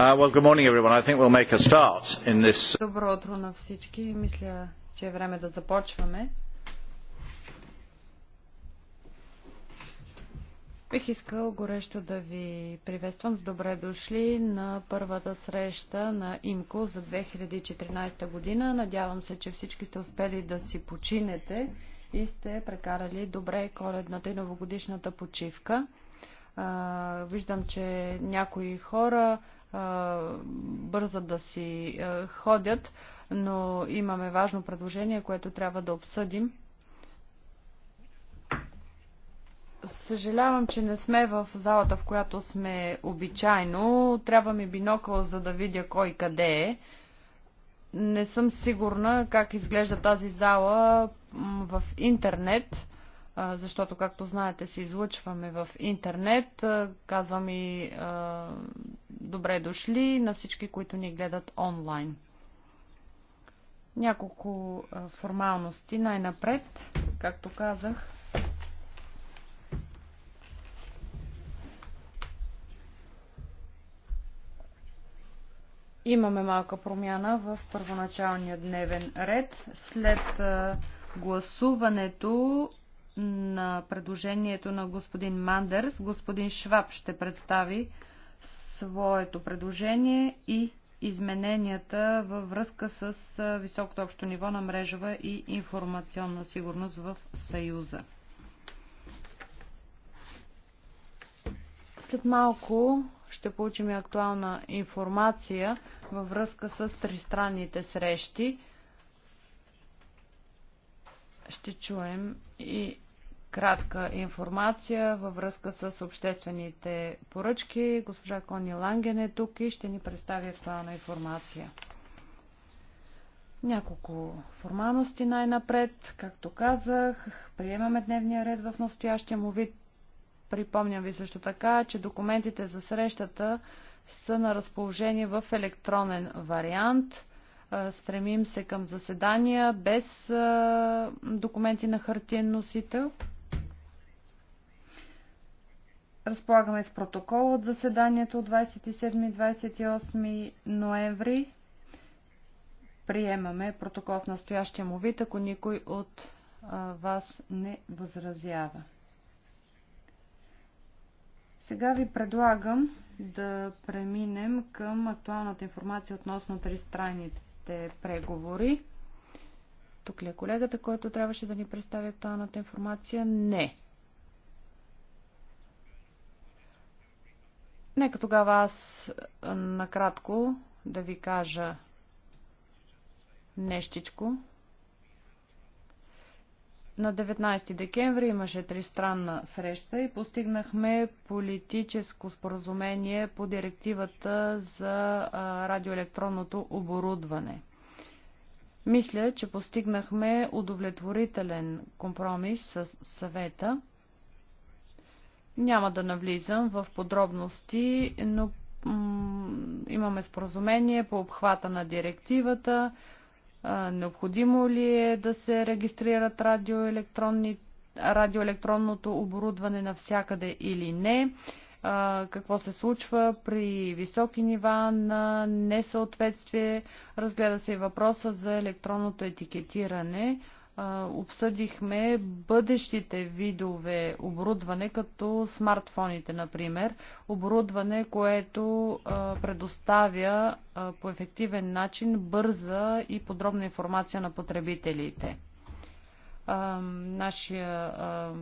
Uh, Добро утро на всички. Мисля, че е време да започваме. Бих искал горещо да ви приветствам с добре дошли на първата среща на ИМКО за 2014 година. Надявам се, че всички сте успели да си починете и сте прекарали добре коледната и новогодишната почивка. А, виждам, че някои хора а, бързат да си а, ходят, но имаме важно предложение, което трябва да обсъдим. Съжалявам, че не сме в залата, в която сме обичайно. Трябва ми бинокъл, за да видя кой къде е. Не съм сигурна как изглежда тази зала в интернет защото, както знаете, се излъчваме в интернет. Казвам и добре дошли на всички, които ни гледат онлайн. Няколко формалности. Най-напред, както казах, имаме малка промяна в първоначалния дневен ред. След гласуването на предложението на господин Мандерс. Господин Шваб ще представи своето предложение и измененията във връзка с високото общо ниво на мрежова и информационна сигурност в Съюза. След малко ще получим и актуална информация във връзка с тристранните срещи. Ще чуем и кратка информация във връзка с обществените поръчки. Госпожа Кони Ланген е тук и ще ни представи актуална информация. Няколко формалности най-напред. Както казах, приемаме дневния ред в настоящия му вид. Припомням ви също така, че документите за срещата са на разположение в електронен вариант. Стремим се към заседания без документи на хартиен носител. Разполагаме с протокол от заседанието от 27-28 ноември. Приемаме протокол в настоящия му вид, ако никой от вас не възразява. Сега ви предлагам да преминем към актуалната информация относно тристранните преговори. Тук ли е колегата, който трябваше да ни представи актуалната информация? Не. Нека тогава аз накратко да ви кажа нещичко. На 19 декември имаше тристранна среща и постигнахме политическо споразумение по директивата за радиоелектронното оборудване. Мисля, че постигнахме удовлетворителен компромис с съвета няма да навлизам в подробности, но имаме споразумение по обхвата на директивата. Необходимо ли е да се регистрират радиоелектронното оборудване навсякъде или не? какво се случва при високи нива на несъответствие. Разгледа се и въпроса за електронното етикетиране обсъдихме бъдещите видове оборудване, като смартфоните, например. Оборудване, което предоставя по ефективен начин бърза и подробна информация на потребителите. Нашия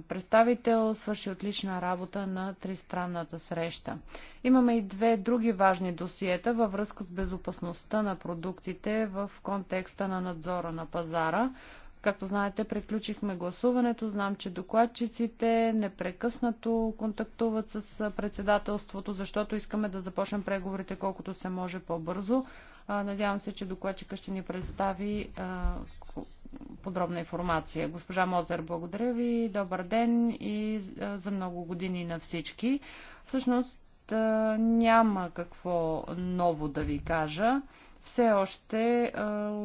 представител свърши отлична работа на тристранната среща. Имаме и две други важни досиета във връзка с безопасността на продуктите в контекста на надзора на пазара. Както знаете, приключихме гласуването. Знам, че докладчиците непрекъснато контактуват с председателството, защото искаме да започнем преговорите колкото се може по-бързо. Надявам се, че докладчика ще ни представи подробна информация. Госпожа Мозер, благодаря ви. Добър ден и за много години на всички. Всъщност няма какво ново да ви кажа все още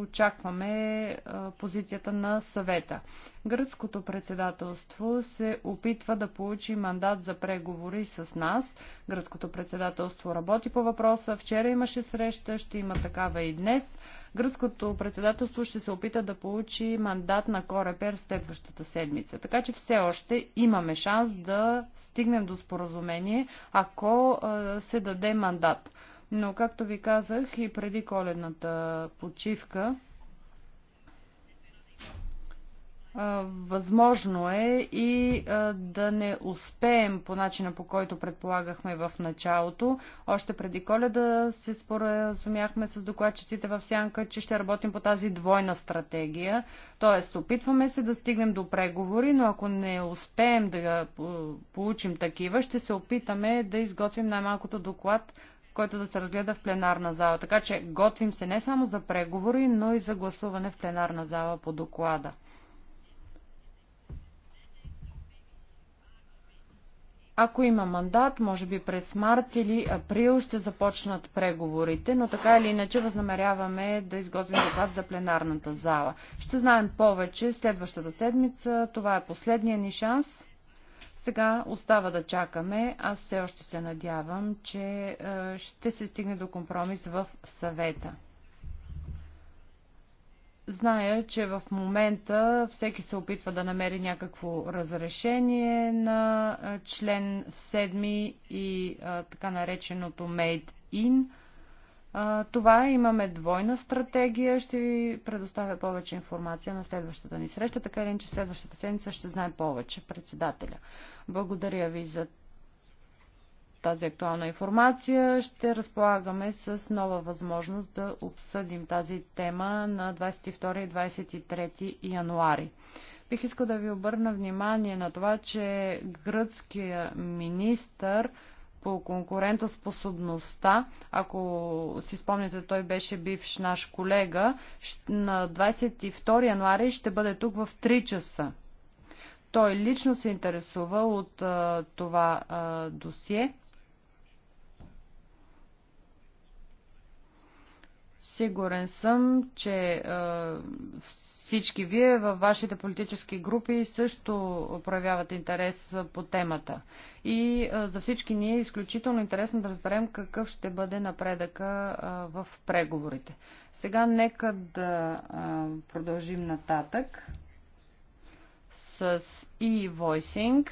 очакваме позицията на съвета. Гръцкото председателство се опитва да получи мандат за преговори с нас. Гръцкото председателство работи по въпроса. Вчера имаше среща, ще има такава и днес. Гръцкото председателство ще се опита да получи мандат на Корепер следващата седмица. Така че все още имаме шанс да стигнем до споразумение, ако се даде мандат. Но, както ви казах и преди коледната почивка, Възможно е и да не успеем по начина по който предполагахме в началото. Още преди коледа се споразумяхме с докладчиците в Сянка, че ще работим по тази двойна стратегия. Тоест, опитваме се да стигнем до преговори, но ако не успеем да получим такива, ще се опитаме да изготвим най-малкото доклад който да се разгледа в пленарна зала. Така че готвим се не само за преговори, но и за гласуване в пленарна зала по доклада. Ако има мандат, може би през март или април ще започнат преговорите, но така или иначе възнамеряваме да изготвим доклад за пленарната зала. Ще знаем повече следващата седмица. Това е последния ни шанс сега остава да чакаме. Аз все още се надявам, че е, ще се стигне до компромис в съвета. Зная, че в момента всеки се опитва да намери някакво разрешение на е, член 7 и е, така нареченото Made in – това е, имаме двойна стратегия. Ще ви предоставя повече информация на следващата ни среща, така или иначе следващата седмица ще знае повече председателя. Благодаря ви за тази актуална информация. Ще разполагаме с нова възможност да обсъдим тази тема на 22 и 23 януари. Бих искал да ви обърна внимание на това, че гръцкият министър по конкурентоспособността, ако си спомняте, той беше бивш наш колега, на 22 януари ще бъде тук в 3 часа. Той лично се интересува от а, това а, досие. Сигурен съм, че а, всички вие във вашите политически групи също проявяват интерес по темата. И за всички ние е изключително интересно да разберем какъв ще бъде напредъка в преговорите. Сега нека да продължим нататък с e-voicing.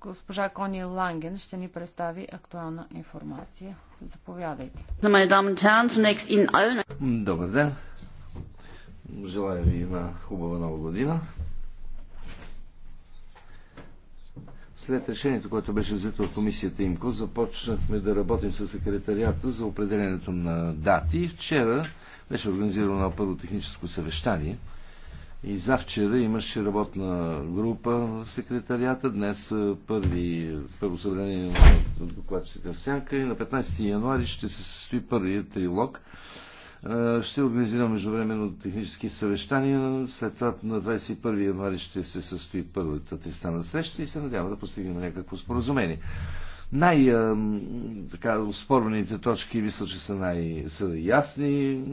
Госпожа Кони Ланген ще ни представи актуална информация. Заповядайте. Добър ден. Желая ви една хубава нова година. След решението, което беше взето от комисията ИМКО, започнахме да работим с секретарията за определенето на дати. Вчера беше организирано първо техническо съвещание и завчера имаше работна група в секретарията. Днес е, първи, първо събрание на докладчите в Сянка и на 15 януари ще се състои първият трилог е, ще организирам междувременно технически съвещания. След това на 21 януари ще се състои първата тристана среща и се надява да постигнем някакво споразумение. Най-спорваните е, точки мисля, че са, най- ясни. Е,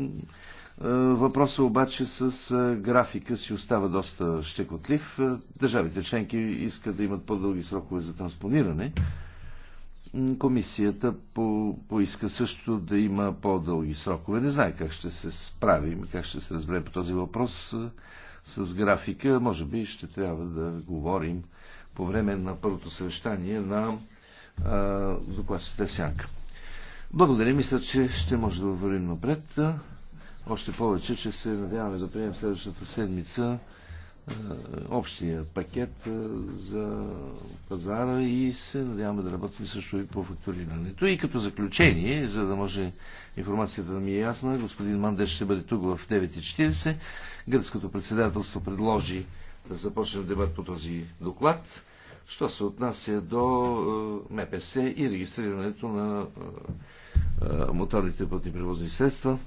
въпросът обаче с графика си остава доста щекотлив. Държавите членки искат да имат по-дълги срокове за транспониране. Комисията по, поиска също да има по-дълги срокове. Не знае как ще се справим, как ще се разберем по този въпрос с графика. Може би ще трябва да говорим по време на първото съвещание на докладчета в сянка. Благодаря, мисля, че ще може да вървим напред. Още повече, че се надяваме да приемем следващата седмица е, общия пакет е, за пазара и се надяваме да работим също и по фактурирането. И като заключение, за да може информацията да ми е ясна, господин Мандеш ще бъде тук в 9.40. Гръцкото председателство предложи да започнем дебат по този доклад, що се отнася до е, МПС и регистрирането на моторните пътни превозни средства.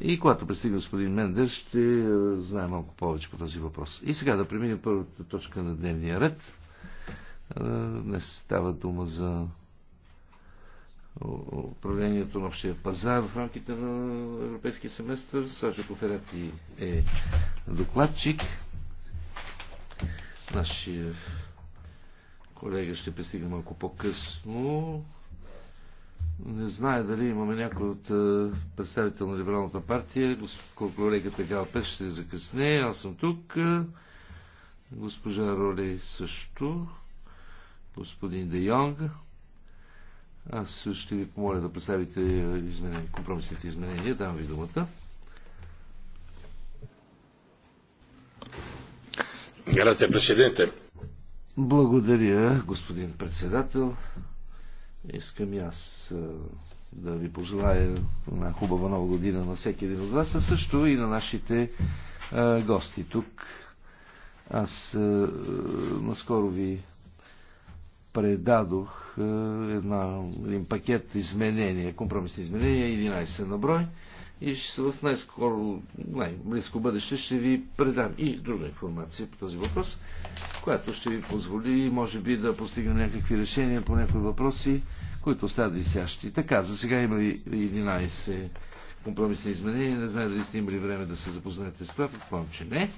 И когато пристига господин Мендер, ще е, знае малко повече по този въпрос. И сега да преминем първата точка на дневния ред. Е, днес става дума за управлението на общия пазар в рамките на европейския семестър. Сачо Коферати е докладчик. Нашия колега ще пристигне малко по-късно. Не знае дали имаме някой от е, представител на Либералната партия. колко Колегата Галпет ще закъсне. Аз съм тук. Е, госпожа Роли също. Господин Де Йонг. Аз ще ви помоля да представите изменения, компромисните изменения. Дам ви думата. Благодаря, господин председател. Искам и аз да ви пожелая на хубава нова година на всеки един от вас, а също и на нашите гости тук. Аз наскоро ви предадох една, един пакет изменения, компромисни изменения, 11 на брой и в най-скоро, най-близко бъдеще ще ви предам и друга информация по този въпрос, която ще ви позволи, може би, да постигнем някакви решения по някои въпроси, които остават висящи. Така, за сега има 11 компромисни изменения. Не знае дали сте имали време да се запознаете с това. Предполагам, че не. Е.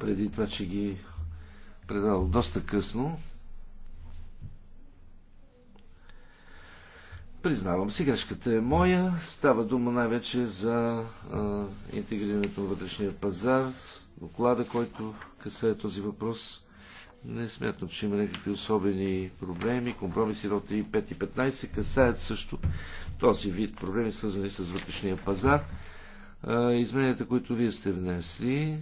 Преди това, че ги е предал доста късно, Признавам си, грешката е моя. Става дума най-вече за а, интегрирането на вътрешния пазар, доклада, който касае този въпрос. Не смятам, че има някакви особени проблеми. Компромиси до 3, 5 и 15 касаят също този вид проблеми, свързани с вътрешния пазар. Измененията, които вие сте внесли,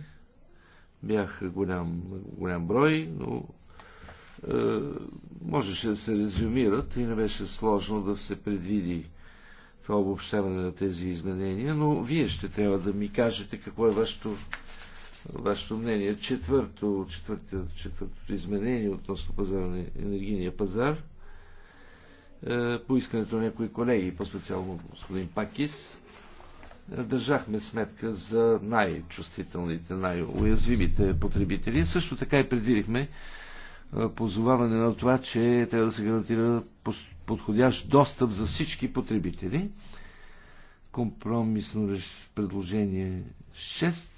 бяха голям, голям брой, но е, можеше да се резюмират и не беше сложно да се предвиди това обобщаване на тези изменения, но вие ще трябва да ми кажете какво е вашето, вашето мнение. Четвърто, четвърто, четвъртото изменение относно пазара на енергийния пазар е, по искането на някои колеги, по-специално господин Пакис, държахме сметка за най-чувствителните, най-уязвимите потребители. Също така и предвидихме е, позоваване на това, че трябва да се гарантира подходящ достъп за всички потребители. Компромисно предложение 6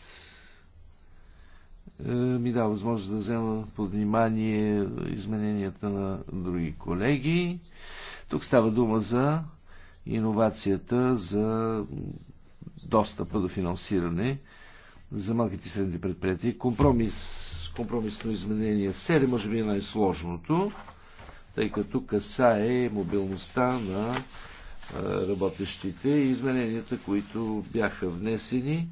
е, ми дава възможност да взема под внимание измененията на други колеги. Тук става дума за иновацията, за достъпа до финансиране за малките и средни предприятия. Компромис Компромисно изменение 7 може би е най-сложното, тъй като касае мобилността на работещите и измененията, които бяха внесени,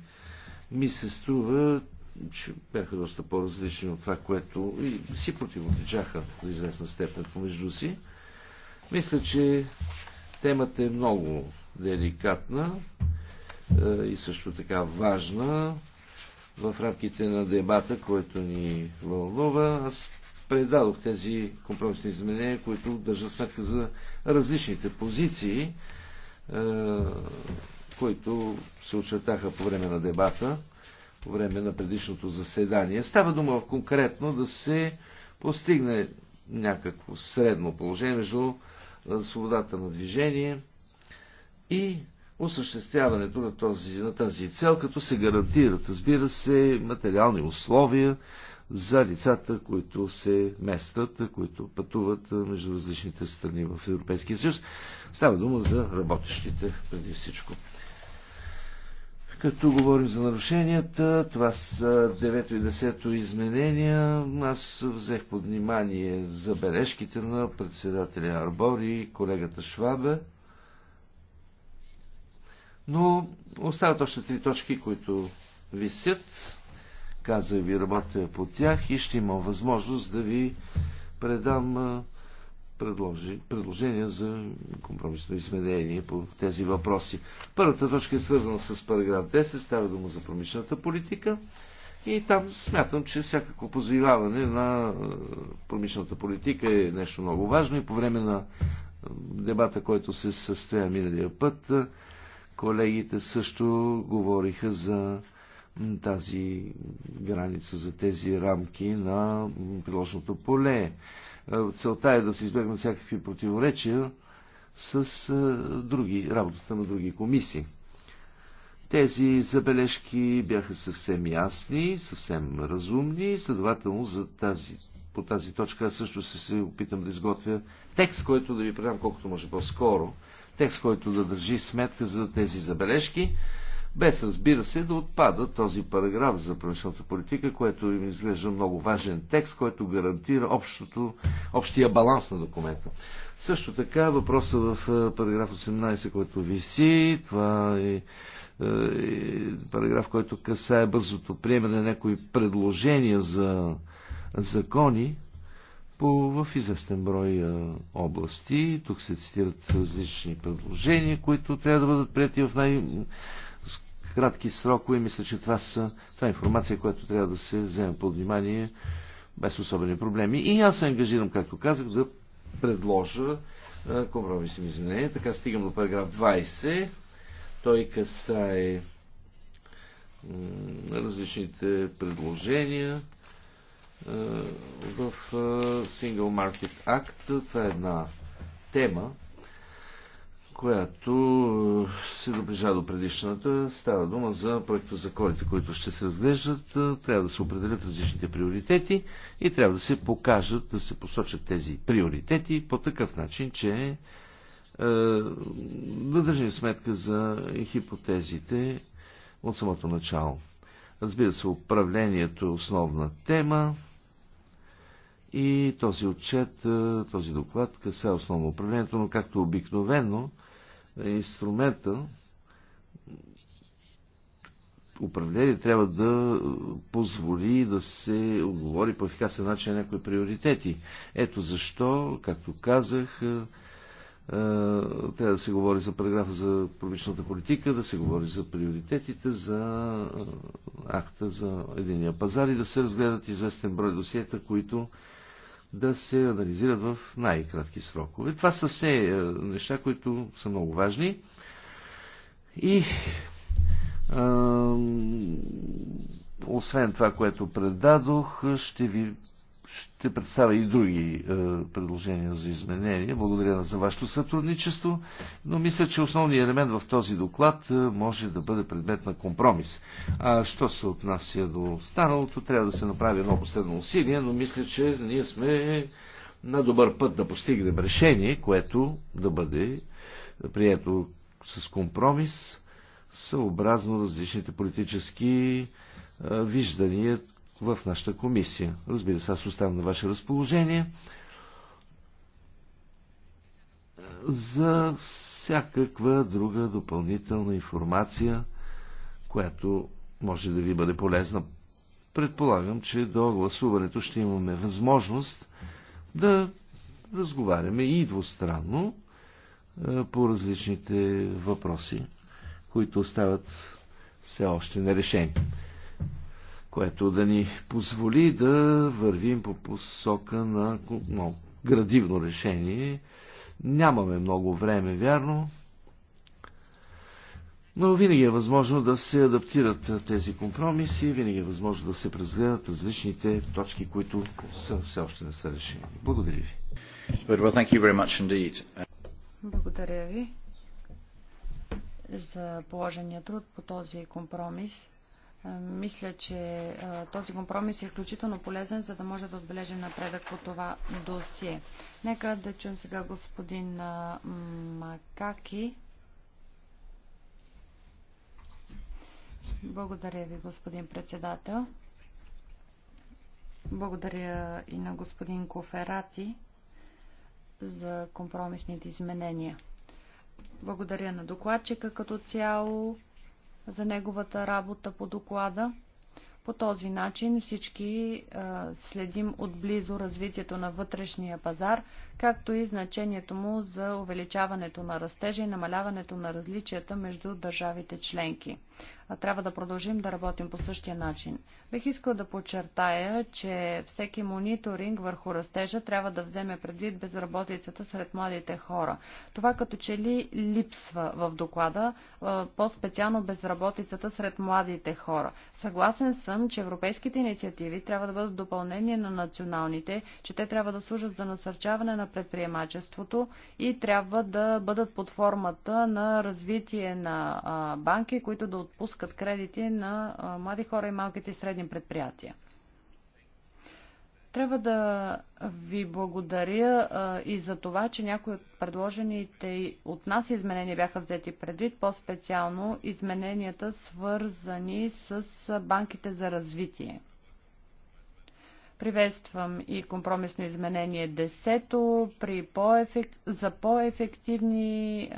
ми се струва, че бяха доста по-различни от това, което и си противоречаха до известна степен помежду си. Мисля, че темата е много деликатна и също така важна в рамките на дебата, който ни вълнува. Аз предадох тези компромисни изменения, които държат сметка за различните позиции, е, които се очертаха по време на дебата, по време на предишното заседание. Става дума конкретно да се постигне някакво средно положение между е, свободата на движение и осъществяването на, този, на тази цел, като се гарантират, разбира се, материални условия за лицата, които се местат, които пътуват между различните страни в Европейския съюз. Става дума за работещите преди всичко. Като говорим за нарушенията, това са 9 и 10 изменения. Аз взех под внимание забележките на председателя Арбор и колегата Швабе. Но остават още три точки, които висят. Каза ви, работя по тях и ще имам възможност да ви предам предложи, предложения за компромисно изменение по тези въпроси. Първата точка е свързана с параграф 10, става дума за промишлената политика. И там смятам, че всякакво позиваване на промишлената политика е нещо много важно и по време на дебата, който се състоя миналия път, Колегите също говориха за тази граница, за тези рамки на приложното поле. Е, целта е да се избегнат всякакви противоречия с е, други, работата на други комисии. Тези забележки бяха съвсем ясни, съвсем разумни, следователно за тази, по тази точка също се опитам да изготвя текст, който да ви предам колкото може по-скоро, текст, който да държи сметка за тези забележки, без разбира се да отпада този параграф за промишлената политика, което им изглежда много важен текст, който гарантира общото, общия баланс на документа. Също така въпроса в е, параграф 18, който виси, това е, е параграф, който касае бързото приемане на някои предложения за закони, по, в известен брой области. Тук се цитират различни предложения, които трябва да бъдат прияти в най- кратки срокове. Мисля, че това, са, това е информация, която трябва да се вземе под внимание без особени проблеми. И аз се ангажирам, както казах, да предложа компромисни изменения. Така стигам до параграф 20. Той касае различните предложения е, в е, Single Market Act. Това е една тема, която е, се доближа до предишната. Става дума за колите, които ще се разглеждат. Трябва да се определят различните приоритети и трябва да се покажат, да се посочат тези приоритети по такъв начин, че да държим сметка за хипотезите от самото начало. Разбира се, управлението е основна тема. И този отчет, този доклад касае основно управлението, но както обикновено, инструмента управление трябва да позволи да се оговори по ефикасен начин на някои приоритети. Ето защо, както казах, трябва да се говори за параграфа за публичната политика, да се говори за приоритетите, за акта за единия пазар и да се разгледат известен брой досиета, които да се анализират в най-кратки срокове. Това са все е, неща, които са много важни. И а, освен това, което предадох, ще ви ще представя и други е, предложения за изменения. Благодаря за вашето сътрудничество, но мисля, че основният елемент в този доклад е, може да бъде предмет на компромис. А що се отнася до останалото, трябва да се направи едно последно усилие, но мисля, че ние сме на добър път да постигнем решение, което да бъде прието с компромис, съобразно различните политически е, виждания в нашата комисия. Разбира се, аз оставам на ваше разположение за всякаква друга допълнителна информация, която може да ви бъде полезна. Предполагам, че до гласуването ще имаме възможност да разговаряме и двустранно е, по различните въпроси, които остават все още нерешени което да ни позволи да вървим по посока на градивно решение. Нямаме много време, вярно, но винаги е възможно да се адаптират тези компромиси, винаги е възможно да се презгледат различните точки, които са, все още не са решени. Благодаря ви. Благодаря ви за положения труд по този компромис. Е, мисля, че е, този компромис е изключително полезен, за да може да отбележим напредък по това досие. Нека да чуем сега господин е, Макаки. Благодаря ви, господин председател. Благодаря и на господин Коферати за компромисните изменения. Благодаря на докладчика като цяло за неговата работа по доклада. По този начин всички следим отблизо развитието на вътрешния пазар, както и значението му за увеличаването на растежа и намаляването на различията между държавите членки. Трябва да продължим да работим по същия начин. Бих искал да подчертая, че всеки мониторинг върху растежа трябва да вземе предвид безработицата сред младите хора. Това като че ли липсва в доклада, по-специално безработицата сред младите хора. Съгласен съм, че европейските инициативи трябва да бъдат допълнение на националните, че те трябва да служат за насърчаване на предприемачеството и трябва да бъдат под формата на развитие на банки, които да отпускат кредити на млади хора и малките и средни предприятия. Трябва да ви благодаря а, и за това, че някои от предложените от нас изменения бяха взети предвид, по-специално измененията свързани с банките за развитие. Приветствам и компромисно изменение 10 при по за по-ефективни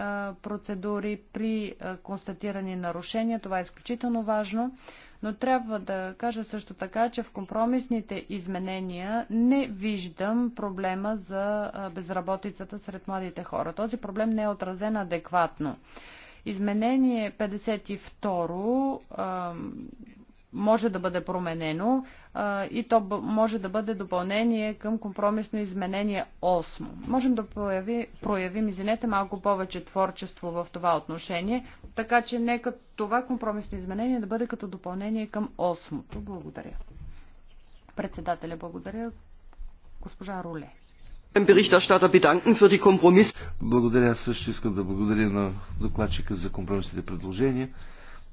процедури при а, констатирани нарушения. Това е изключително важно. Но трябва да кажа също така, че в компромисните изменения не виждам проблема за безработицата сред младите хора. Този проблем не е отразен адекватно. Изменение 52 може да бъде променено а, и то може да бъде допълнение към компромисно изменение 8. Можем да прояви, проявим, извинете, малко повече творчество в това отношение, така че нека това компромисно изменение да бъде като допълнение към 8. Благодаря. Председателя, благодаря. Госпожа Руле. Благодаря. Също искам да благодаря на докладчика за компромисните предложения.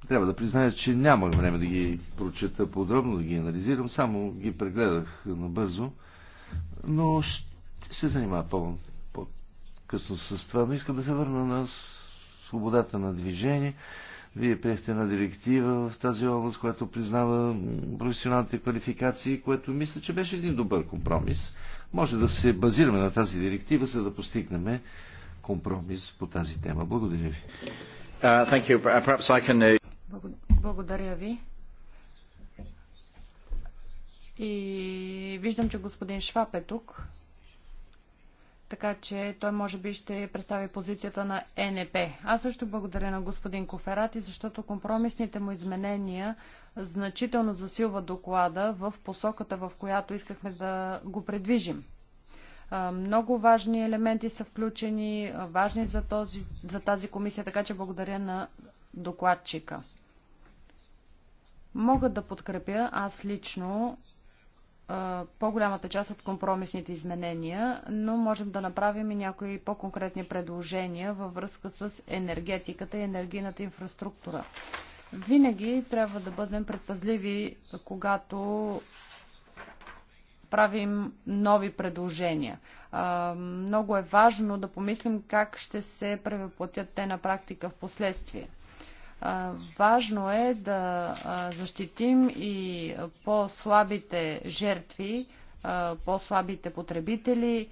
Трябва да призная, че нямах време да ги прочета подробно, да ги анализирам, само ги прегледах набързо, но ще се занимава по-късно по с това. Но искам да се върна на свободата на движение. Вие приехте една директива в тази област, която признава професионалните квалификации, което мисля, че беше един добър компромис. Може да се базираме на тази директива, за да постигнем компромис по тази тема. Благодаря ви. Uh, uh can... Uh, благодаря ви. И виждам, че господин Шваб е тук. Така че той може би ще представи позицията на НП. Аз също благодаря на господин Коферати, защото компромисните му изменения значително засилват доклада в посоката, в която искахме да го предвижим. Много важни елементи са включени, важни за, този, за тази комисия, така че благодаря на докладчика. Мога да подкрепя аз лично по-голямата част от компромисните изменения, но можем да направим и някои по-конкретни предложения във връзка с енергетиката и енергийната инфраструктура. Винаги трябва да бъдем предпазливи, когато правим нови предложения. Много е важно да помислим как ще се превъплатят те на практика в последствие. Важно е да защитим и по-слабите жертви, по-слабите потребители.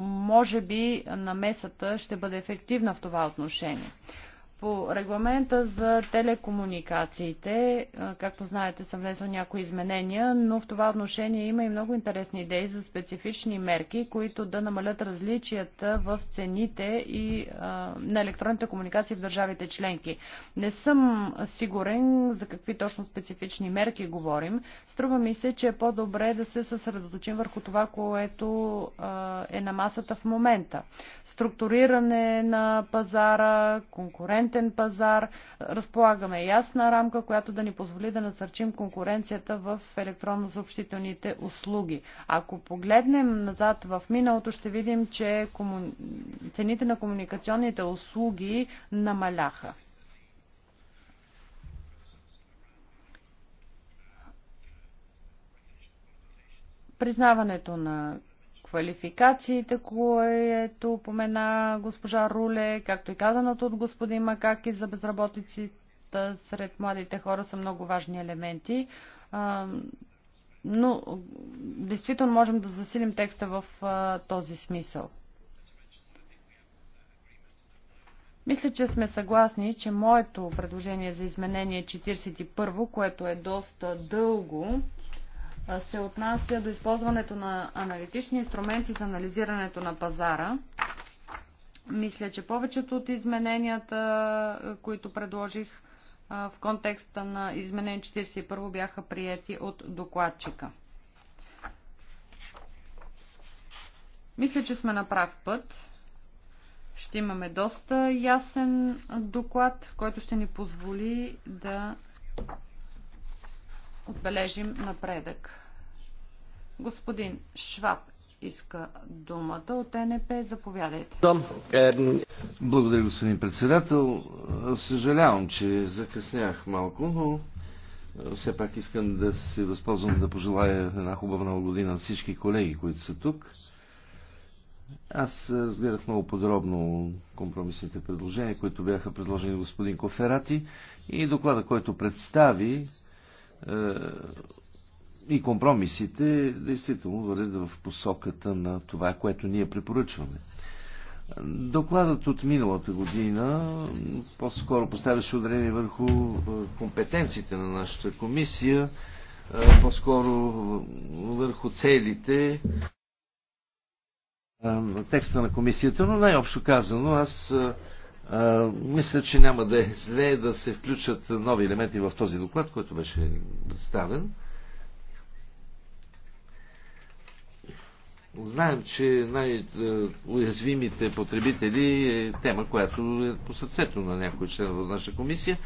Може би намесата ще бъде ефективна в това отношение. По регламента за телекомуникациите, както знаете, съм внесъл някои изменения, но в това отношение има и много интересни идеи за специфични мерки, които да намалят различията в цените и а, на електронните комуникации в държавите членки. Не съм сигурен за какви точно специфични мерки говорим. Струва ми се, че е по-добре да се съсредоточим върху това, което а, е на масата в момента. Структуриране на пазара, конкурент конкурентен пазар, разполагаме ясна рамка, която да ни позволи да насърчим конкуренцията в електронно-съобщителните услуги. Ако погледнем назад в миналото, ще видим, че кому... цените на комуникационните услуги намаляха. Признаването на квалификациите, което помена госпожа Руле, както и казаното от господин Макаки за безработицата сред младите хора са много важни елементи. Но действително можем да засилим текста в този смисъл. Мисля, че сме съгласни, че моето предложение за изменение 41, което е доста дълго, се отнася до използването на аналитични инструменти за анализирането на пазара. Мисля, че повечето от измененията, които предложих в контекста на изменение 41, бяха прияти от докладчика. Мисля, че сме на прав път. Ще имаме доста ясен доклад, който ще ни позволи да отбележим напредък. Господин Шваб иска думата от НП. Заповядайте. Благодаря, господин председател. Съжалявам, че закъснях малко, но е, все пак искам да се възползвам да пожелая една хубава нова година на всички колеги, които са тук. Аз е, разгледах много подробно компромисните предложения, които бяха предложени господин Коферати и доклада, който представи е, и компромисите действително вървят в посоката на това, което ние препоръчваме. Докладът от миналата година по-скоро поставяше ударение върху е, компетенциите на нашата комисия, е, по-скоро върху целите на текста на комисията, но най-общо казано аз мисля, че няма да е зле да се включат нови елементи в този доклад, който беше представен. Знаем, че най-уязвимите потребители е тема, която е по сърцето на някои член в нашата комисия.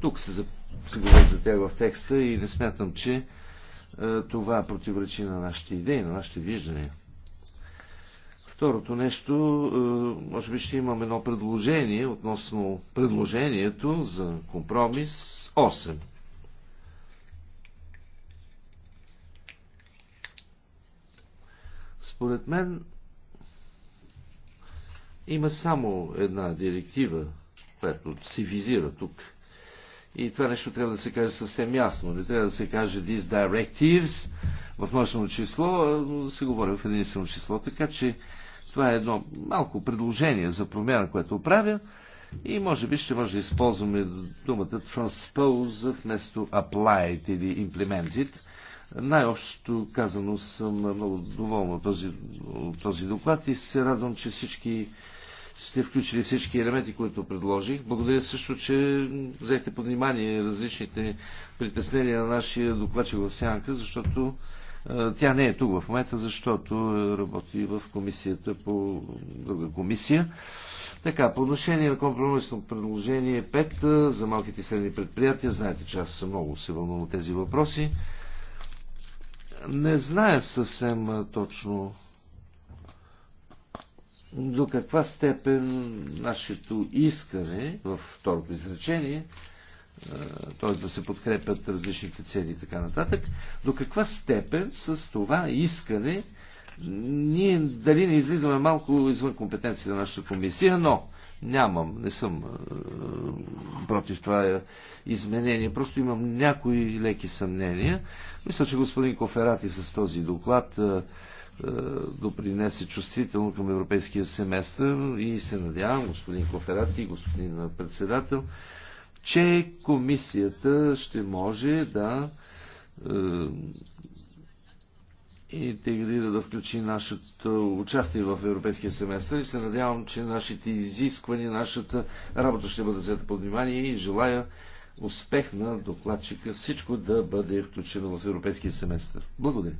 Тук се, за... се говори за тях в текста и не смятам, че това противоречи на нашите идеи, на нашите виждания. Второто нещо, е, може би ще имам едно предложение относно предложението за компромис 8. Според мен има само една директива, която се визира тук. И това нещо трябва да се каже съвсем ясно. Не трябва да се каже these directives в множествено число, но да се говори в единствено число. Така че това е едно малко предложение за промяна, което правя. И може би ще може да използваме думата transpose вместо applied или implemented. Най-общо казано съм много доволна от този, от този доклад и се радвам, че всички сте включили всички елементи, които предложих. Благодаря също, че взехте под внимание различните притеснения на нашия докладчик в сянка, защото е, тя не е тук в момента, защото работи в комисията по друга комисия. Така, по отношение на компромисно предложение 5 е, за малките и средни предприятия, знаете, че аз съм много се вълнувам от тези въпроси. Не зная съвсем е, точно до каква степен нашето искане в второто изречение е, т.е. да се подкрепят различните цели и така нататък. До каква степен с това искане ние дали не излизаме малко извън компетенцията на нашата комисия, но нямам, не съм е, против това е изменение. Просто имам някои леки съмнения. Мисля, че господин Коферати с този доклад е, е, допринесе чувствително към европейския семестър и се надявам господин Коферати и господин председател че комисията ще може да е, интегрира, да включи нашето участие в Европейския семестър и се надявам, че нашите изисквания, нашата работа ще бъде взета под внимание и желая успех на докладчика всичко да бъде включено в Европейския семестър. Благодаря.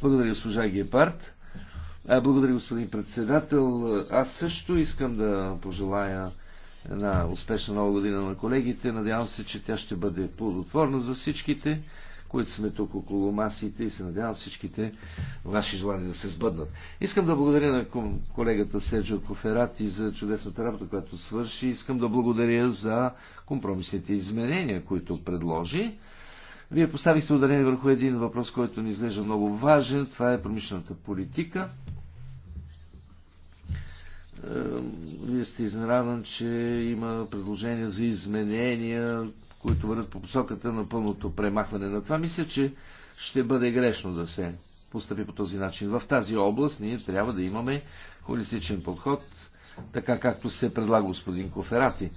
Благодаря, госпожа Гепард. Благодаря, господин председател. Аз също искам да пожелая една успешна нова година на колегите. Надявам се, че тя ще бъде плодотворна за всичките, които сме тук около масите и се надявам всичките ваши желания да се сбъднат. Искам да благодаря на колегата Серджо Коферати за чудесната работа, която свърши. Искам да благодаря за компромисните изменения, които предложи. Вие поставихте ударение върху един въпрос, който ни изглежда много важен. Това е промишлената политика вие сте изненадан, че има предложения за изменения, които върват по посоката на пълното премахване на това. Мисля, че ще бъде грешно да се постъпи по този начин. В тази област ние трябва да имаме холистичен подход, така както се предлага господин Коферати.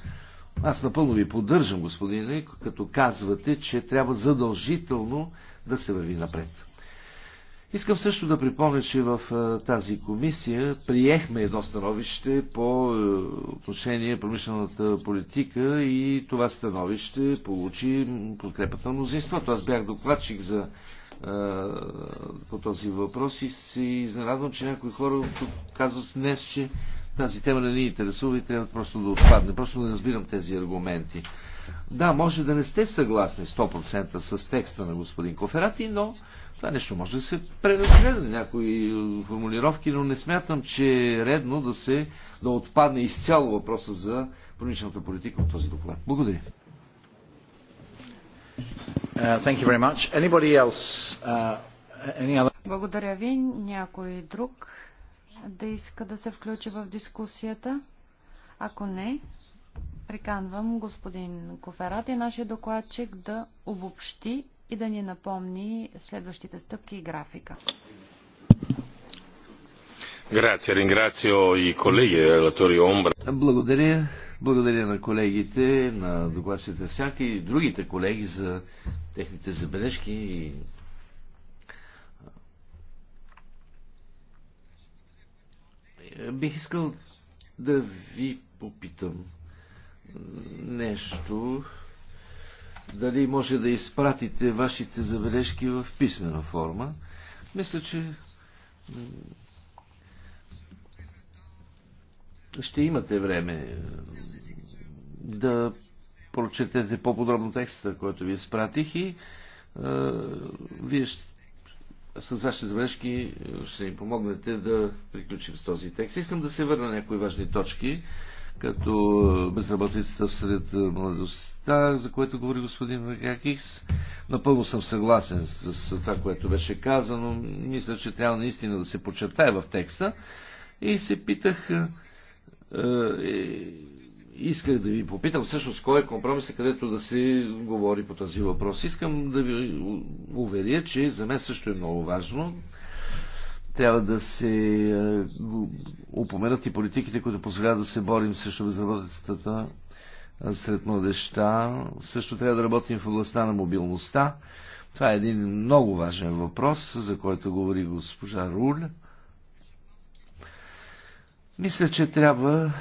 Аз напълно ви поддържам, господине, като казвате, че трябва задължително да се върви напред. Искам също да припомня, че в е, тази комисия приехме едно становище по е, отношение промишлената политика и това становище получи подкрепата на мнозинството. Аз бях докладчик за е, по този въпрос и се изненадвам, че някои хора тук казват днес, че тази тема не ни интересува и трябва просто да отпадне. Просто не разбирам тези аргументи. Да, може да не сте съгласни 100% с текста на господин Коферати, но това нещо може да се преразгледа някои формулировки, но не смятам, че е редно да се да отпадне изцяло въпроса за промишлената политика от този доклад. Благодаря. Uh, thank you very much. Anybody else? Uh, any other? Благодаря ви. Някой друг да иска да се включи в дискусията? Ако не, приканвам господин Коферат и нашия докладчик да обобщи и да ни напомни следващите стъпки и графика. Благодаря. Благодаря на колегите, на докладчите всяка и другите колеги за техните забележки и бих искал да ви попитам нещо дали може да изпратите вашите забележки в писмена форма. Мисля, че ще имате време да прочетете по-подробно текста, който ви изпратих и а, е, вие ще, с вашите забележки е, ще ни помогнете да приключим с този текст. Искам да се върна на някои важни точки като безработицата сред младостта, за което говори господин Макакис. Напълно съм съгласен с това, което беше казано. Мисля, че трябва наистина да се подчертая в текста. И се питах, е, е, исках да ви попитам всъщност кой е компромисът, където да се говори по този въпрос. Искам да ви уверя, че за мен също е много важно трябва да се е, упоменат и политиките, които позволяват да се борим срещу безработицата е, сред младеща. Също трябва да работим в областта на мобилността. Това е един много важен въпрос, за който говори госпожа Руль. Мисля, че трябва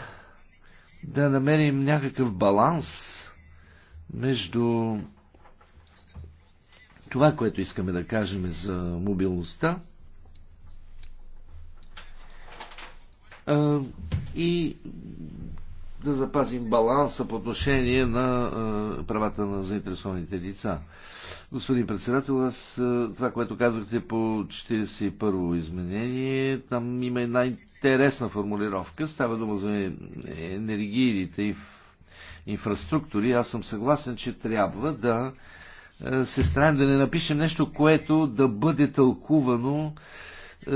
да намерим някакъв баланс между това, което искаме да кажем за мобилността и да запазим баланса по отношение на правата на заинтересованите лица. Господин председател, аз това, което казахте по 41-во изменение, там има една интересна формулировка. Става дума за е, енергийните и инфраструктури. Аз съм съгласен, че трябва да се стараем да не напишем нещо, което да бъде тълкувано е,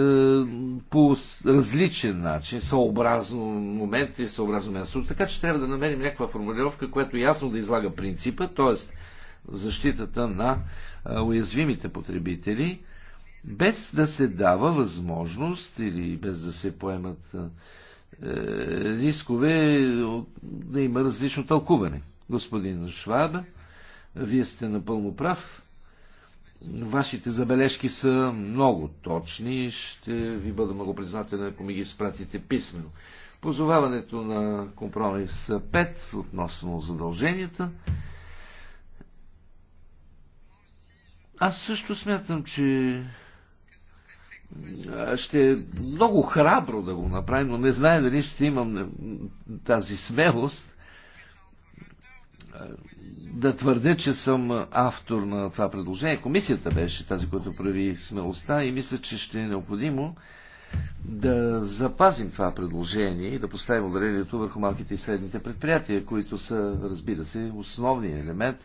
по различен начин, съобразно момента и съобразно място. Така че трябва да намерим някаква формулировка, която ясно да излага принципа, т.е. защитата на е, уязвимите потребители, без да се дава възможност или без да се поемат е, рискове да има различно тълкуване. Господин Шваб, вие сте напълно прав Вашите забележки са много точни и ще ви бъда много признателен, ако ми ги спратите писменно. Позоваването на компромис 5 относно задълженията. Аз също смятам, че ще е много храбро да го направим, но не знае дали ще имам тази смелост да твърдя, че съм автор на това предложение. Комисията беше тази, която прави смелостта и мисля, че ще е необходимо да запазим това предложение и да поставим ударението върху малките и средните предприятия, които са, разбира се, основният елемент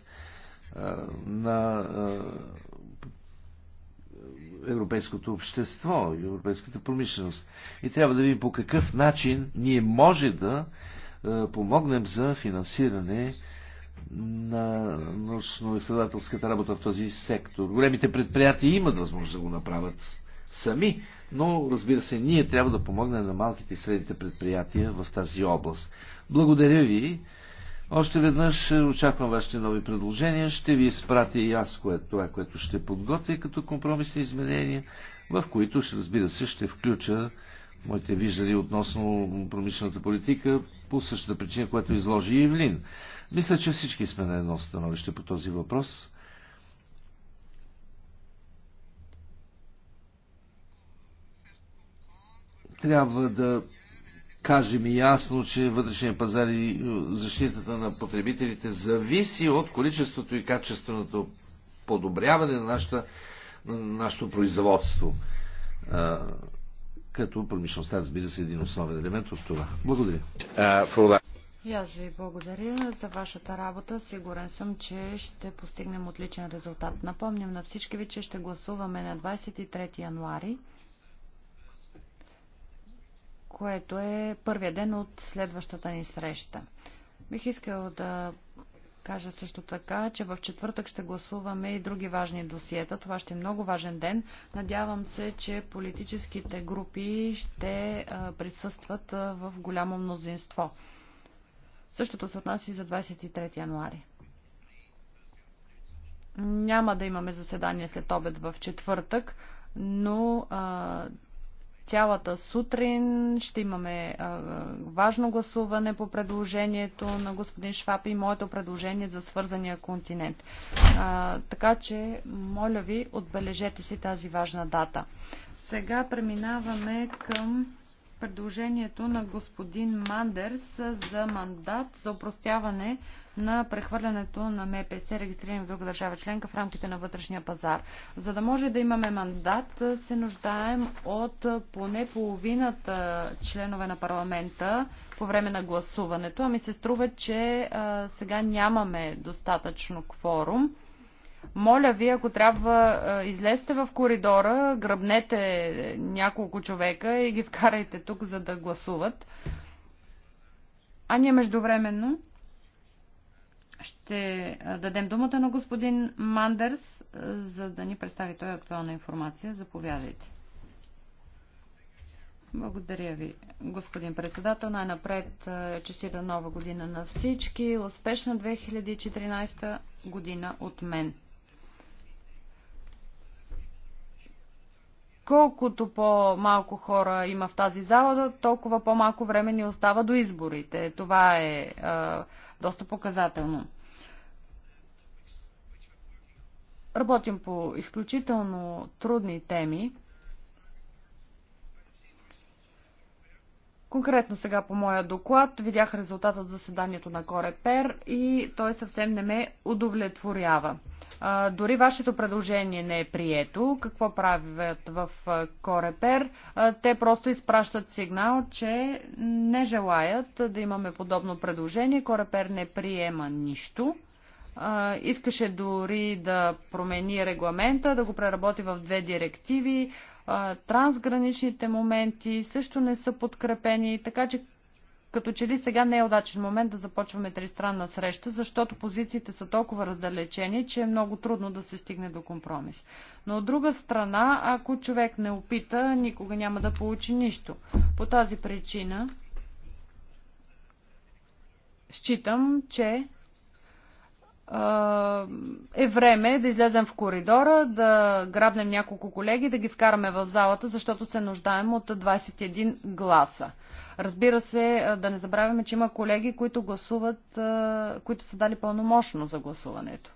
а, на а, европейското общество и европейската промишленост. И трябва да видим по какъв начин ние може да а, помогнем за финансиране на научно-изследователската работа в този сектор. Големите предприятия имат възможност да го направят сами, но разбира се, ние трябва да помогнем на малките и средните предприятия в тази област. Благодаря ви. Още веднъж очаквам вашите нови предложения. Ще ви изпратя и аз кое, това, което ще подготвя като компромисни изменения, в които, ще, разбира се, ще включа моите виждания относно промишлената политика по същата причина, която изложи и Евлин. Мисля, че всички сме на едно становище по този въпрос. Трябва да кажем ясно, че вътрешния пазар и е, защитата на потребителите зависи от количеството и качественото подобряване на, нашата, на нашето производство. А, е, като промишлеността, разбира се, е един основен елемент от това. Благодаря. Е, и аз ви благодаря за вашата работа. Сигурен съм, че ще постигнем отличен резултат. Напомням на всички ви, че ще гласуваме на 23 януари, което е първия ден от следващата ни среща. Бих искал да кажа също така, че в четвъртък ще гласуваме и други важни досиета. Това ще е много важен ден. Надявам се, че политическите групи ще присъстват в голямо мнозинство. Същото се отнася и за 23 януари. Няма да имаме заседание след обед в четвъртък, но а, цялата сутрин ще имаме а, важно гласуване по предложението на господин Шваб и моето предложение за свързания континент. А, така че, моля ви, отбележете си тази важна дата. Сега преминаваме към предложението на господин Мандерс за мандат за упростяване на прехвърлянето на МПС, регистрирани в друга държава членка в рамките на вътрешния пазар. За да може да имаме мандат, се нуждаем от поне половината членове на парламента по време на гласуването, а ми се струва, че а, сега нямаме достатъчно кворум. Моля ви, ако трябва, е, излезте в коридора, гръбнете няколко човека и ги вкарайте тук, за да гласуват. А ние междувременно ще е, дадем думата на господин Мандерс, е, за да ни представи той актуална информация. Заповядайте. Благодаря ви, господин председател. Най-напред честита нова година на всички. Успешна 2014 година от мен. колкото по-малко хора има в тази зала, толкова по-малко време ни остава до изборите. Това е а, е, доста показателно. Работим по изключително трудни теми. Конкретно сега по моя доклад видях резултат от заседанието на Корепер и той съвсем не ме удовлетворява. А, дори вашето предложение не е прието. Какво правят в Корепер? А, те просто изпращат сигнал, че не желаят да имаме подобно предложение. Корепер не приема нищо искаше дори да промени регламента, да го преработи в две директиви. Трансграничните моменти също не са подкрепени, така че като че ли сега не е удачен момент да започваме тристранна среща, защото позициите са толкова раздалечени, че е много трудно да се стигне до компромис. Но от друга страна, ако човек не опита, никога няма да получи нищо. По тази причина считам, че е време да излезем в коридора, да грабнем няколко колеги, да ги вкараме в залата, защото се нуждаем от 21 гласа. Разбира се, да не забравяме, че има колеги, които гласуват, които са дали пълномощно за гласуването.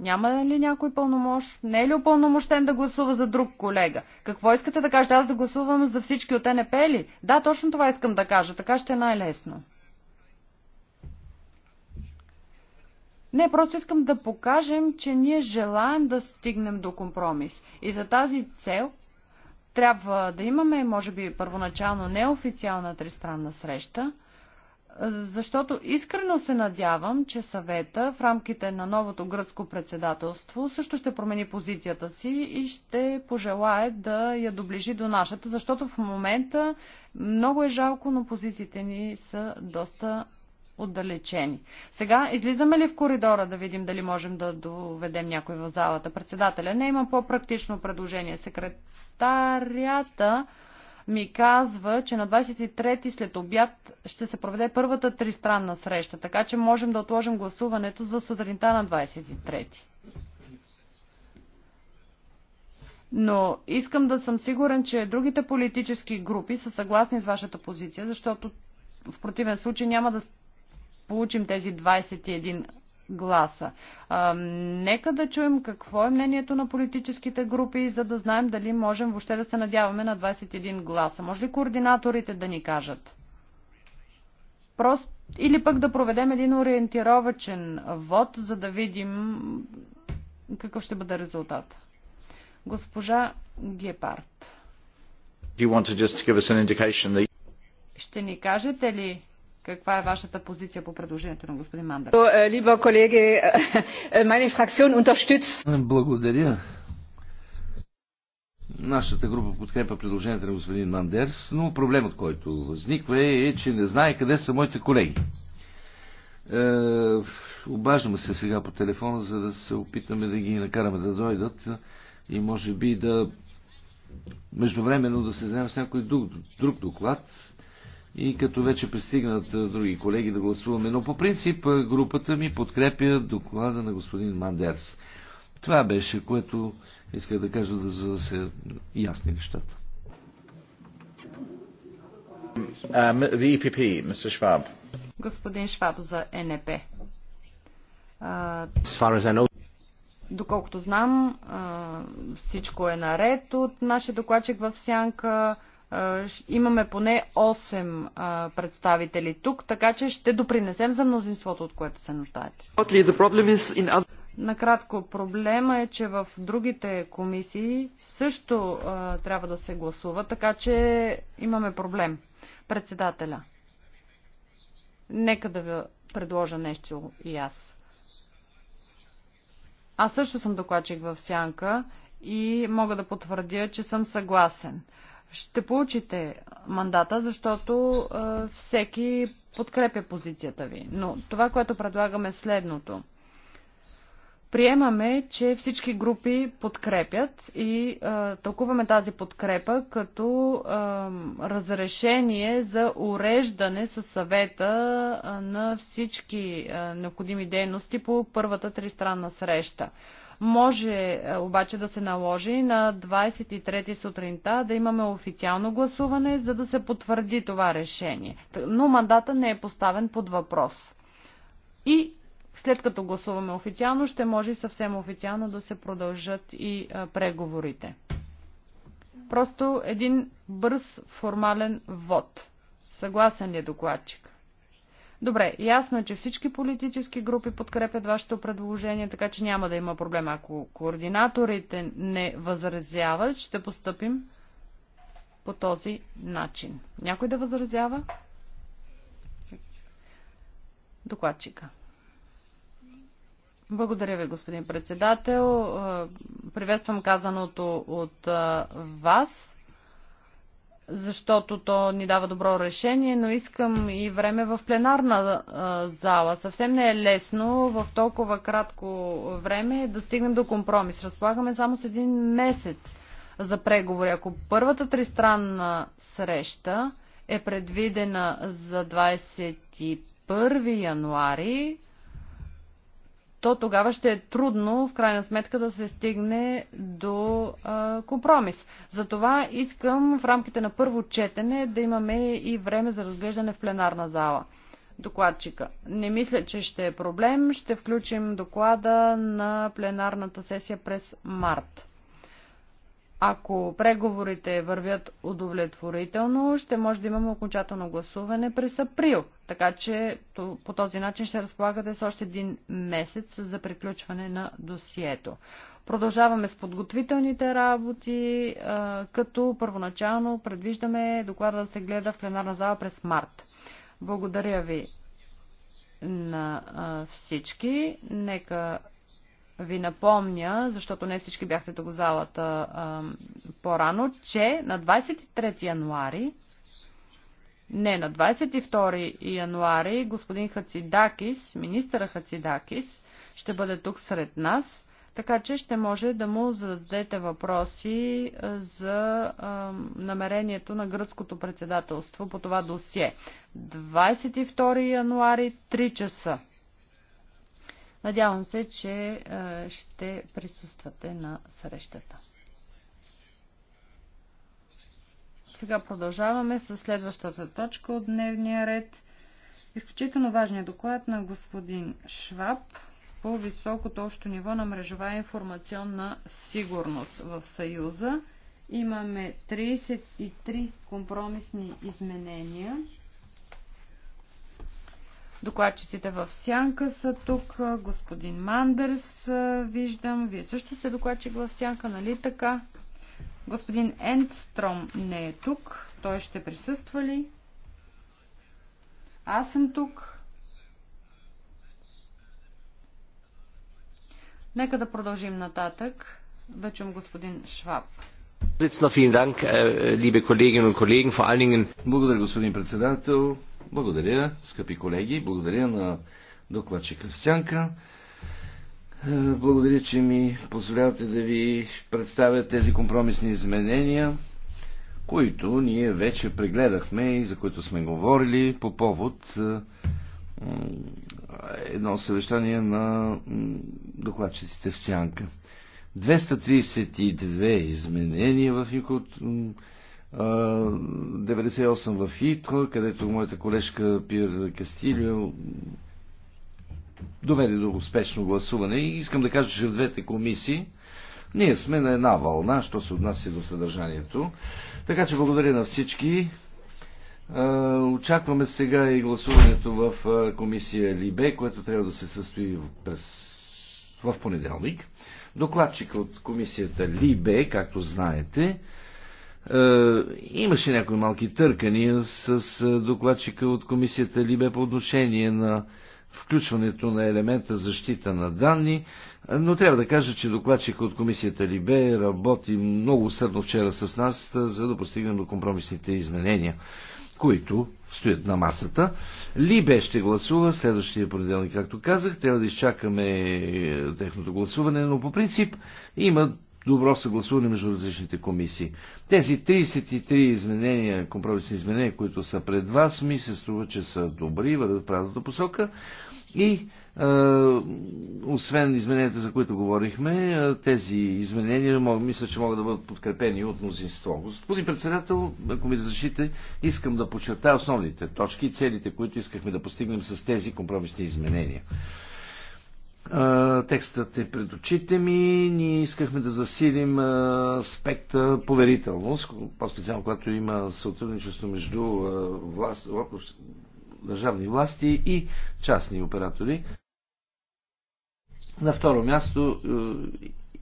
Няма ли някой пълномощ? Не е ли упълномощен да гласува за друг колега? Какво искате да кажете? Аз да гласувам за всички от НП е ли? Да, точно това искам да кажа. Така ще е най-лесно. Не, просто искам да покажем, че ние желаем да стигнем до компромис. И за тази цел трябва да имаме, може би, първоначално неофициална тристранна среща, защото искрено се надявам, че съвета в рамките на новото гръцко председателство също ще промени позицията си и ще пожелае да я доближи до нашата, защото в момента много е жалко, но позициите ни са доста отдалечени. Сега излизаме ли в коридора да видим дали можем да доведем някой в залата? Председателя, не имам по-практично предложение. Секретарята ми казва, че на 23-ти след обяд ще се проведе първата тристранна среща, така че можем да отложим гласуването за сутринта на 23-ти. Но искам да съм сигурен, че другите политически групи са съгласни с вашата позиция, защото в противен случай няма да получим тези 21 гласа. А, нека да чуем какво е мнението на политическите групи, за да знаем дали можем въобще да се надяваме на 21 гласа. Може ли координаторите да ни кажат? Просто или пък да проведем един ориентировачен вод, за да видим какъв ще бъде резултат. Госпожа Гепард. Ще ни кажете ли каква е вашата позиция по предложението на господин Мандър? Е, е, е, Благодаря. Нашата група подкрепа предложението на господин Мандерс, но проблемът, който възниква е, че не знае къде са моите колеги. Е, обаждаме се сега по телефона, за да се опитаме да ги накараме да дойдат и може би да междувременно да се вземем с някой друг, друг доклад, и като вече пристигнат други колеги да гласуваме. Но по принцип групата ми подкрепя доклада на господин Мандерс. Това беше, което исках да кажа, да, за да се ясни нещата. EPP, e господин Шваб за НП. Доколкото знам, всичко е наред от нашия докладчик в сянка. Е, имаме поне 8 е, представители тук, така че ще допринесем за мнозинството, от което се нуждаете. Накратко, проблема е, че в другите комисии също а, е, трябва да се гласува, така че имаме проблем. Председателя, нека да ви предложа нещо и аз. Аз също съм докладчик в Сянка и мога да потвърдя, че съм съгласен ще получите мандата, защото а, всеки подкрепя позицията ви. Но това, което предлагаме е следното. Приемаме, че всички групи подкрепят и а, тълкуваме тази подкрепа като а, разрешение за уреждане със съвета а, на всички а, необходими дейности по първата тристранна среща. Може е, обаче да се наложи на 23 сутринта да имаме официално гласуване, за да се потвърди това решение. Но мандата не е поставен под въпрос. И след като гласуваме официално, ще може съвсем официално да се продължат и е, преговорите. Просто един бърз формален вод. Съгласен ли е докладчик? Добре, ясно е, че всички политически групи подкрепят вашето предложение, така че няма да има проблем. Ако координаторите не възразяват, ще поступим по този начин. Някой да възразява? Докладчика. Благодаря ви, господин председател. Е, приветствам казаното от е, вас защото то ни дава добро решение, но искам и време в пленарна зала. Съвсем не е лесно в толкова кратко време да стигнем до компромис. Разполагаме само с един месец за преговори. Ако първата тристранна среща е предвидена за 21 януари, то тогава ще е трудно в крайна сметка да се стигне до а, компромис. Затова искам в рамките на първо четене да имаме и време за разглеждане в пленарна зала. Докладчика. Не мисля, че ще е проблем. Ще включим доклада на пленарната сесия през март. Ако преговорите вървят удовлетворително, ще може да имаме окончателно гласуване през април. Така че по този начин ще разполагате с още един месец за приключване на досието. Продължаваме с подготвителните работи, като първоначално предвиждаме доклада да се гледа в пленарна зала през март. Благодаря ви на всички. Нека ви напомня, защото не всички бяхте тук в залата по-рано, че на 23 януари, не, на 22 януари господин Хацидакис, министъра Хацидакис, ще бъде тук сред нас, така че ще може да му зададете въпроси за а, намерението на гръцкото председателство по това досие. 22 януари, 3 часа. Надявам се, че е, ще присъствате на срещата. Сега продължаваме с следващата точка от дневния ред. Изключително важният доклад на господин Шваб по високото общо ниво на мрежова информационна сигурност в Съюза. Имаме 33 компромисни изменения. Докладчиците в сянка са тук. Господин Мандърс, виждам. Вие също сте докладчик в сянка, нали така? Господин Енстром не е тук. Той ще присъства ли? Аз съм тук. Нека да продължим нататък. Да чум господин Шваб. Благодаря, господин председател. Благодаря, скъпи колеги, благодаря на докладчика в Сянка. Е, благодаря, че ми позволявате да ви представя тези компромисни изменения, които ние вече прегледахме и за които сме говорили по повод е, едно съвещание на докладчиците в Сянка. 232 изменения в Юкот. 98 в Итро, където моята колежка Пир Кастилио доведе до успешно гласуване. И искам да кажа, че в двете комисии ние сме на една вълна, що се отнася до съдържанието. Така че благодаря на всички. Очакваме сега и гласуването в комисия Либе, което трябва да се състои през, в понеделник. Докладчика от комисията Либе, както знаете, е, имаше някои малки търкания с е, докладчика от комисията Либе по отношение на включването на елемента защита на данни, но трябва да кажа, че докладчик от комисията Либе работи много усърдно вчера с нас, е, за да постигнем до компромисните изменения, които стоят на масата. Либе ще гласува следващия понеделник, както казах. Трябва да изчакаме техното гласуване, но по принцип има добро съгласуване между различните комисии. Тези 33 изменения, компромисни изменения, които са пред вас, ми се струва, че са добри, вървят в правилната посока. И е, освен измененията, за които говорихме, е, тези изменения мога, мисля, че могат да бъдат подкрепени от мнозинство. Господин председател, ако ми разрешите, искам да подчертая основните точки и целите, които искахме да постигнем с тези компромисни изменения. Текстът е пред очите ми. Ние искахме да засилим аспекта поверителност, по-специално когато има сътрудничество между власт, държавни власти и частни оператори. На второ място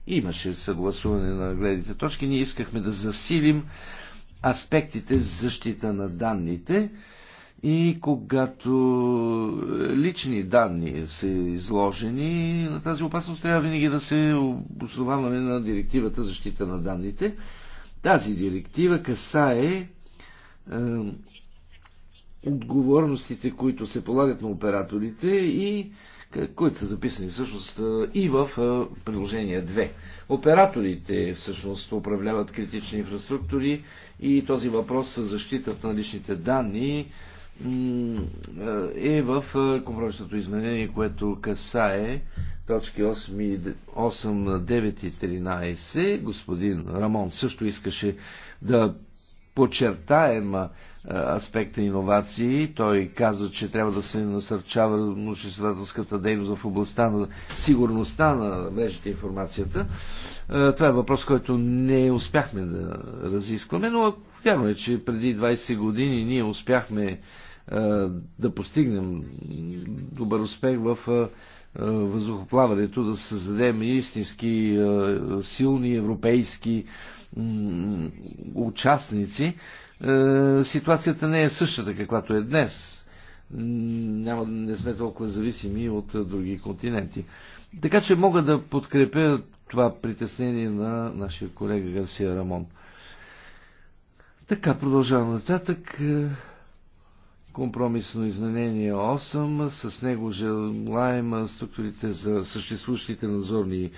имаше съгласуване на гледните точки. Ние искахме да засилим аспектите за защита на данните и когато е, лични данни са изложени, на тази опасност трябва винаги да се обосноваваме на директивата защита на данните. Тази директива касае е, отговорностите, които се полагат на операторите и които са записани всъщност е, и в е, приложение 2. Операторите всъщност управляват критични инфраструктури и този въпрос за защитата на личните данни е в компромисното изменение, което касае точки 8, 8, 9 и 13. Господин Рамон също искаше да подчертаем аспекта иновации. Той каза, че трябва да се насърчава научно-изследователската дейност в областта на сигурността на мрежите и информацията. Това е въпрос, който не успяхме да разискваме, но вярно е, че преди 20 години ние успяхме е, да постигнем добър успех в е, е, въздухоплаването, да създадем истински силни европейски участници, ситуацията не е същата, каквато е днес. Няма, не сме толкова зависими от други континенти. Така че мога да подкрепя това притеснение на нашия колега Гарсия Рамон. Така, продължаваме нататък. Компромисно изменение 8. С него желаем структурите за съществуващите надзорни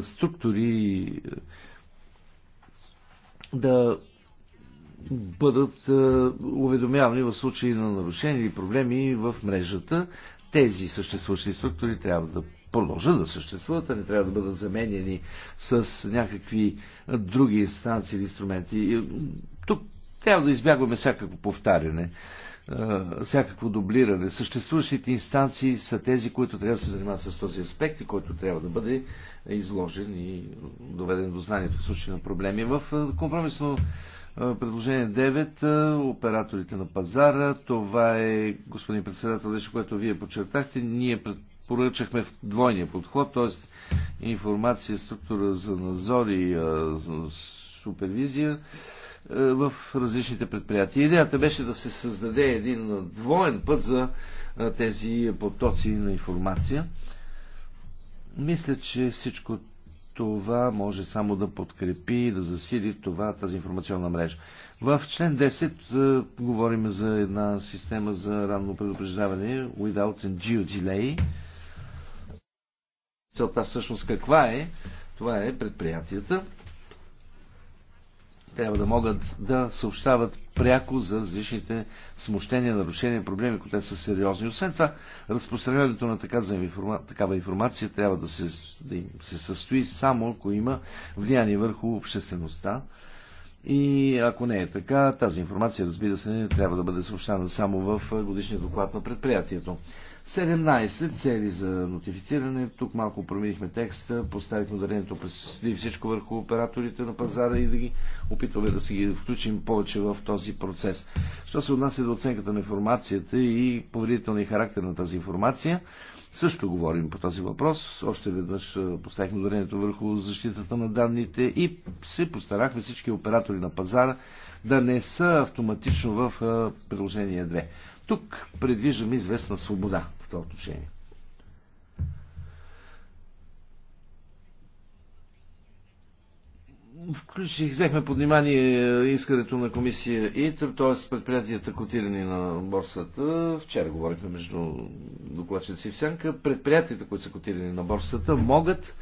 структури да бъдат уведомявани в случай на нарушения или проблеми в мрежата. Тези съществуващи структури трябва да продължат да съществуват, а не трябва да бъдат заменени с някакви други инстанции или инструменти. Тук трябва да избягваме всякакво повтаряне. Е, всякакво дублиране. Съществуващите инстанции са тези, които трябва да се занимават с този аспект и който трябва да бъде изложен и доведен до знанието в случай на проблеми. В е, компромисно е, предложение 9, операторите на пазара, това е, господин председател, нещо, което вие подчертахте, ние поръчахме в двойния подход, т.е. информация, структура за надзор и супервизия е, в различните предприятия. Идеята беше да се създаде един двоен път за е, тези потоци на информация. Мисля, че всичко това може само да подкрепи и да засили това, тази информационна мрежа. В член 10 е, говорим за една система за ранно предупреждаване, without and due delay. Целта всъщност каква е? Това е предприятията трябва да могат да съобщават пряко за различните смущения, нарушения, проблеми, които са сериозни. Освен това, разпространението на такава информация трябва да се, да се състои само ако има влияние върху обществеността. И ако не е така, тази информация, разбира се, трябва да бъде съобщана само в годишния доклад на предприятието. 17 цели за нотифициране. Тук малко променихме текста, поставихме ударението преди всичко върху операторите на пазара и да ги опитваме да си ги включим повече в този процес. Що се отнася до оценката на информацията и поведителния характер на тази информация, също говорим по този въпрос. Още веднъж поставихме ударението върху защитата на данните и се постарахме всички оператори на пазара да не са автоматично в приложение 2. Тук предвиждаме известна свобода това отношение. Включих, взехме под внимание искането на комисия и, т.е. предприятията котирани на борсата. Вчера говорихме между докладчици и всянка. Предприятията, които са котирани на борсата, могат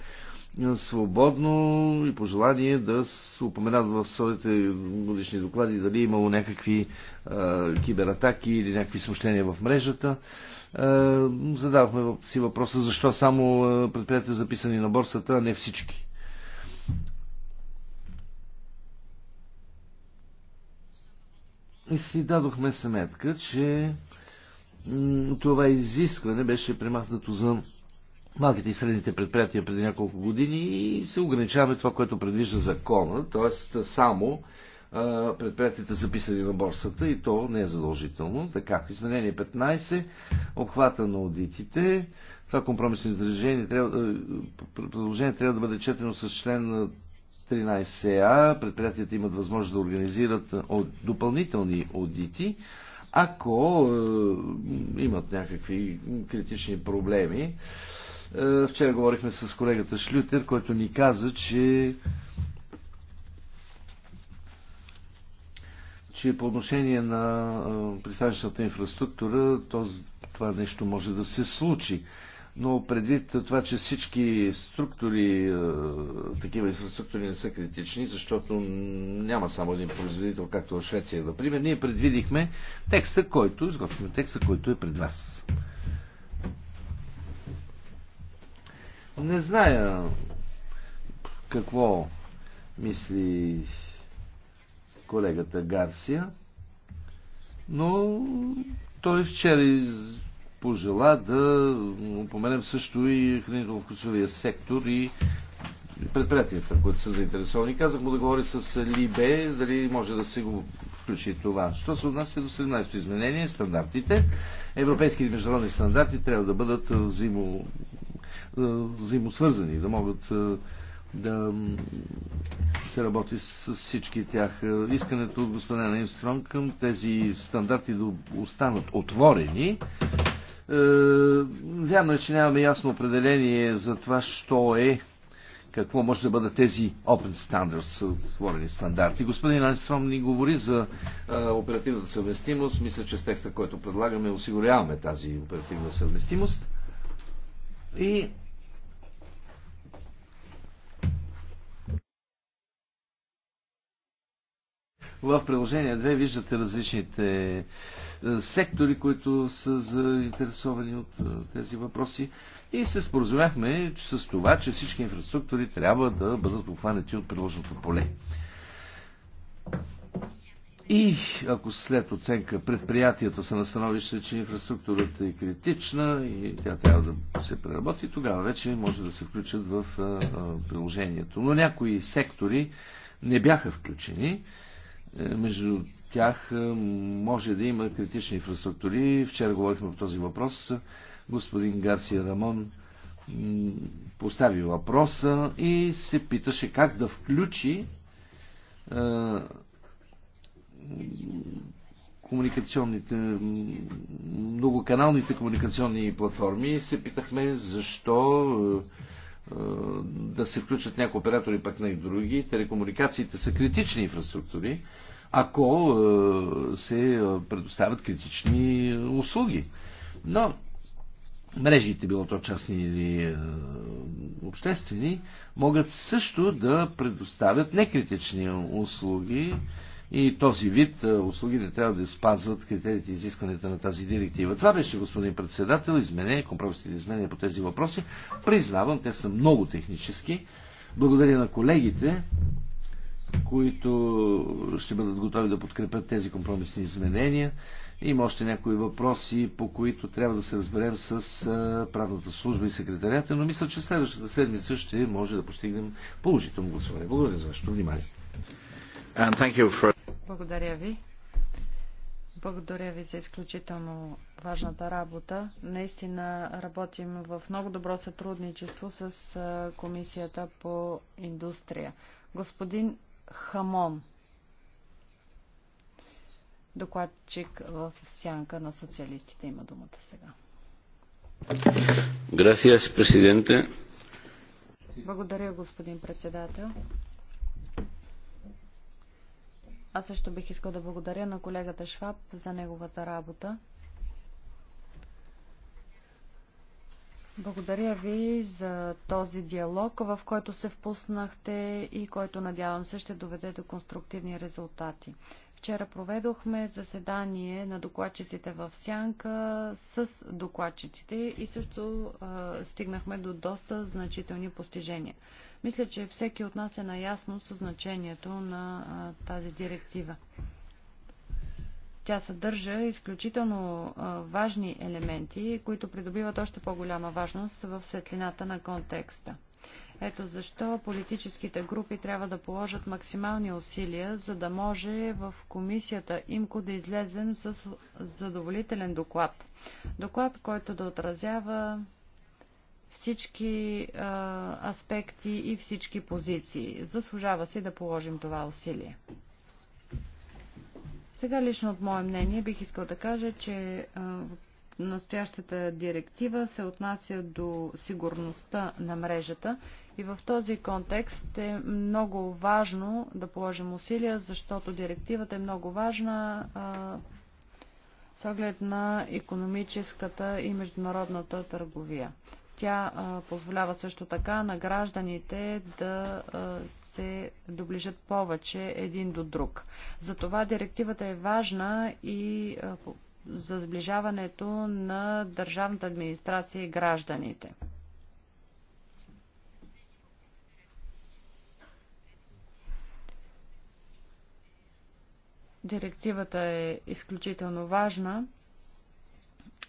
свободно и пожелание да се упоменат в своите годишни доклади дали е имало някакви а, кибератаки или някакви смущения в мрежата. Е, Задавахме си въпроса защо само е, предприятия записани на борсата, а не всички. И си дадохме сметка, че това изискване беше премахнато за малките и средните предприятия преди няколко години и се ограничаваме това, което предвижда закона, т.е. само предприятията записани на борсата и то не е задължително. Така, изменение 15, обхвата на аудитите. Това компромисно изражение трябва, предложение трябва да бъде четено с член 13А. Предприятията имат възможност да организират допълнителни аудити, ако имат някакви критични проблеми. Вчера говорихме с колегата Шлютер, който ни каза, че че по отношение на пристанищната инфраструктура това нещо може да се случи. Но предвид това, че всички структури, такива инфраструктури не са критични, защото няма само един производител, както в Швеция, например, ние предвидихме текста, който, изготвихме текста, който е пред вас. Не зная какво мисли колегата Гарсия, но той вчера пожела да упоменем също и хранително-вкусовия сектор и предприятията, които са заинтересовани. Казах му да говори с Либе, дали може да се го включи това. Що се отнася до 17-то изменение, стандартите, европейски и международни стандарти трябва да бъдат взаимо, е, взаимосвързани, да могат е, да се работи с всички тях. Искането от господин Неймстрон към тези стандарти да останат отворени. Е, вярно е, че нямаме ясно определение за това, що е какво може да бъдат тези open standards, отворени стандарти. Господин Анстром ни говори за а, е, оперативната съвместимост. Мисля, че с текста, който предлагаме, осигуряваме тази оперативна съвместимост. И В приложение 2 виждате различните е, сектори, които са заинтересовани от е, тези въпроси. И се споразумяхме с това, че всички инфраструктури трябва да бъдат обхванати от приложното поле. И ако след оценка предприятията са настановище, че инфраструктурата е критична и тя трябва да се преработи, тогава вече може да се включат в е, приложението. Но някои сектори не бяха включени между тях е, може да има критични инфраструктури. Вчера говорихме по този въпрос. Господин Гарсия Рамон постави въпроса и се питаше как да включи е, комуникационните, многоканалните комуникационни платформи се питахме защо е, да се включат някои оператори, пък не и други. Телекомуникациите са критични инфраструктури ако е, се е, предоставят критични услуги. Но мрежите, било то частни или е, обществени, могат също да предоставят некритични услуги и този вид услуги не трябва да спазват критериите и изискванията на тази директива. Това беше, господин председател, изменение, компромисните изменения по тези въпроси. Признавам, те са много технически. Благодаря на колегите които ще бъдат готови да подкрепят тези компромисни изменения. Има още някои въпроси, по които трябва да се разберем с правната служба и секретарията, но мисля, че следващата седмица ще може да постигнем положително гласуване. Благодаря за вашето внимание. For... Благодаря ви. Благодаря ви за изключително важната работа. Наистина работим в много добро сътрудничество с Комисията по индустрия. Господин Хамон, докладчик в сянка на социалистите. Има думата сега. Gracias, Благодаря, господин председател. Аз също бих искал да благодаря на колегата Шваб за неговата работа. Благодаря ви за този диалог, в който се впуснахте и който надявам се ще доведе до конструктивни резултати. Вчера проведохме заседание на докладчиците в Сянка с докладчиците и също а, стигнахме до доста значителни постижения. Мисля, че всеки от нас е наясно със значението на а, тази директива. Тя съдържа изключително важни елементи, които придобиват още по-голяма важност в светлината на контекста. Ето защо политическите групи трябва да положат максимални усилия, за да може в комисията ИМКО да излезем с задоволителен доклад. Доклад, който да отразява всички а, аспекти и всички позиции. Заслужава си да положим това усилие. Сега лично от мое мнение бих искал да кажа, че настоящата директива се отнася до сигурността на мрежата и в този контекст е много важно да положим усилия, защото директивата е много важна с оглед на економическата и международната търговия. Тя позволява също така на гражданите да се доближат повече един до друг. Затова директивата е важна и за сближаването на държавната администрация и гражданите. Директивата е изключително важна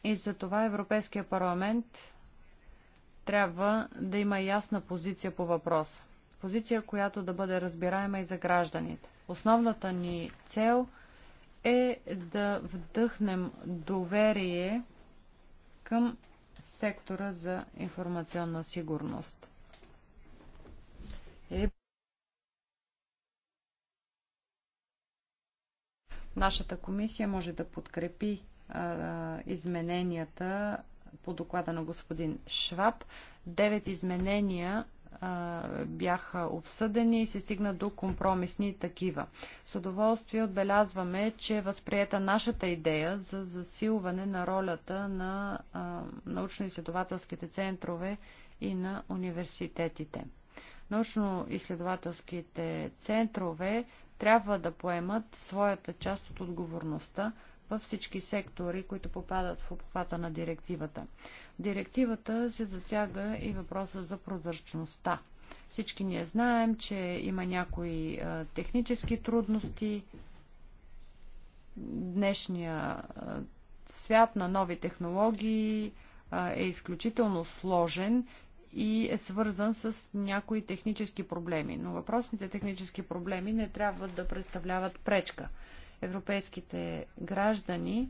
и за това Европейския парламент трябва да има ясна позиция по въпроса позиция, която да бъде разбираема и за гражданите. Основната ни цел е да вдъхнем доверие към сектора за информационна сигурност. Е, нашата комисия може да подкрепи а, измененията по доклада на господин Шваб. Девет изменения бяха обсъдени и се стигна до компромисни такива. С удоволствие отбелязваме, че е възприета нашата идея за засилване на ролята на научно-изследователските центрове и на университетите. Научно-изследователските центрове трябва да поемат своята част от отговорността, във всички сектори, които попадат в обхвата на директивата. Директивата се засяга и въпроса за прозрачността. Всички ние знаем, че има някои технически трудности. Днешния свят на нови технологии е изключително сложен и е свързан с някои технически проблеми. Но въпросните технически проблеми не трябва да представляват пречка. Европейските граждани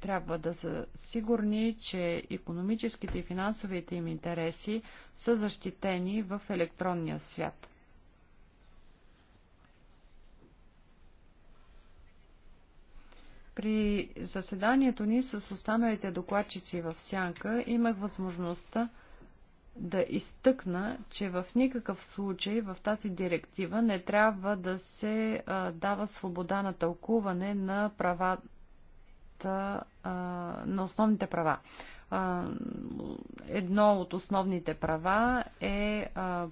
трябва да са сигурни, че економическите и финансовите им интереси са защитени в електронния свят. При заседанието ни с останалите докладчици в Сянка имах възможността да изтъкна, че в никакъв случай в тази директива не трябва да се дава свобода на тълкуване на правата, на основните права едно от основните права е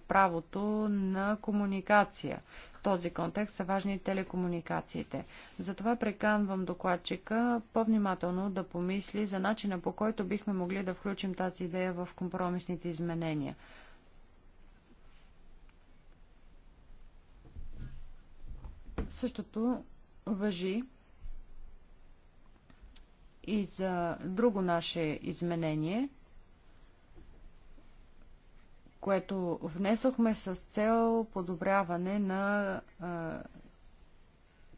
правото на комуникация. В този контекст са важни телекомуникациите. Затова приканвам докладчика по-внимателно да помисли за начина по който бихме могли да включим тази идея в компромисните изменения. Същото въжи и за друго наше изменение, което внесохме с цел подобряване на а,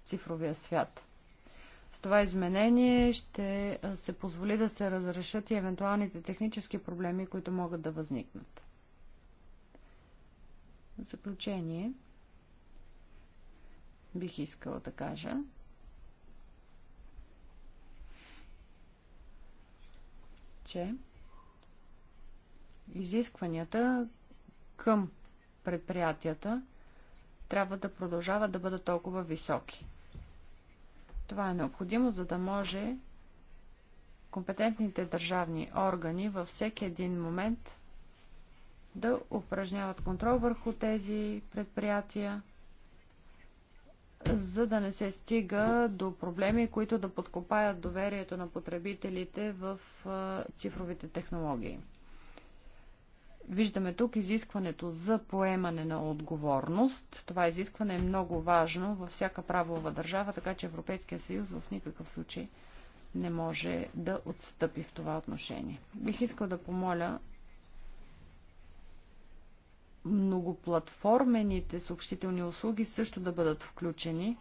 цифровия свят. С това изменение ще се позволи да се разрешат и евентуалните технически проблеми, които могат да възникнат. В заключение бих искала да кажа, че изискванията към предприятията трябва да продължават да бъдат толкова високи. Това е необходимо, за да може компетентните държавни органи във всеки един момент да упражняват контрол върху тези предприятия за да не се стига до проблеми, които да подкопаят доверието на потребителите в цифровите технологии. Виждаме тук изискването за поемане на отговорност. Това изискване е много важно във всяка правова държава, така че Европейския съюз в никакъв случай не може да отстъпи в това отношение. Бих искал да помоля многоплатформените съобщителни услуги също да бъдат включени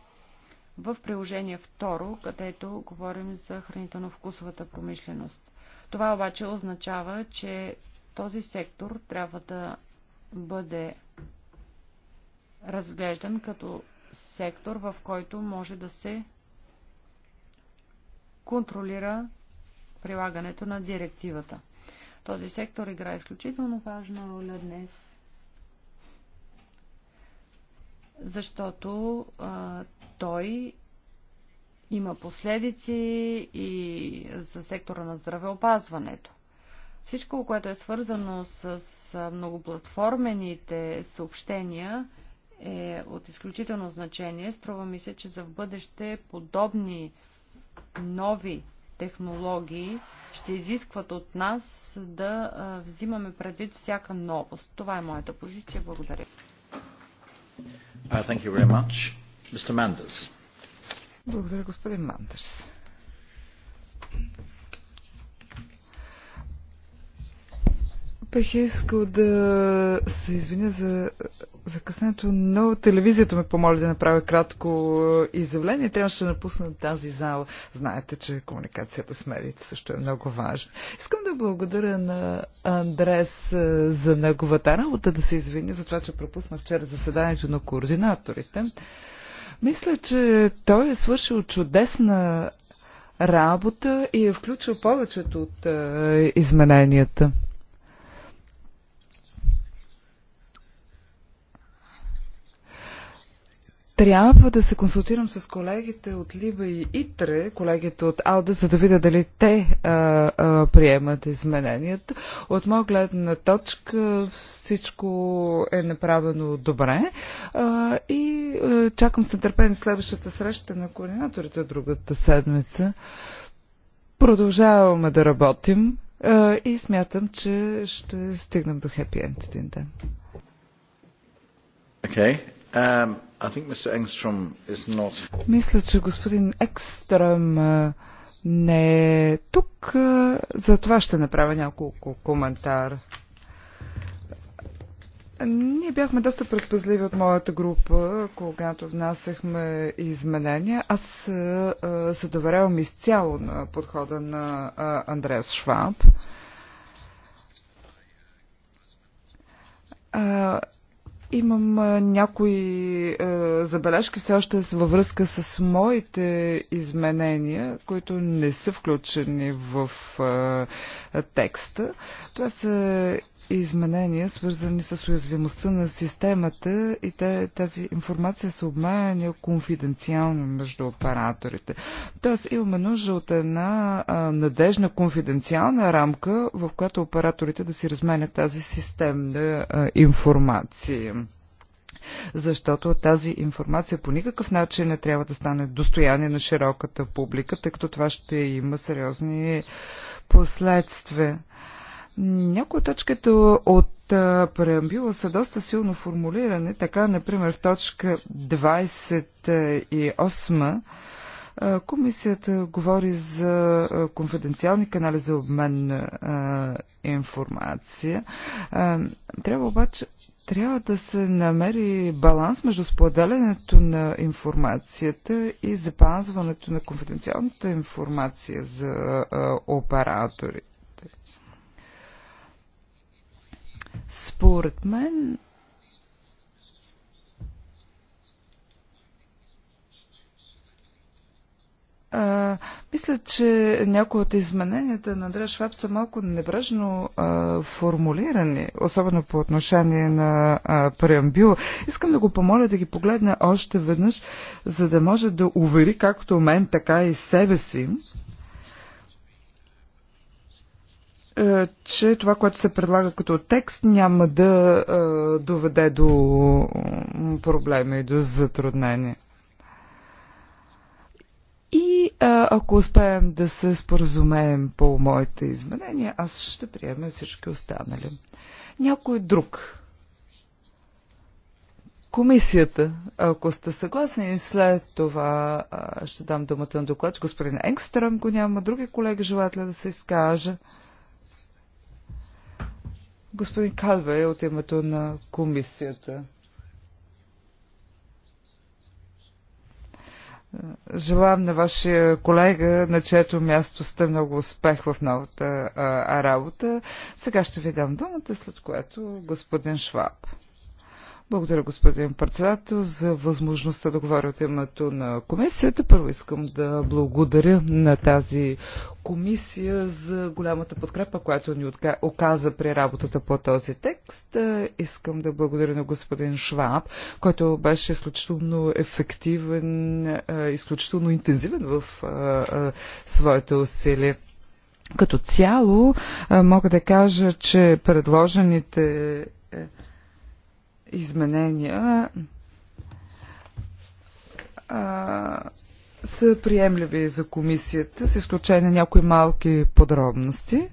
в приложение 2, където говорим за хранително-вкусовата промишленост. Това обаче означава, че този сектор трябва да бъде разглеждан като сектор, в който може да се контролира прилагането на директивата. Този сектор играе изключително важна роля днес защото а, той има последици и за сектора на здравеопазването. Всичко, което е свързано с многоплатформените съобщения, е от изключително значение. Струва ми се, че за в бъдеще подобни нови технологии ще изискват от нас да взимаме предвид всяка новост. Това е моята позиция. Благодаря. Uh, Благодаря, господин Мандърс. Бих искал да се извиня за закъснението, но телевизията ме помоли да направя кратко е, изявление. Трябваше да напусна тази зала. Знаете, че комуникацията с медиите също е много важна. Искам да благодаря на Андрес е, за неговата работа, да се извиня за това, че пропусна вчера заседанието на координаторите. Мисля, че той е свършил чудесна работа и е включил повечето от е, измененията. Трябва да се консултирам с колегите от Либа и Итре, колегите от Алда, за да видя дали те а, а, приемат измененията. От моя гледна точка всичко е направено добре а, и а, чакам с нетърпение следващата среща на координаторите другата седмица. Продължаваме да работим а, и смятам, че ще стигнем до хепи енд един ден. Okay. Um... Мисля, че господин Екстрам не е тук. За това ще направя няколко коментар. Ние бяхме доста предпазливи от моята група, когато внасяхме изменения. Аз се доверявам изцяло на подхода на Андреас Шваб. Имам някои е, забележки все още във връзка с моите изменения, които не са включени в е, текста. Това са изменения, свързани с уязвимостта на системата и те, тази информация се обменя конфиденциално между операторите. Тоест имаме нужда от една а, надежна конфиденциална рамка, в която операторите да си разменят тази системна а, информация защото тази информация по никакъв начин не трябва да стане достояние на широката публика, тъй като това ще има сериозни последствия. Някои от точките от преамбюла са доста силно формулирани. Така, например, в точка 28 комисията говори за конфиденциални канали за обмен на информация. Трябва обаче трябва да се намери баланс между споделянето на информацията и запазването на конфиденциалната информация за операторите. Според мен А, мисля, че някои от измененията на Андрея Шваб са малко небрежно а, формулирани, особено по отношение на а, преамбюл. Искам да го помоля да ги погледне още веднъж, за да може да увери както мен, така и себе си, Е, че това, което се предлага като текст, няма да е, доведе до проблеми и до затруднения. И е, ако успеем да се споразумеем по моите изменения, аз ще приема всички останали. Някой друг. Комисията, ако сте съгласни, след това ще дам думата на доклад. Господин Енгстрам го няма. Други колеги желаят ли да се изкажа? Господин е от името на комисията. Желам на вашия колега, на чието място сте много успех в новата а, работа. Сега ще ви дам думата, след което господин Шваб. Благодаря, господин председател, за възможността да говоря от името на комисията. Първо искам да благодаря на тази комисия за голямата подкрепа, която ни оказа при работата по този текст. Искам да благодаря на господин Шваб, който беше изключително ефективен, изключително интензивен в своите усилия. Като цяло мога да кажа, че предложените е, изменения а, са приемливи за комисията, с изключение на някои малки подробности.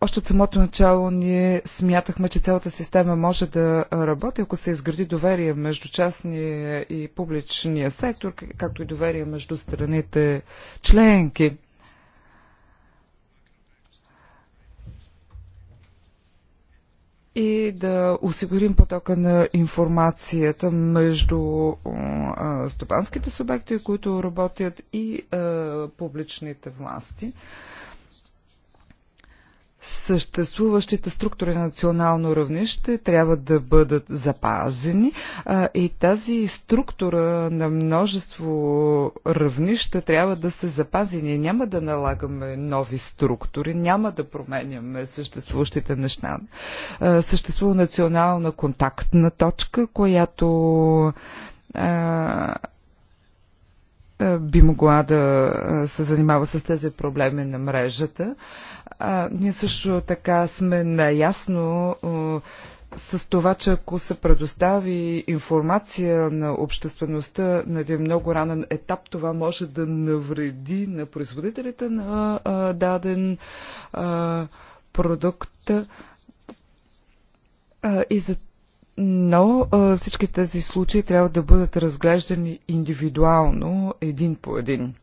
Още от самото начало ние смятахме, че цялата система може да работи, ако се изгради доверие между частния и публичния сектор, както и доверие между страните членки. и да осигурим потока на информацията между стопанските субекти, които работят и публичните власти съществуващите структури на национално равнище трябва да бъдат запазени а, и тази структура на множество равнища трябва да се запази. Ние няма да налагаме нови структури, няма да променяме съществуващите неща. А, съществува национална контактна точка, която а, е, би могла да е, се занимава с тези проблеми на мрежата. Ние също така сме наясно е, с това, че ако се предостави информация на обществеността на един много ранен етап, това може да навреди на производителите на а, даден а, продукт. А, и за но всички тези случаи трябва да бъдат разглеждани индивидуално, един по един.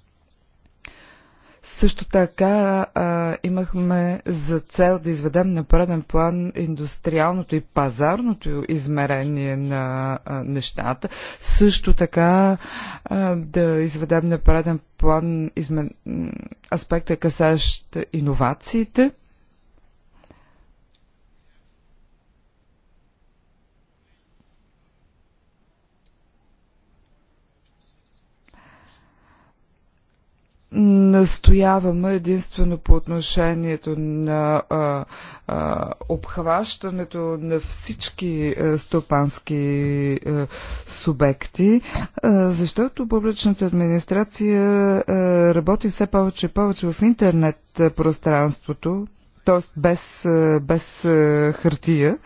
Също така а, имахме за цел да изведем на преден план индустриалното и пазарното измерение на а, нещата. Също така а, да изведем на преден план измен... аспекта касащ иновациите. настояваме единствено по отношението на а, а, обхващането на всички а, стопански а, субекти, а, защото публичната администрация а, работи все повече и повече в интернет пространството, т.е. без, а, без а, хартия.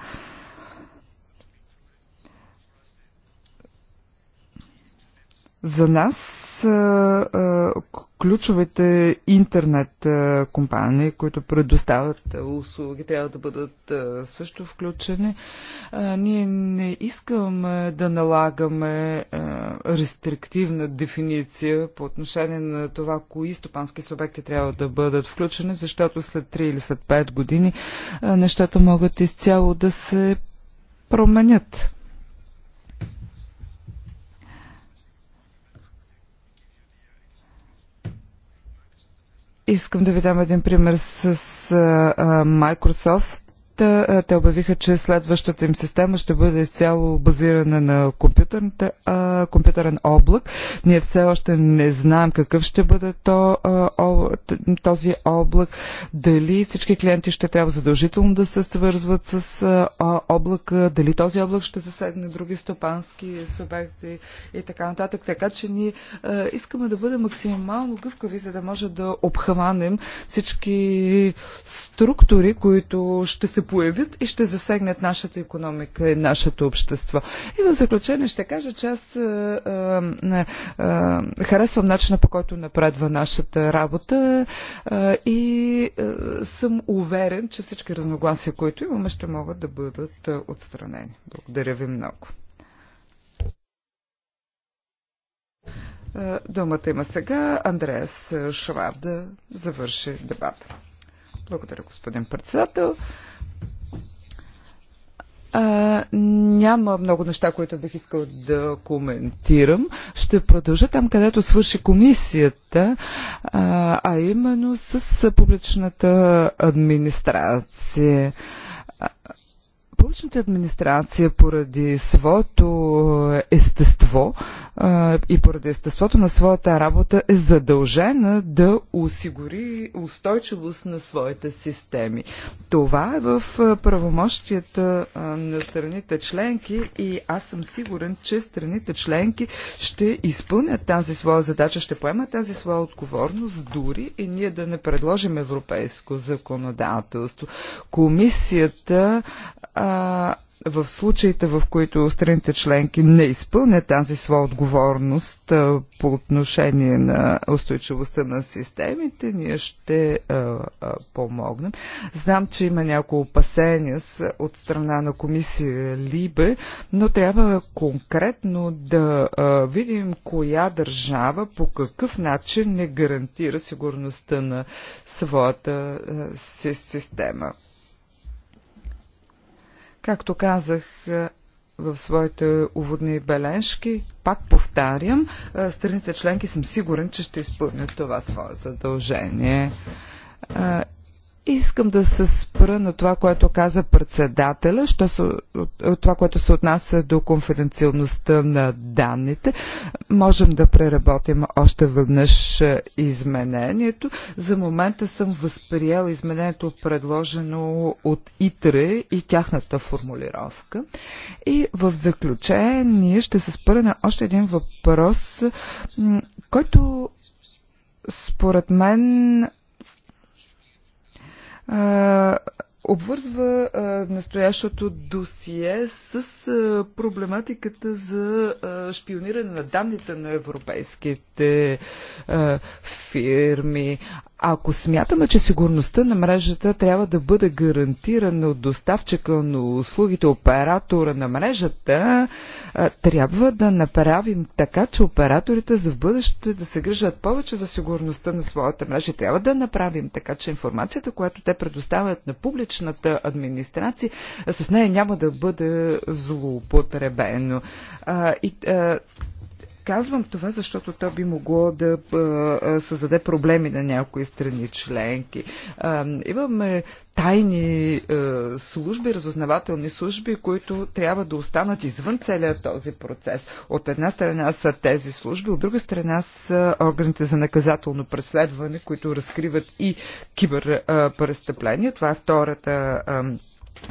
За нас ключовите интернет е, компании, които предоставят е, услуги, трябва да бъдат е, също включени. Ние не искаме да налагаме рестриктивна дефиниция по отношение на това, кои стопански субекти трябва да бъдат включени, защото след 3 или след 5 години нещата могат изцяло да се променят. Искам да ви дам един пример с Microsoft те обявиха, че следващата им система ще бъде изцяло базирана на компютърен облак. Ние все още не знаем какъв ще бъде то, този облак, дали всички клиенти ще трябва задължително да се свързват с облака, дали този облак ще засегне други стопански субекти и така нататък. Така че ние искаме да бъдем максимално гъвкави, за да може да обхванем всички структури, които ще се появят и ще засегнат нашата економика и нашето общество. И в заключение ще кажа, че аз а, а, а, харесвам начина по който напредва нашата работа а, и а, съм уверен, че всички разногласия, които имаме, ще могат да бъдат отстранени. Благодаря ви много. Думата има сега Андреас Шваб да завърши дебата. Благодаря, господин председател. А, няма много неща, които бих искал да коментирам. Ще продължа там, където свърши комисията, а, а именно с публичната администрация. Публичната администрация поради своето е, естество и поради естеството на своята работа е задължена да осигури устойчивост на своите системи. Това е в правомощията на страните членки и аз съм сигурен, че страните членки ще изпълнят тази своя задача, ще поемат тази своя отговорност, дори и ние да не предложим европейско законодателство. Комисията а, в случаите, в които страните членки не изпълнят тази своя отговорност а, по отношение на устойчивостта на системите, ние ще а, а, помогнем. Знам, че има някои опасения с, от страна на комисия Либе, но трябва конкретно да а, видим коя държава по какъв начин не гарантира сигурността на своята а, си, система. Както казах е, в своите уводни бележки, пак повтарям, е, страните членки съм сигурен, че ще изпълнят това свое задължение е, Искам да се спра на това, което каза председателя, що се, това, което се отнася до конфиденциалността на данните. Можем да преработим още веднъж е, изменението. За момента съм възприел изменението предложено от ИТРЕ и тяхната формулировка. И в заключение ще се спра на още един въпрос, който според мен обвързва а, настоящото досие с а, проблематиката за а, шпиониране на данните на европейските а, фирми. Ако смятаме, че сигурността на мрежата трябва да бъде гарантирана от доставчика на услугите, оператора на мрежата, трябва да направим така, че операторите за в бъдеще да се грижат повече за сигурността на своята мрежа. Трябва да направим така, че информацията, която те предоставят на публичната администрация, с нея няма да бъде злоупотребено. И Казвам това, защото то би могло да създаде проблеми на някои страни членки. Имаме тайни служби, разузнавателни служби, които трябва да останат извън целият този процес. От една страна са тези служби, от друга страна са органите за наказателно преследване, които разкриват и киберпрестъпления. Това е втората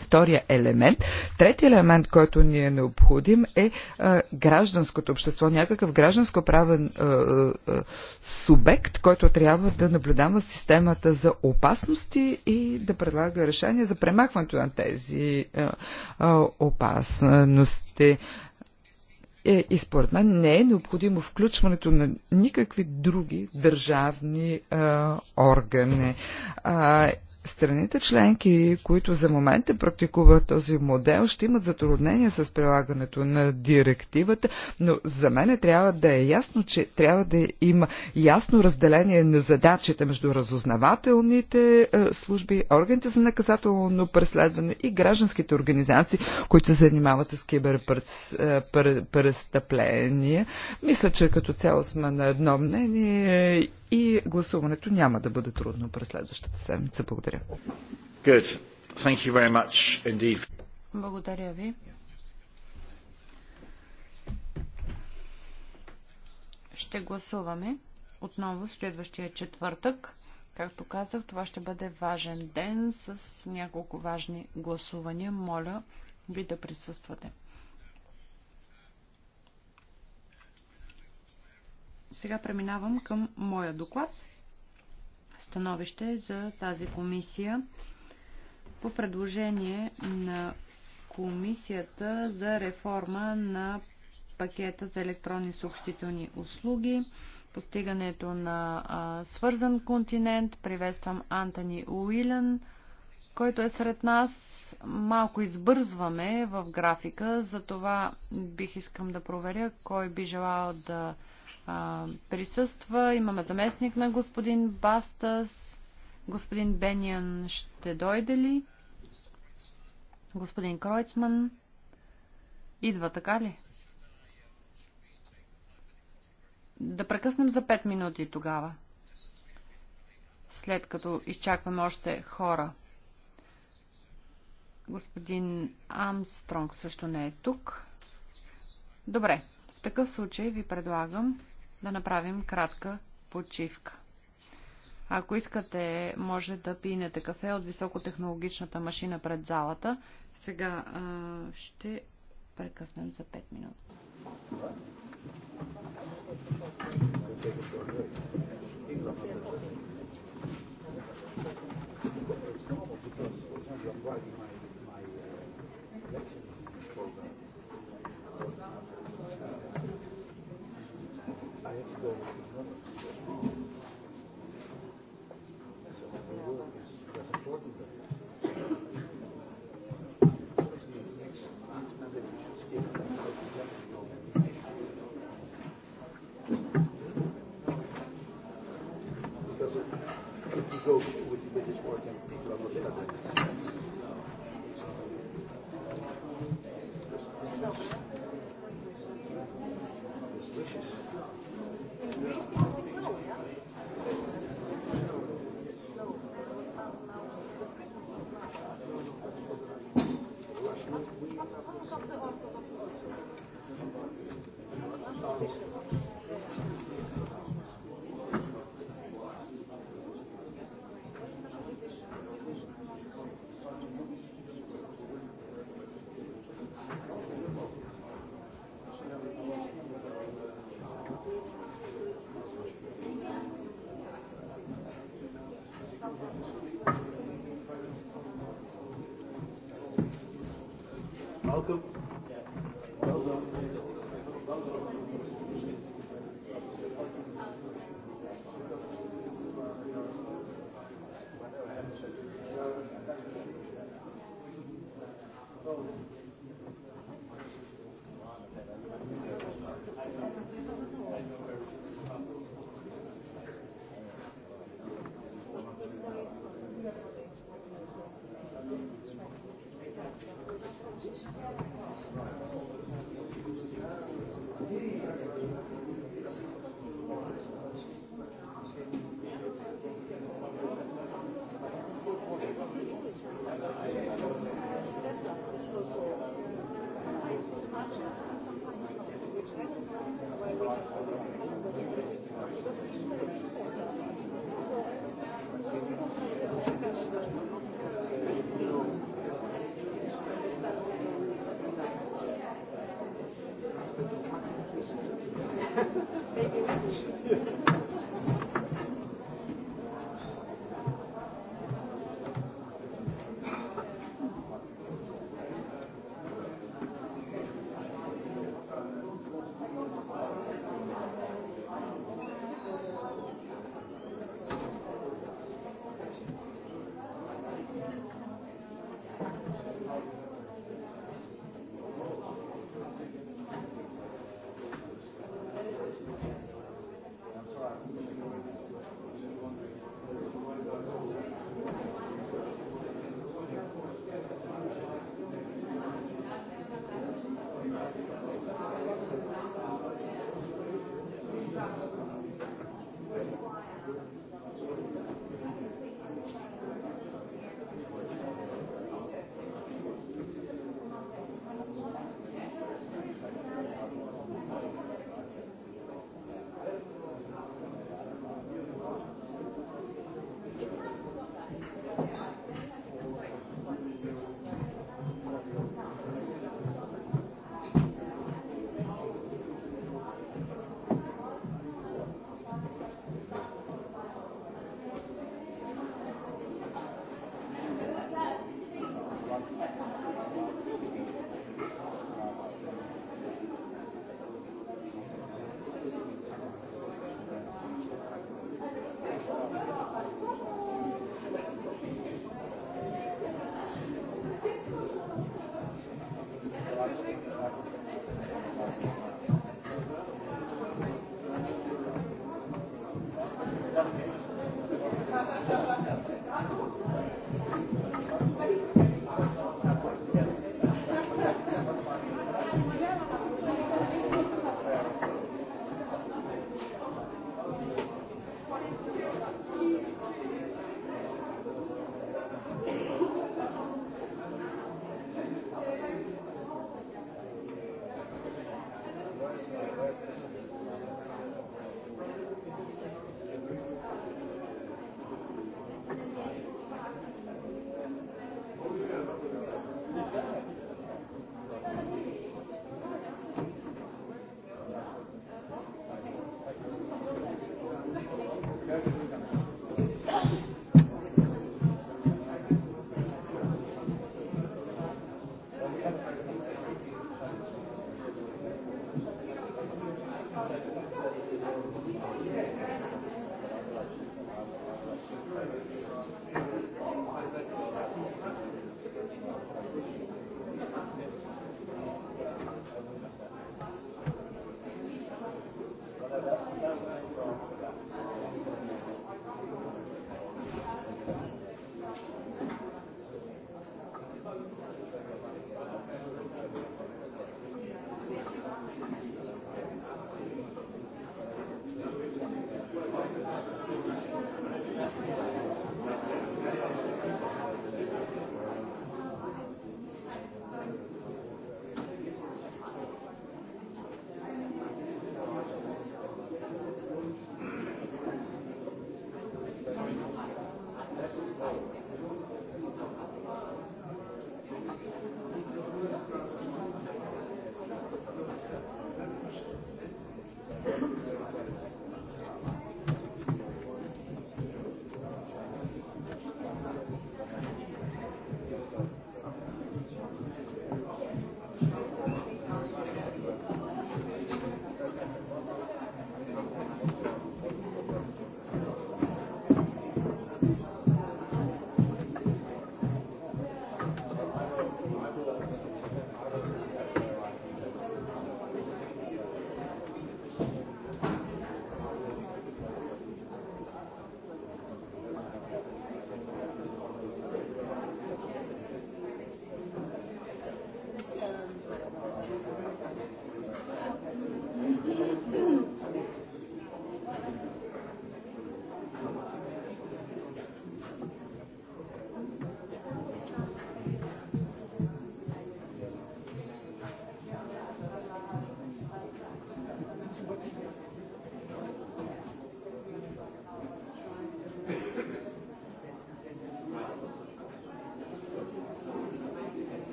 втория елемент. Третият елемент, който ни е необходим е а, гражданското общество, някакъв гражданско-правен субект, който трябва да наблюдава системата за опасности и да предлага решение за премахването на тези а, а, опасности. Е, и според мен не е необходимо включването на никакви други държавни а, органи. А, Страните членки, които за момента практикуват този модел, ще имат затруднения с прилагането на директивата, но за мен трябва да е ясно, че трябва да има ясно разделение на задачите между разузнавателните е, служби, органите за наказателно преследване и гражданските организации, които се занимават с киберпрестъпления. Е, Мисля, че като цяло сме на едно мнение и гласуването няма да бъде трудно през следващата седмица. Благодаря. Good. Thank you very much indeed. Благодаря ви. Ще гласуваме отново следващия четвъртък. Както казах, това ще бъде важен ден с няколко важни гласувания. Моля ви да присъствате. Сега преминавам към моя доклад. Становище за тази комисия по предложение на комисията за реформа на пакета за електронни съобщителни услуги, постигането на а, свързан континент. Приветствам Антони Уилен, който е сред нас. Малко избързваме в графика, затова бих искам да проверя кой би желал да а, присъства. Имаме заместник на господин Бастас. Господин Бениан ще дойде ли? Господин Кройцман. Идва, така ли? Да прекъснем за 5 минути тогава, след като изчакваме още хора. Господин Амстронг също не е тук. Добре, в такъв случай ви предлагам да направим кратка почивка. Ако искате, може да пинете кафе от високотехнологичната машина пред залата. Сега а, ще прекъснем за 5 минути. Thank you.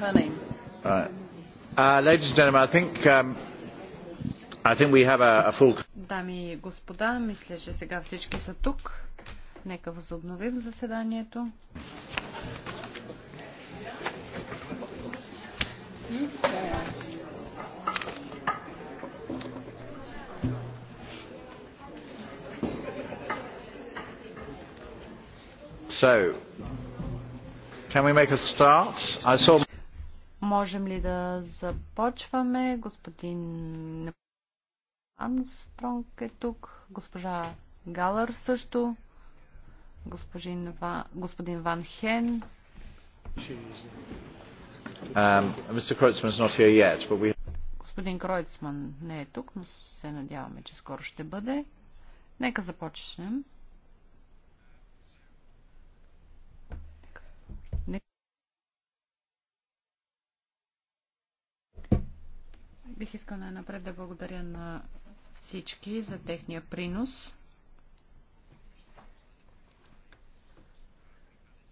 her name. Uh, uh, ladies and gentlemen, I think, um, I think we have a, a full... Дами и господа, мисля, че сега всички са тук. Нека възобновим заседанието. So, can we make a start? I saw Можем ли да започваме? Господин Армстронг е тук, госпожа Галър също, господин, господин Ван Хен. Um, господин Кройцман не е тук, но се надяваме, че скоро ще бъде. Нека започнем. най-напред да благодаря на всички за техния принос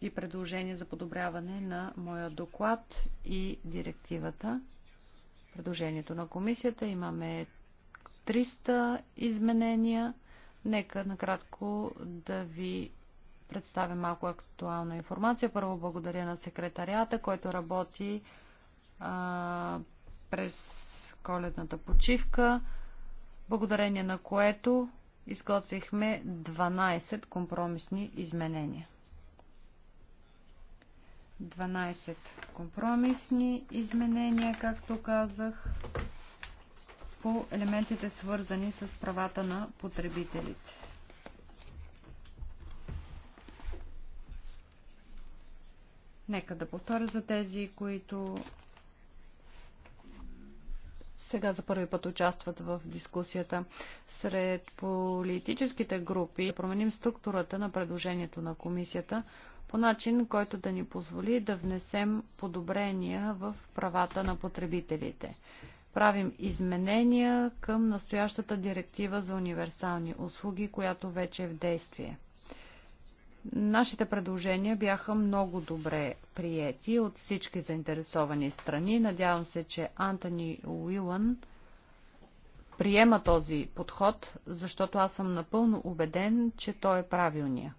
и предложение за подобряване на моя доклад и директивата. Предложението на комисията имаме 300 изменения. Нека накратко да ви представя малко актуална информация. Първо благодаря на секретарията, който работи а, през коледната почивка, благодарение на което изготвихме 12 компромисни изменения. 12 компромисни изменения, както казах, по елементите свързани с правата на потребителите. Нека да повторя за тези, които сега за първи път участват в дискусията. Сред политическите групи да променим структурата на предложението на комисията по начин, който да ни позволи да внесем подобрения в правата на потребителите. Правим изменения към настоящата директива за универсални услуги, която вече е в действие. Нашите предложения бяха много добре приети от всички заинтересовани страни. Надявам се, че Антони Уилън приема този подход, защото аз съм напълно убеден, че той е правилния.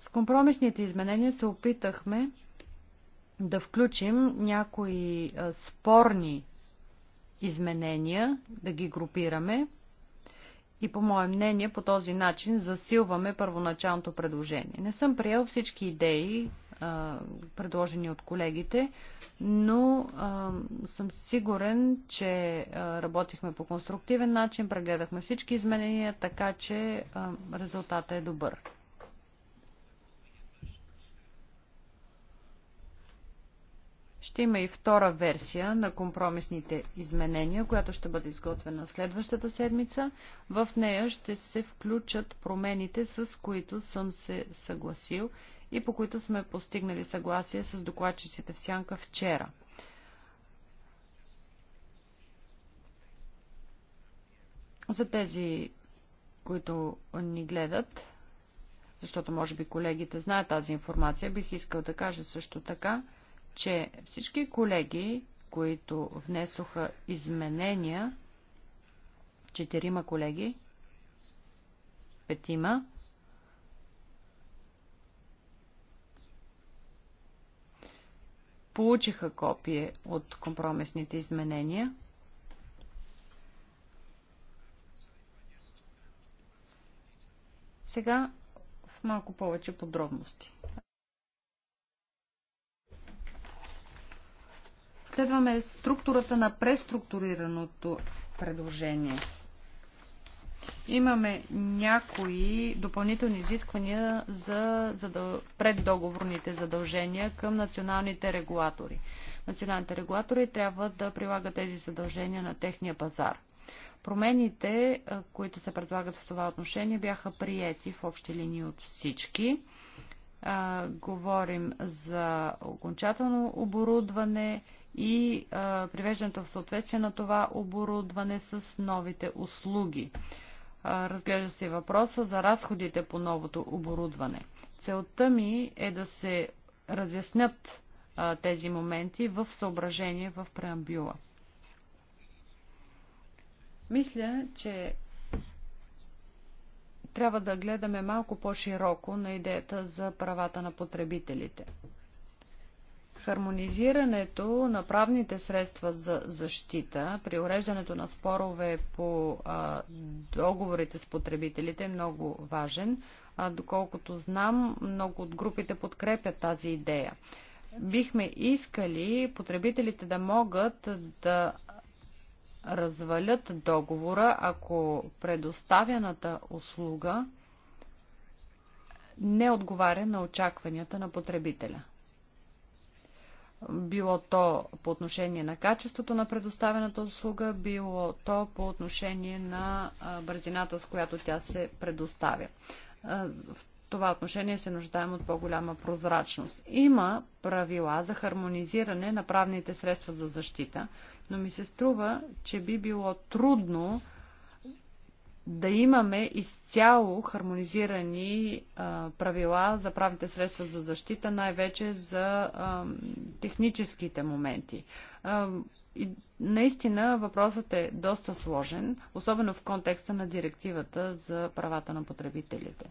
С компромисните изменения се опитахме да включим някои спорни изменения, да ги групираме, и по мое мнение, по този начин засилваме първоначалното предложение. Не съм приел всички идеи, предложени от колегите, но съм сигурен, че работихме по конструктивен начин, прегледахме всички изменения, така че резултатът е добър. Ще има и втора версия на компромисните изменения, която ще бъде изготвена следващата седмица. В нея ще се включат промените, с които съм се съгласил и по които сме постигнали съгласие с докладчиците в Сянка вчера. За тези, които ни гледат, защото може би колегите знаят тази информация, бих искал да кажа също така, че всички колеги, които внесоха изменения, четирима колеги, петима, получиха копие от компромисните изменения. Сега в малко повече подробности. следваме структурата на преструктурираното предложение. Имаме някои допълнителни изисквания за, за преддоговорните задължения към националните регулатори. Националните регулатори трябва да прилагат тези задължения на техния пазар. Промените, които се предлагат в това отношение, бяха приети в общи линии от всички а, говорим за окончателно оборудване и а, привеждането в съответствие на това оборудване с новите услуги. А, разглежда се въпроса за разходите по новото оборудване. Целта ми е да се разяснят а, тези моменти в съображение в преамбюла. Мисля, че трябва да гледаме малко по-широко на идеята за правата на потребителите. Хармонизирането на правните средства за защита при уреждането на спорове по а, договорите с потребителите е много важен. А, доколкото знам, много от групите подкрепят тази идея бихме искали потребителите да могат да развалят договора, ако предоставяната услуга не отговаря на очакванията на потребителя. Било то по отношение на качеството на предоставената услуга, било то по отношение на бързината, с която тя се предоставя. В това отношение се нуждаем от по-голяма прозрачност. Има правила за хармонизиране на правните средства за защита, но ми се струва, че би било трудно да имаме изцяло хармонизирани а, правила за правните средства за защита, най-вече за а, техническите моменти. А, и наистина въпросът е доста сложен, особено в контекста на директивата за правата на потребителите.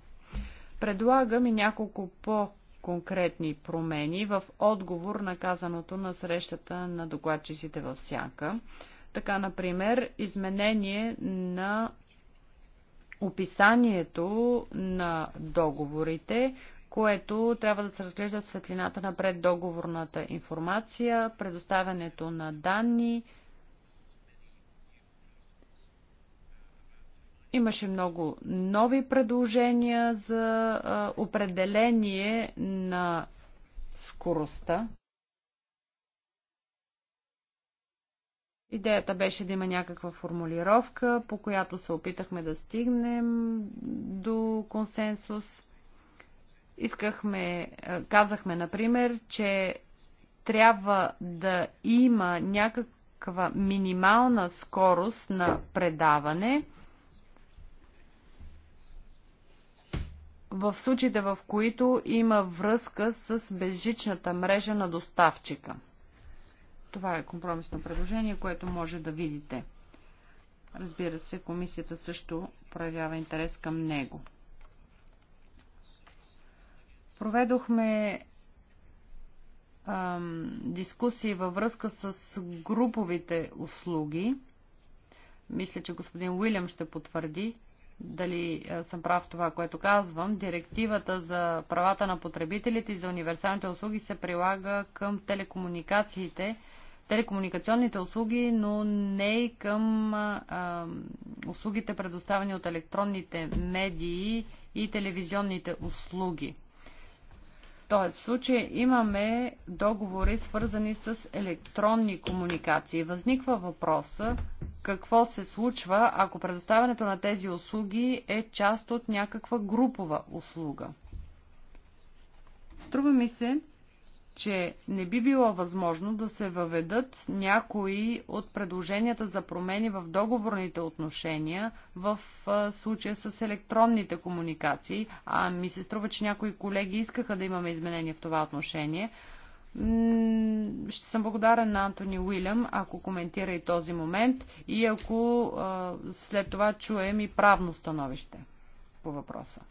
Предлагам и няколко по-конкретни промени в отговор на казаното на срещата на докладчиците в Сянка. Така, например, изменение на описанието на договорите, което трябва да се разглежда светлината на преддоговорната информация, предоставянето на данни, Имаше много нови предложения за определение на скоростта. Идеята беше да има някаква формулировка, по която се опитахме да стигнем до консенсус. Искахме, казахме, например, че трябва да има някаква минимална скорост на предаване – в случаите в които има връзка с безжичната мрежа на доставчика. Това е компромисно предложение, което може да видите. Разбира се, комисията също проявява интерес към него. Проведохме ам, дискусии във връзка с груповите услуги. Мисля, че господин Уилям ще потвърди, дали е, съм прав това, което казвам, директивата за правата на потребителите и за универсалните услуги се прилага към телекомуникациите, телекомуникационните услуги, но не и към а, е, е, услугите предоставени от електронните медии и телевизионните услуги този случай имаме договори свързани с електронни комуникации. Възниква въпроса какво се случва, ако предоставянето на тези услуги е част от някаква групова услуга. Струва ми се, че не би било възможно да се въведат някои от предложенията за промени в договорните отношения в случая с електронните комуникации, а ми се струва, че някои колеги искаха да имаме изменения в това отношение. Ще съм благодарен на Антони Уилям, ако коментира и този момент и ако след това чуем и правно становище по въпроса.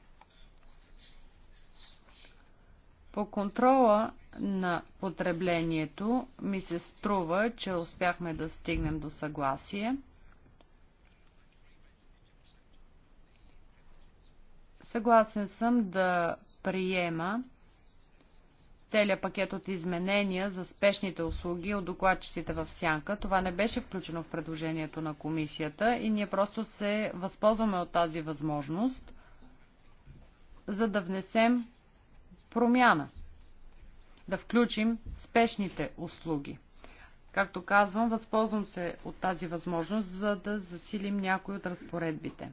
По контрола на потреблението ми се струва, че успяхме да стигнем до съгласие. Съгласен съм да приема целият пакет от изменения за спешните услуги от докладчиците в сянка. Това не беше включено в предложението на комисията и ние просто се възползваме от тази възможност, за да внесем промяна да включим спешните услуги. Както казвам, възползвам се от тази възможност, за да засилим някои от разпоредбите.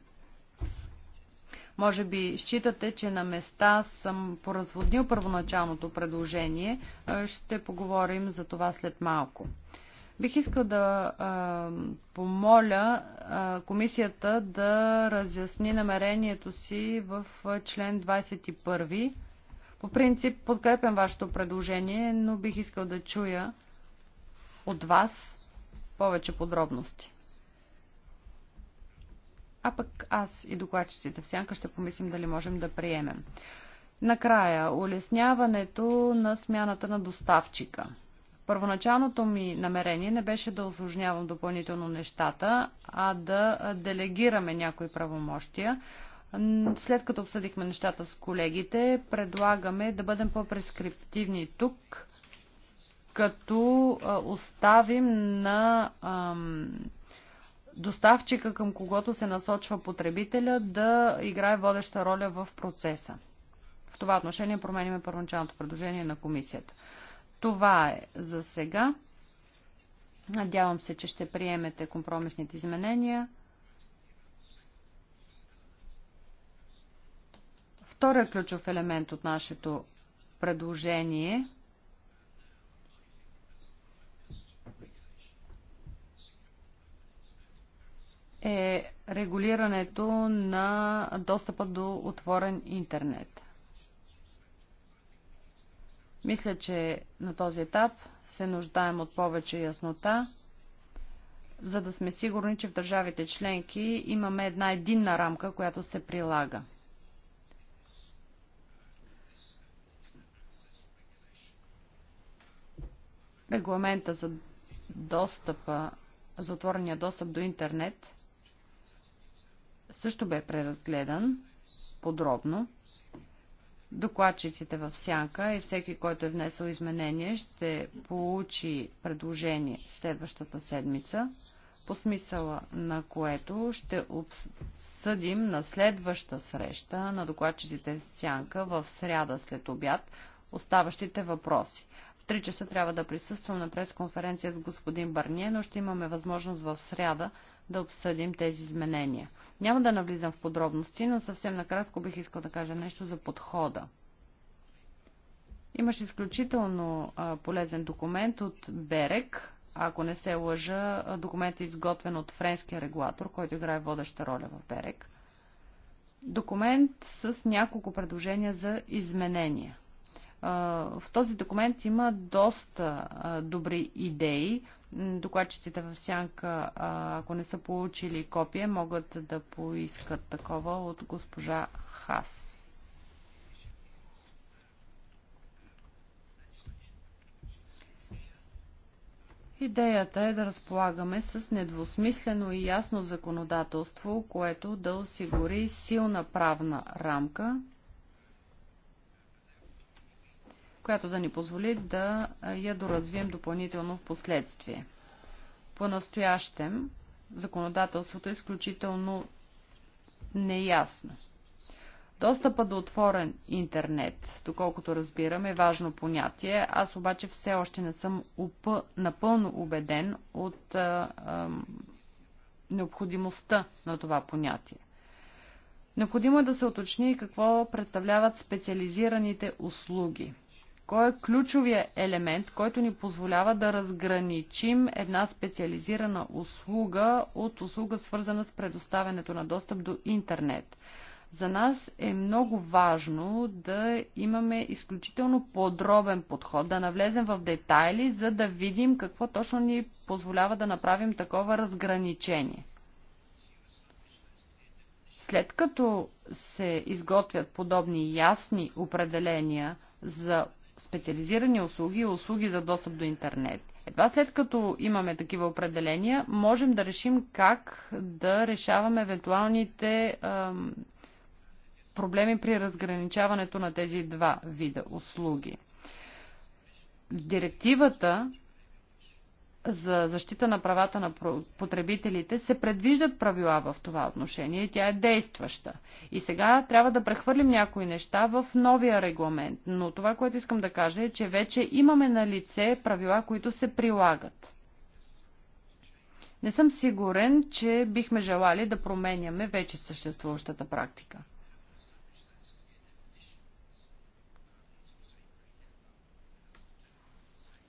Може би считате, че на места съм поразводнил първоначалното предложение. Е, ще поговорим за това след малко. Бих искал да а, е, помоля а, е, комисията да разясни намерението си в член 21 по принцип подкрепям вашето предложение, но бих искал да чуя от вас повече подробности. А пък аз и докладчиците в сянка ще помислим дали можем да приемем. Накрая, улесняването на смяната на доставчика. Първоначалното ми намерение не беше да осложнявам допълнително нещата, а да делегираме някои правомощия. След като обсъдихме нещата с колегите, предлагаме да бъдем по-прескриптивни тук, като оставим на доставчика, към когото се насочва потребителя, да играе водеща роля в процеса. В това отношение променяме първоначалното предложение на комисията. Това е за сега. Надявам се, че ще приемете компромисните изменения. Втория ключов елемент от нашето предложение е регулирането на достъпа до отворен интернет. Мисля, че на този етап се нуждаем от повече яснота, за да сме сигурни, че в държавите членки имаме една единна рамка, която се прилага. регламента за достъпа, за отворения достъп до интернет също бе преразгледан подробно. Докладчиците в сянка и всеки, който е внесъл изменение, ще получи предложение следващата седмица, по смисъла на което ще обсъдим на следваща среща на докладчиците в сянка в сряда след обяд оставащите въпроси три часа трябва да присъствам на пресконференция с господин Барние, но ще имаме възможност в сряда да обсъдим тези изменения. Няма да навлизам в подробности, но съвсем накратко бих искал да кажа нещо за подхода. Имаш изключително а, полезен документ от Берек, ако не се лъжа, документ е изготвен от френския регулатор, който играе водеща роля в Берек. Документ с няколко предложения за изменения. В този документ има доста добри идеи. Докладчиците в сянка, ако не са получили копие, могат да поискат такова от госпожа Хас. Идеята е да разполагаме с недвусмислено и ясно законодателство, което да осигури силна правна рамка, която да ни позволи да я доразвием допълнително в последствие. По-настоящем законодателството е изключително неясно. Достъпа до отворен интернет, доколкото разбирам, е важно понятие. Аз обаче все още не съм упъ... напълно убеден от а, а, необходимостта на това понятие. Необходимо е да се уточни какво представляват специализираните услуги. Кой е ключовия елемент, който ни позволява да разграничим една специализирана услуга от услуга свързана с предоставянето на достъп до интернет? За нас е много важно да имаме изключително подробен подход, да навлезем в детайли, за да видим какво точно ни позволява да направим такова разграничение. След като се изготвят подобни ясни определения за специализирани услуги и услуги за достъп до интернет. Едва след като имаме такива определения, можем да решим как да решаваме евентуалните ам, проблеми при разграничаването на тези два вида услуги. Директивата за защита на правата на потребителите се предвиждат правила в това отношение и тя е действаща. И сега трябва да прехвърлим някои неща в новия регламент. Но това, което искам да кажа е, че вече имаме на лице правила, които се прилагат. Не съм сигурен, че бихме желали да променяме вече съществуващата практика.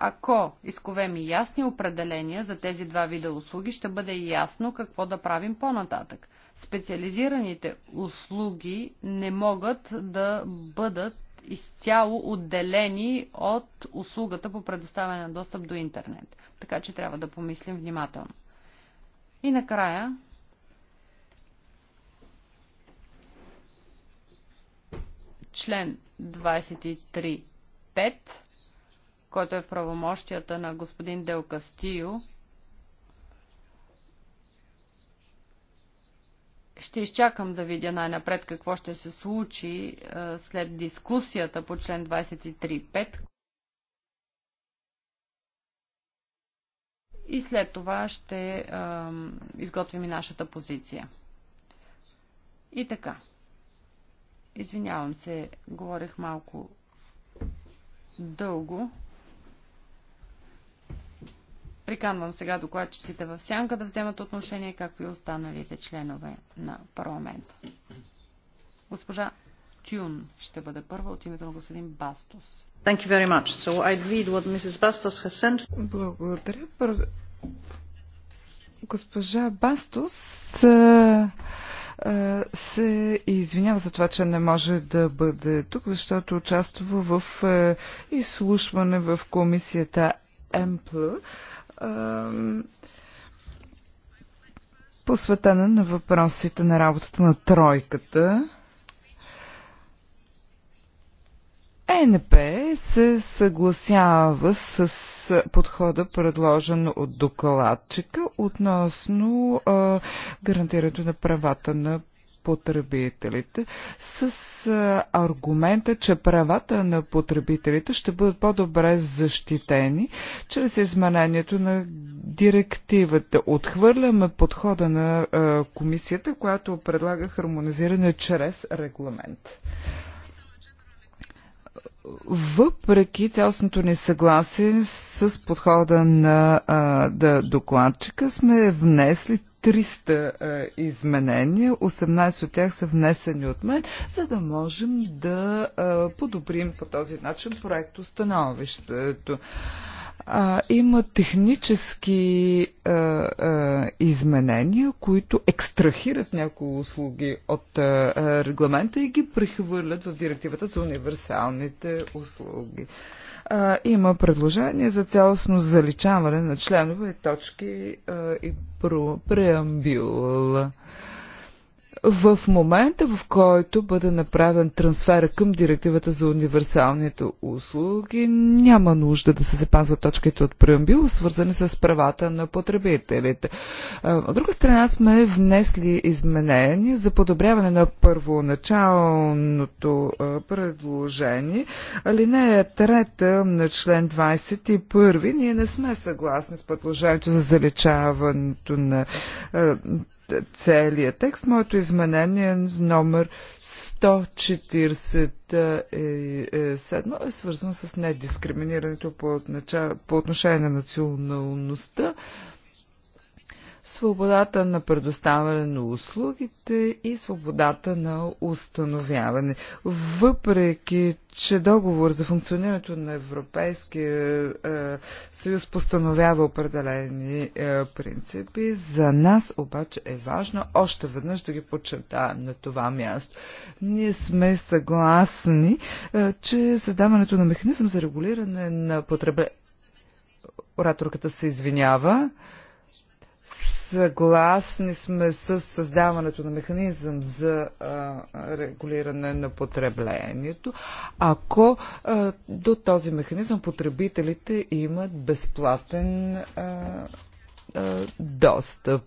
Ако изковем и ясни определения за тези два вида услуги, ще бъде ясно какво да правим по-нататък. Специализираните услуги не могат да бъдат изцяло отделени от услугата по предоставяне на достъп до интернет. Така че трябва да помислим внимателно. И накрая член 23.5 който е в правомощията на господин Дел Кастио, ще изчакам да видя най-напред какво ще се случи е, след дискусията по член 23.5. И след това ще е, изготвим и нашата позиция. И така. Извинявам се, говорих малко дълго. Приканвам сега докладчиците в сянка да вземат отношение, както и останалите членове на парламента. Госпожа Тюн ще бъде първа от името на господин Бастос. So Благодаря. Госпожа Бастос се извинява за това, че не може да бъде тук, защото участва в изслушване в комисията МПЛ посветена на въпросите на работата на тройката. ЕНП се съгласява с подхода, предложен от докладчика относно а, гарантирането на правата на потребителите с аргумента, че правата на потребителите ще бъдат по-добре защитени чрез изменението на директивата. Отхвърляме подхода на комисията, която предлага хармонизиране чрез регламент. Въпреки цялостното ни съгласие с подхода на а, да, докладчика, сме внесли 300 е, изменения, 18 от тях са внесени от мен, за да можем да е, подобрим по този начин проект установището. А, има технически а, е, а, изменения, които екстрахират някои услуги от а, регламента и ги прехвърлят в директивата за универсалните услуги а, има предложение за цялостно заличаване на членове, точки а, и преамбюл в момента, в който бъде направен трансфера към директивата за универсалните услуги, няма нужда да се запазват точките от преамбил, свързани с правата на потребителите. От друга страна сме внесли изменения за подобряване на първоначалното предложение. Алинея трета на член 21. Ние не сме съгласни с предложението за заличаването на целият текст. Моето изменение номер 147 е свързано с недискриминирането по отношение на националността свободата на предоставяне на услугите и свободата на установяване. Въпреки, че договор за функционирането на Европейския е, съюз постановява определени е, принципи, за нас обаче е важно още веднъж да ги подчертаем на това място. Ние сме съгласни, е, че създаването на механизъм за регулиране на потреблението Ораторката се извинява. Съгласни сме с създаването на механизъм за а, регулиране на потреблението, ако а, до този механизъм потребителите имат безплатен а, а, достъп.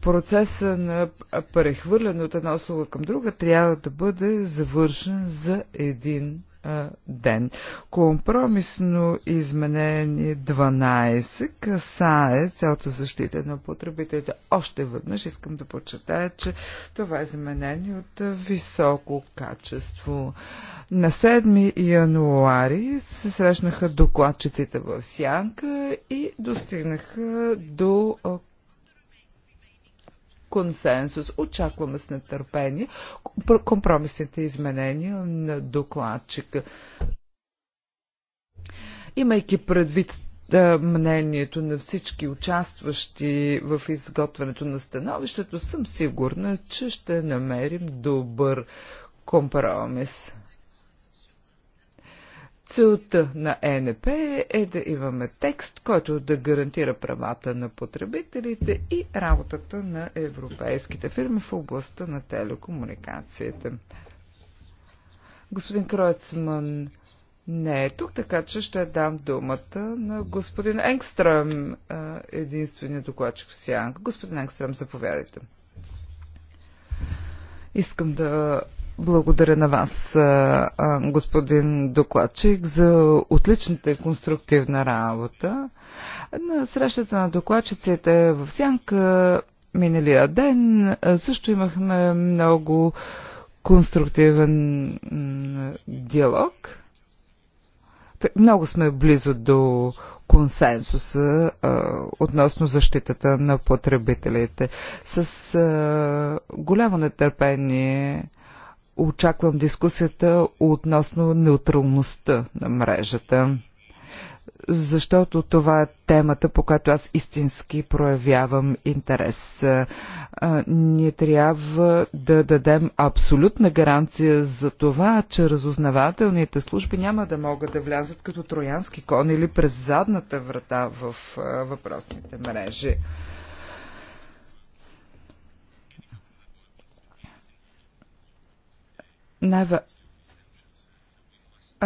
процеса на прехвърляне от една услуга към друга трябва да бъде завършен за един ден. Компромисно изменение 12 касае цялата защита на потребителите. Още веднъж искам да подчертая, че това е изменение от високо качество. На 7 януари се срещнаха докладчиците в Сянка и достигнаха до консенсус. Очакваме с нетърпение компромисните изменения на докладчика. Имайки предвид мнението на всички участващи в изготвянето на становището, съм сигурна, че ще намерим добър компромис. Целта на ЕНП е да имаме текст, който да гарантира правата на потребителите и работата на европейските фирми в областта на телекомуникациите. Господин Кройцман не е тук, така че ще дам думата на господин Енгстрем, единственият докладчик в Сянка. Господин Енгстрем, заповядайте. Искам да благодаря на вас, господин докладчик, за отличната и конструктивна работа. На срещата на докладчиците в Сянка миналия ден също имахме много конструктивен диалог. Много сме близо до консенсуса а, относно защитата на потребителите. С а, голямо нетърпение очаквам дискусията относно неутралността на мрежата, защото това е темата, по която аз истински проявявам интерес. Ние трябва да дадем абсолютна гаранция за това, че разузнавателните служби няма да могат да влязат като троянски кон или през задната врата в въпросните мрежи. най ва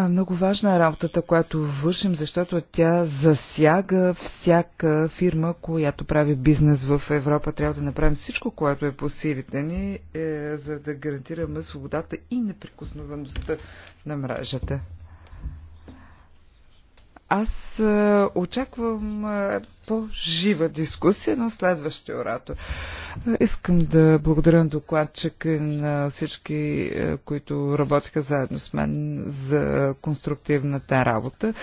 много важна е работата, която вършим, защото тя засяга всяка фирма, която прави бизнес в Европа. Трябва да направим всичко, което е по силите ни, е, за да гарантираме свободата и неприкосновеността на мрежата. Аз е, очаквам е, по-жива дискусия на следващия оратор. Е, искам да благодаря на докладчика и на всички, които работиха заедно с мен за конструктивната работа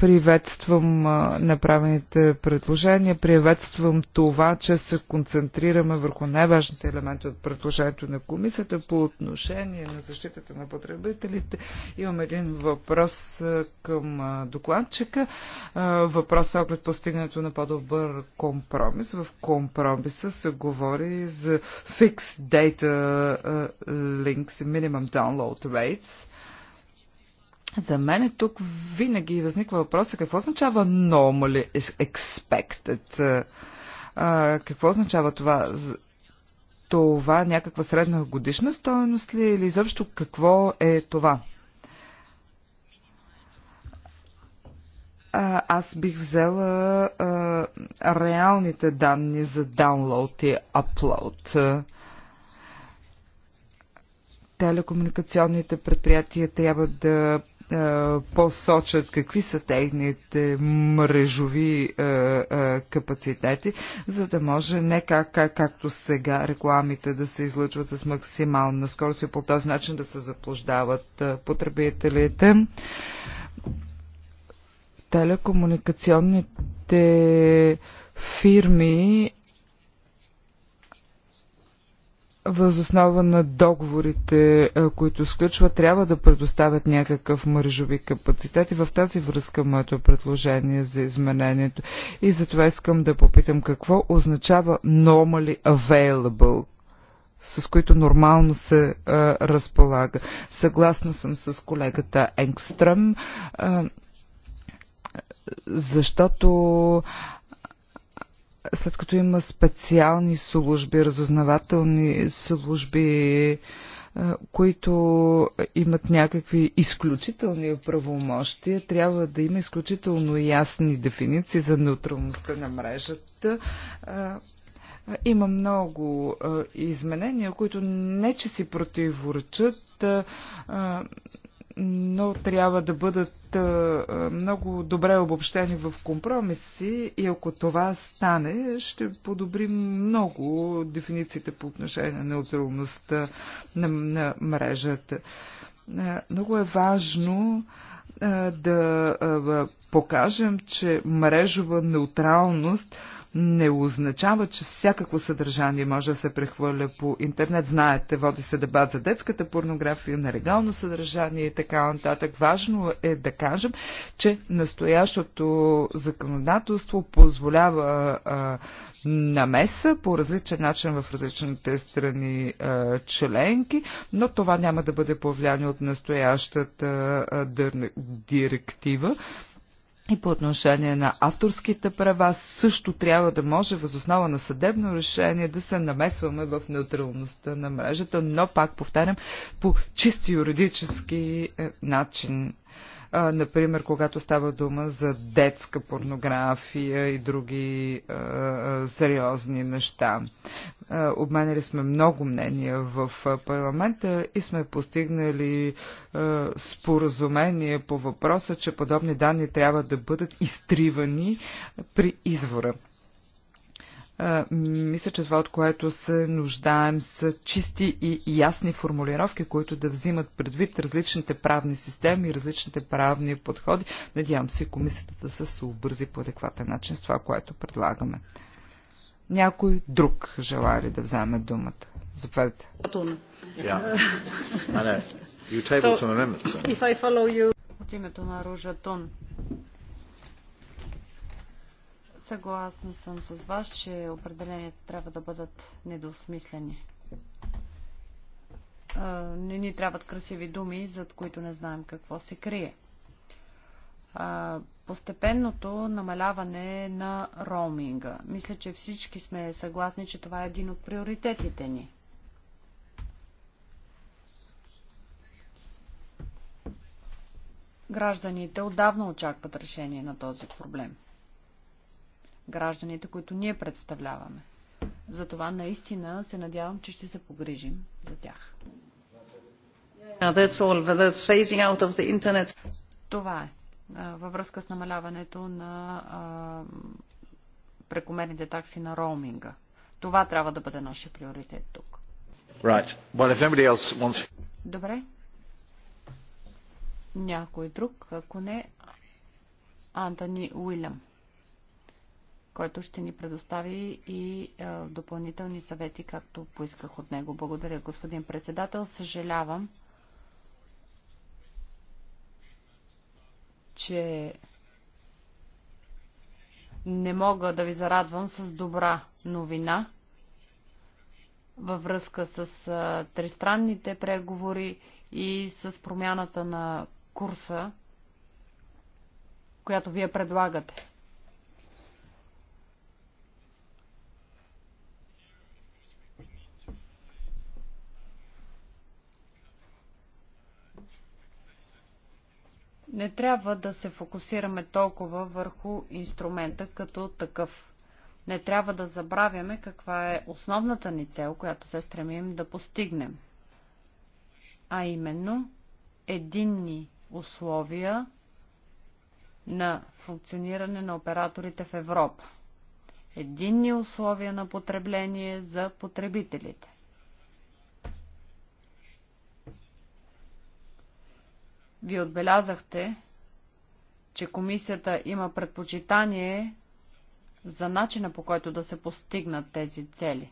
Приветствам направените предложения, приветствам това, че се концентрираме върху най-важните елементи от предложението на комисията по отношение на защитата на потребителите. Имам един въпрос към докладчика. Въпрос е оглед постигането на по-добър компромис. В компромиса се говори за Fixed Data Links и Minimum Download Rates за мен е тук винаги възниква въпроса какво означава normally expected. А, какво означава това? Това някаква средна годишна стоеност ли или изобщо какво е това? а, аз бих взела а, реалните данни за download и upload. Телекомуникационните предприятия трябва да е, посочат какви са техните мрежови е, е, капацитети, за да може не как, как, както сега рекламите да се излъчват с максимална скорост и по този начин да се заблуждават потребителите. Телекомуникационните фирми възоснова на договорите, които сключват, трябва да предоставят някакъв мрежови капацитет и в тази връзка моето предложение за изменението. И затова искам да попитам какво означава normally available с които нормално се а, разполага. Съгласна съм с колегата Енгстръм, а, защото а, след като има специални служби, разузнавателни служби, е, които имат някакви изключителни правомощия, трябва да има изключително ясни дефиниции за неутралността на мрежата. Е, е, има много изменения, които не че си противоречат, но трябва да бъдат много добре обобщени в компромиси и ако това стане, ще подобрим много дефинициите по отношение на неутралността на, на мрежата. Много е важно да покажем, че мрежова неутралност не означава, че всякакво съдържание може да се прехвърля по интернет. Знаете, води се дебат за детската порнография, нелегално съдържание и така нататък. Важно е да кажем, че настоящото законодателство позволява а, намеса по различен начин в различните страни а, членки, но това няма да бъде повлияние от настоящата а, дир... директива. И по отношение на авторските права също трябва да може възоснова на съдебно решение да се намесваме в неутралността на мрежата, но пак повтарям по чисто юридически е, начин а, например, когато става дума за детска порнография и други а, сериозни неща. А, обменяли сме много мнения в парламента и сме постигнали а, споразумение по въпроса, че подобни данни трябва да бъдат изтривани при извора. Е, мисля, че това, от което се нуждаем, са чисти и ясни формулировки, които да взимат предвид различните правни системи, и различните правни подходи. Надявам се комисията да се съобрази по адекватен начин с това, което предлагаме. Някой друг желая ли да вземе думата? Заповядайте. Yeah. От името на Ружатон. Съгласна съм с вас, че определенията трябва да бъдат недосмислени. Не ни трябват красиви думи, зад които не знаем какво се крие. Постепенното намаляване на роуминга. Мисля, че всички сме съгласни, че това е един от приоритетите ни. Гражданите отдавна очакват решение на този проблем гражданите, които ние представляваме. Затова наистина се надявам, че ще се погрижим за тях. Yeah, Това е. Във връзка с намаляването на а, прекомерните такси на роуминга. Това трябва да бъде нашия приоритет тук. Right. Well, if else wants... Добре. Някой друг, ако не, Антони Уилям който ще ни предостави и е, допълнителни съвети, както поисках от него. Благодаря, господин председател. Съжалявам, че не мога да ви зарадвам с добра новина във връзка с а, е, тристранните преговори и с промяната на курса, която вие предлагате. не трябва да се фокусираме толкова върху инструмента като такъв. Не трябва да забравяме каква е основната ни цел, която се стремим да постигнем. А именно единни условия на функциониране на операторите в Европа. Единни условия на потребление за потребителите. Вие отбелязахте, че комисията има предпочитание за начина по който да се постигнат тези цели.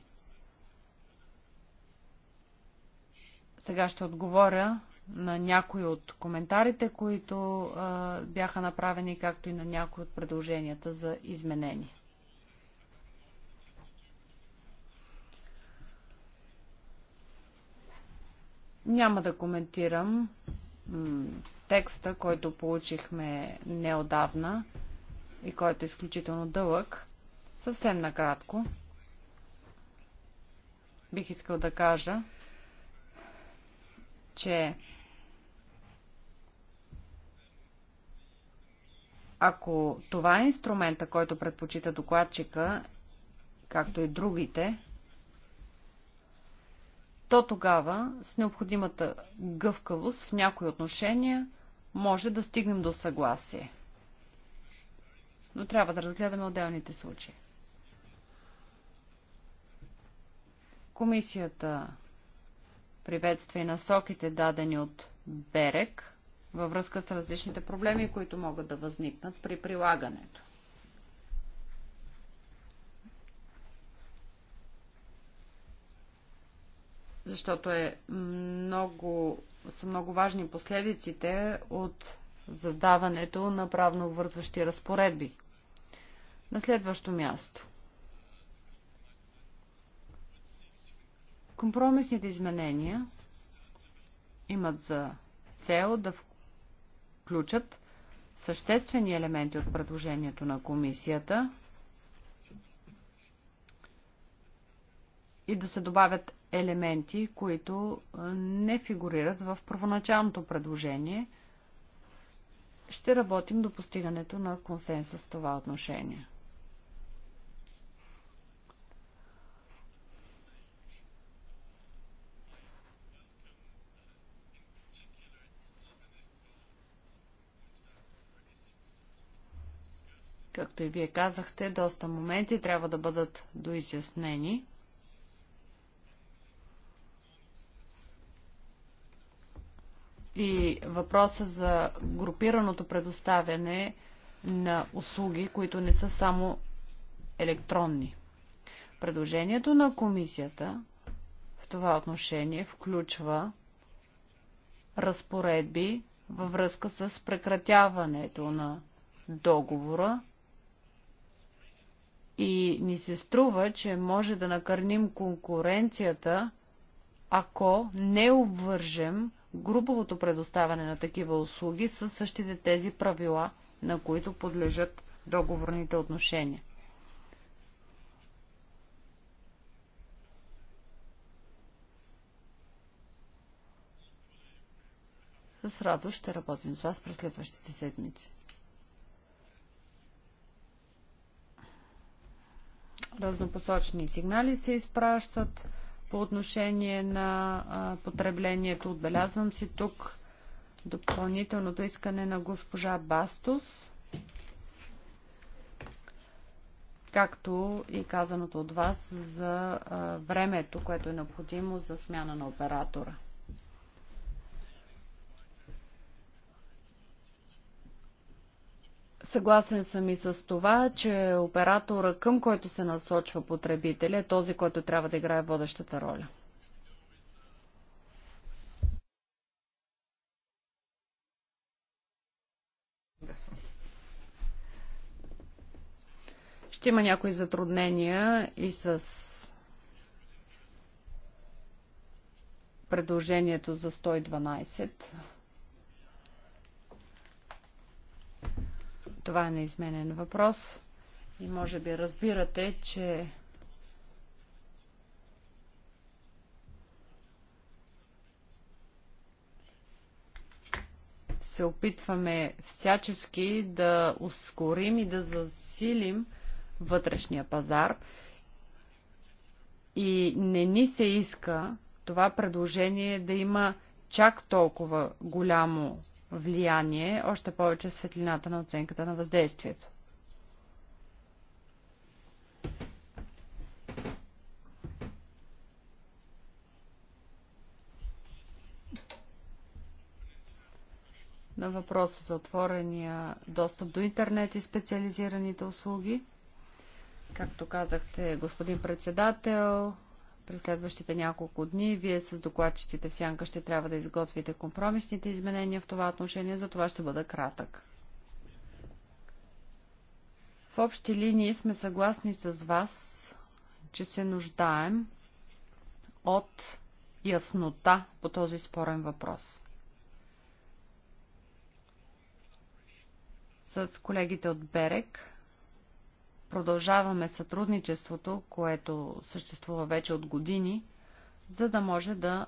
Сега ще отговоря на някои от коментарите, които а, бяха направени, както и на някои от предложенията за изменение. Няма да коментирам текста, който получихме неодавна и който е изключително дълъг. Съвсем накратко бих искал да кажа, че ако това е инструмента, който предпочита докладчика, както и другите, то тогава с необходимата гъвкавост в някои отношения може да стигнем до съгласие. Но трябва да разгледаме отделните случаи. Комисията приветства и насоките дадени от Берек във връзка с различните проблеми, които могат да възникнат при прилагането. защото е много, са много важни последиците от задаването на правно вързващи разпоредби. На следващо място. Компромисните изменения имат за цел да включат съществени елементи от предложението на комисията – и да се добавят елементи, които не фигурират в първоначалното предложение. Ще работим до постигането на консенсус в това отношение. Както и вие казахте, доста моменти трябва да бъдат доизяснени. и въпроса за групираното предоставяне на услуги, които не са само електронни. Предложението на комисията в това отношение включва разпоредби във връзка с прекратяването на договора и ни се струва, че може да накърним конкуренцията, ако не обвържем груповото предоставяне на такива услуги са същите тези правила, на които подлежат договорните отношения. С радост ще работим с вас през следващите седмици. Разнопосочни сигнали се изпращат. По отношение на а, потреблението, отбелязвам си тук допълнителното искане на госпожа Бастус, както и казаното от вас за а, времето, което е необходимо за смяна на оператора. Съгласен съм и с това, че оператора, към който се насочва потребителя, е този, който трябва да играе водещата роля. Ще има някои затруднения и с предложението за 112. Това е неизменен въпрос и може би разбирате, че се опитваме всячески да ускорим и да засилим вътрешния пазар. И не ни се иска това предложение да има чак толкова голямо влияние, още повече в светлината на оценката на въздействието. на въпроса за отворения достъп до интернет и специализираните услуги. Както казахте, господин председател, през следващите няколко дни. Вие с докладчиците в сянка ще трябва да изготвите компромисните изменения в това отношение, за това ще бъда кратък. В общи линии сме съгласни с вас, че се нуждаем от яснота по този спорен въпрос. С колегите от Берек Продължаваме сътрудничеството, което съществува вече от години, за да може да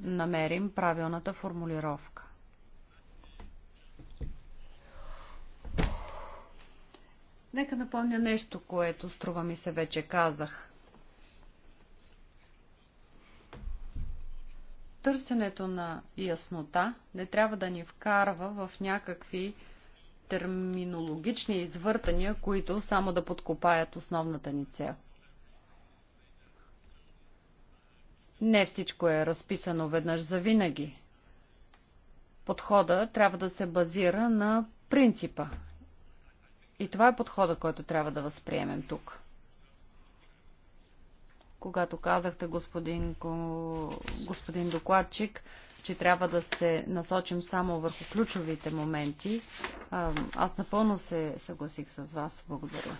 намерим правилната формулировка. Нека напомня нещо, което струва ми се вече казах. Търсенето на яснота не трябва да ни вкарва в някакви терминологични извъртания, които само да подкопаят основната ни цел. Не всичко е разписано веднъж за винаги. Подхода трябва да се базира на принципа. И това е подхода, който трябва да възприемем тук. Когато казахте, господин, господин докладчик, че трябва да се насочим само върху ключовите моменти. Аз напълно се съгласих с вас. Благодаря.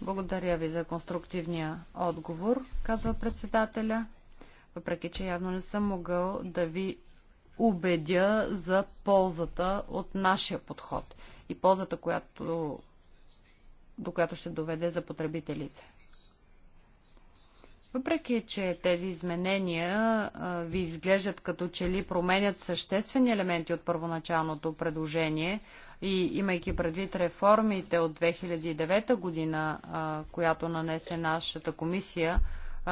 Благодаря ви за конструктивния отговор, казва председателя, въпреки че явно не съм могъл да ви убедя за ползата от нашия подход и ползата, която, до която ще доведе за потребителите. Въпреки, че тези изменения ви изглеждат като че ли променят съществени елементи от първоначалното предложение и имайки предвид реформите от 2009 година, която нанесе нашата комисия,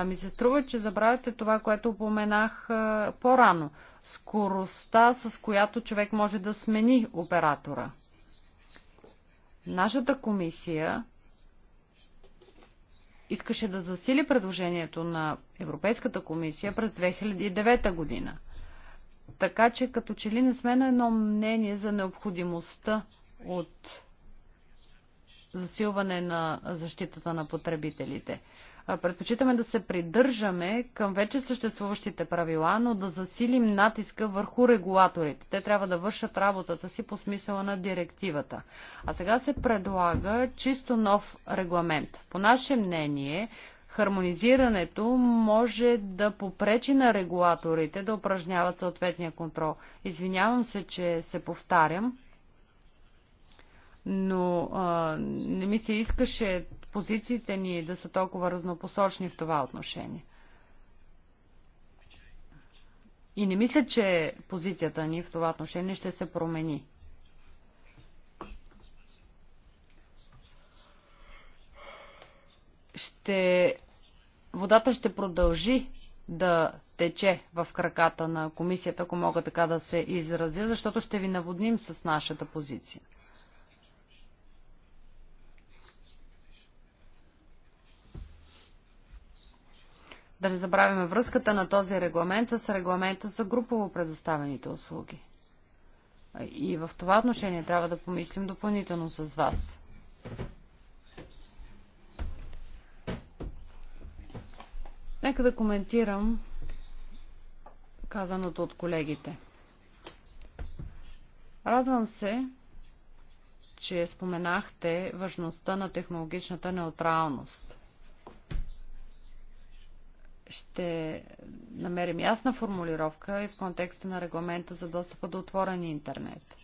ми се струва, че забравяте това, което упоменах по-рано. Скоростта, с която човек може да смени оператора. Нашата комисия искаше да засили предложението на Европейската комисия през 2009 година. Така че като че ли не сме на едно мнение за необходимостта от засилване на защитата на потребителите. Предпочитаме да се придържаме към вече съществуващите правила, но да засилим натиска върху регулаторите. Те трябва да вършат работата си по смисъла на директивата. А сега се предлага чисто нов регламент. По наше мнение, хармонизирането може да попречи на регулаторите да упражняват съответния контрол. Извинявам се, че се повтарям, но а, не ми се искаше позициите ни да са толкова разнопосочни в това отношение. И не мисля, че позицията ни в това отношение ще се промени. Ще... Водата ще продължи да тече в краката на комисията, ако мога така да се изразя, защото ще ви наводним с нашата позиция. да не забравяме връзката на този регламент с регламента за групово предоставените услуги. И в това отношение трябва да помислим допълнително с вас. Нека да коментирам казаното от колегите. Радвам се, че споменахте важността на технологичната неутралност ще намерим ясна формулировка и в контекста на регламента за достъпа до отворен интернет.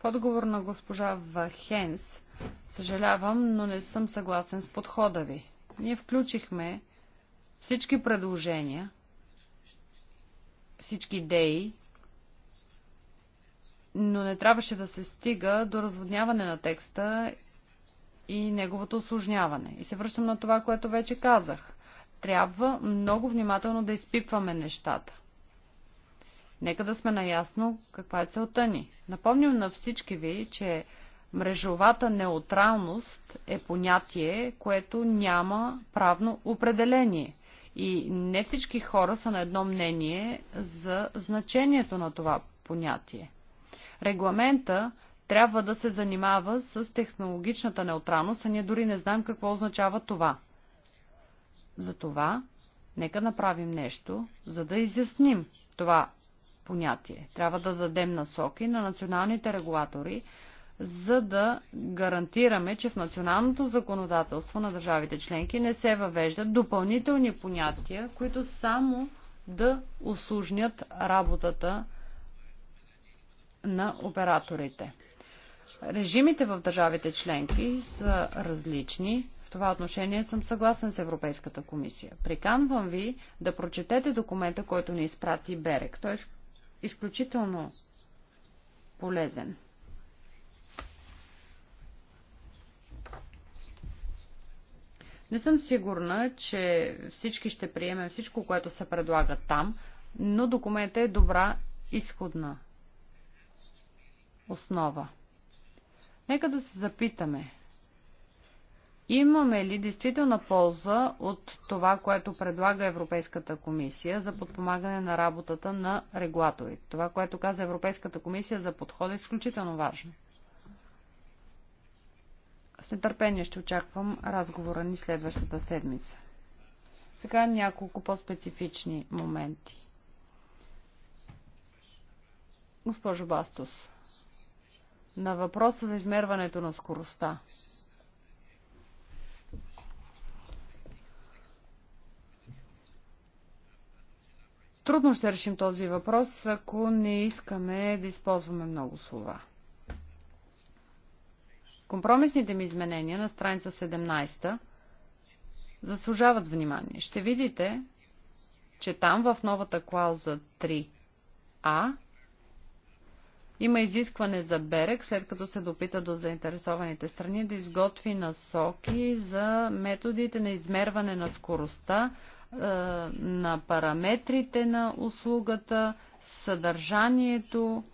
В отговор на госпожа Вахенс, съжалявам, но не съм съгласен с подхода ви. Ние включихме всички предложения, всички идеи, но не трябваше да се стига до разводняване на текста и неговото осложняване. И се връщам на това, което вече казах. Трябва много внимателно да изпипваме нещата. Нека да сме наясно каква е целта ни. Напомням на всички ви, че мрежовата неутралност е понятие, което няма правно определение. И не всички хора са на едно мнение за значението на това понятие. Регламента трябва да се занимава с технологичната неутралност, а ние дори не знаем какво означава това. Затова нека направим нещо, за да изясним това понятие. Трябва да дадем насоки на националните регулатори, за да гарантираме, че в националното законодателство на държавите членки не се въвеждат допълнителни понятия, които само да осужнят работата на операторите. Режимите в държавите членки са различни. В това отношение съм съгласен с Европейската комисия. Приканвам ви да прочетете документа, който ни изпрати Берек. Той е изключително полезен. Не съм сигурна, че всички ще приемем всичко, което се предлага там, но документът е добра изходна основа. Нека да се запитаме. Имаме ли действителна полза от това, което предлага Европейската комисия за подпомагане на работата на регулаторите? Това, което каза Европейската комисия за подхода е изключително важно. С нетърпение ще очаквам разговора ни следващата седмица. Сега няколко по-специфични моменти. Госпожо Бастус, на въпроса за измерването на скоростта. Трудно ще решим този въпрос, ако не искаме да използваме много слова. Компромисните ми изменения на страница 17 заслужават внимание. Ще видите, че там в новата клауза 3а има изискване за Берек, след като се допита до заинтересованите страни, да изготви насоки за методите на измерване на скоростта, е, на параметрите на услугата, съдържанието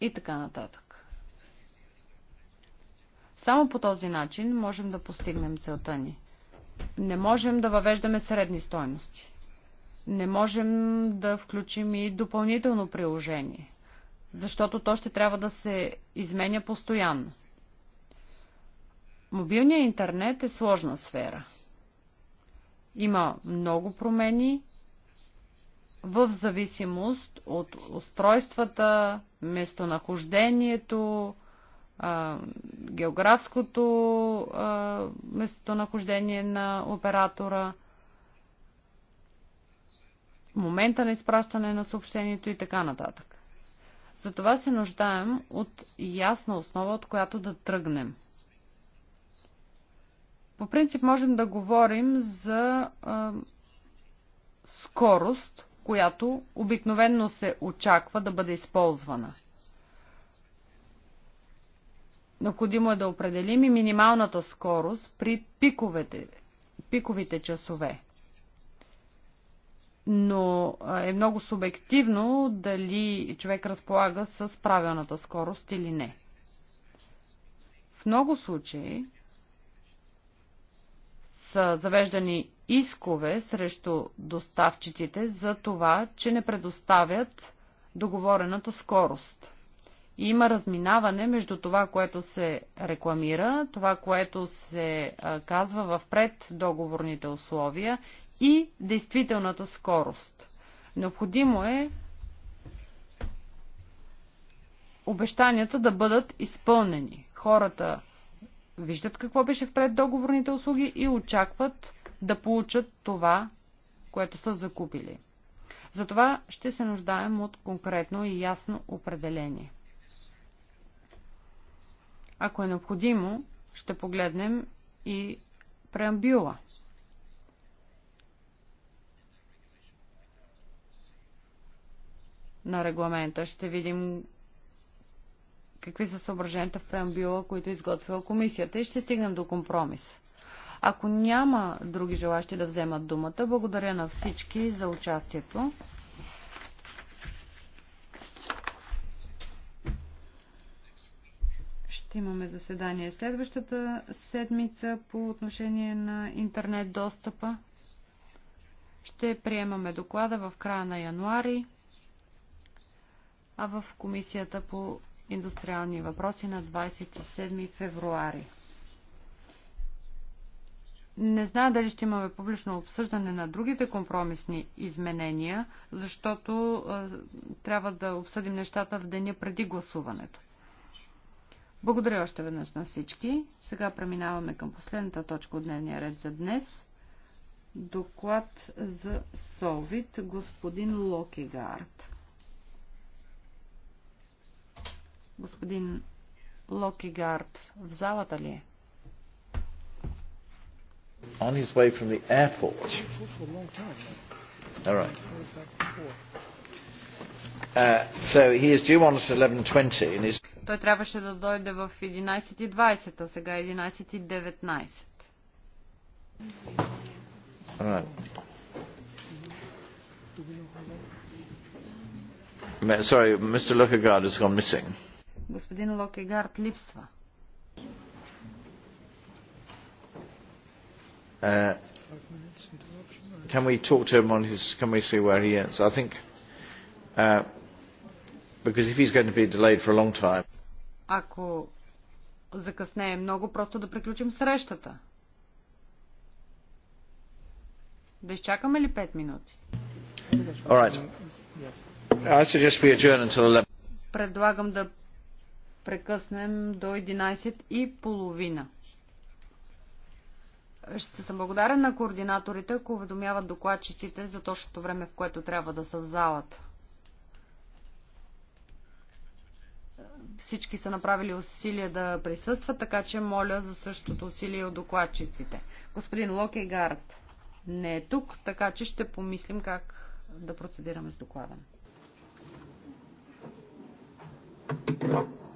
и така нататък. Само по този начин можем да постигнем целта ни. Не можем да въвеждаме средни стойности не можем да включим и допълнително приложение, защото то ще трябва да се изменя постоянно. Мобилният интернет е сложна сфера. Има много промени в зависимост от устройствата, местонахождението, географското местонахождение на оператора момента на изпращане на съобщението и така нататък. Затова се нуждаем от ясна основа, от която да тръгнем. По принцип можем да говорим за а, скорост, която обикновенно се очаква да бъде използвана. Необходимо е да определим и минималната скорост при пиковете, пиковите часове но е много субективно дали човек разполага с правилната скорост или не. В много случаи са завеждани искове срещу доставчиците за това, че не предоставят договорената скорост. И има разминаване между това, което се рекламира, това, което се казва в преддоговорните условия и действителната скорост. Необходимо е обещанията да бъдат изпълнени. Хората виждат какво беше в преддоговорните услуги и очакват да получат това, което са закупили. Затова ще се нуждаем от конкретно и ясно определение. Ако е необходимо, ще погледнем и преамбюла – на регламента. Ще видим какви са съображенията в преамбюла, които е изготвила комисията и ще стигнем до компромис. Ако няма други желащи да вземат думата, благодаря на всички за участието. Ще имаме заседание следващата седмица по отношение на интернет достъпа. Ще приемаме доклада в края на януари а в Комисията по индустриални въпроси на 27 февруари. Не знам дали ще имаме публично обсъждане на другите компромисни изменения, защото е, трябва да обсъдим нещата в деня преди гласуването. Благодаря още веднъж на всички. Сега преминаваме към последната точка от дневния ред за днес. Доклад за Совит, господин Локегард. Господин Локигард, в залата ли е? On his way from the airport. All right. Uh, so he is due on us at 11.20 and is... Той трябваше да дойде в 11.20, а сега е 11.19. Right. Sorry, Mr. Lukagar has gone missing. Господин Локегард липсва. Uh, can we talk to him on his? Can we see where he is? I think uh, because if he's going to be delayed for a long time. Ако закъснее много, просто да приключим срещата. Да изчакаме ли 5 минути? All right. I suggest we adjourn until 11. Предлагам да прекъснем до 11 и половина. Ще съм благодарен на координаторите, ако уведомяват докладчиците за точното време, в което трябва да са в залата. Всички са направили усилия да присъстват, така че моля за същото усилие от докладчиците. Господин Локегард не е тук, така че ще помислим как да процедираме с доклада. Thank you.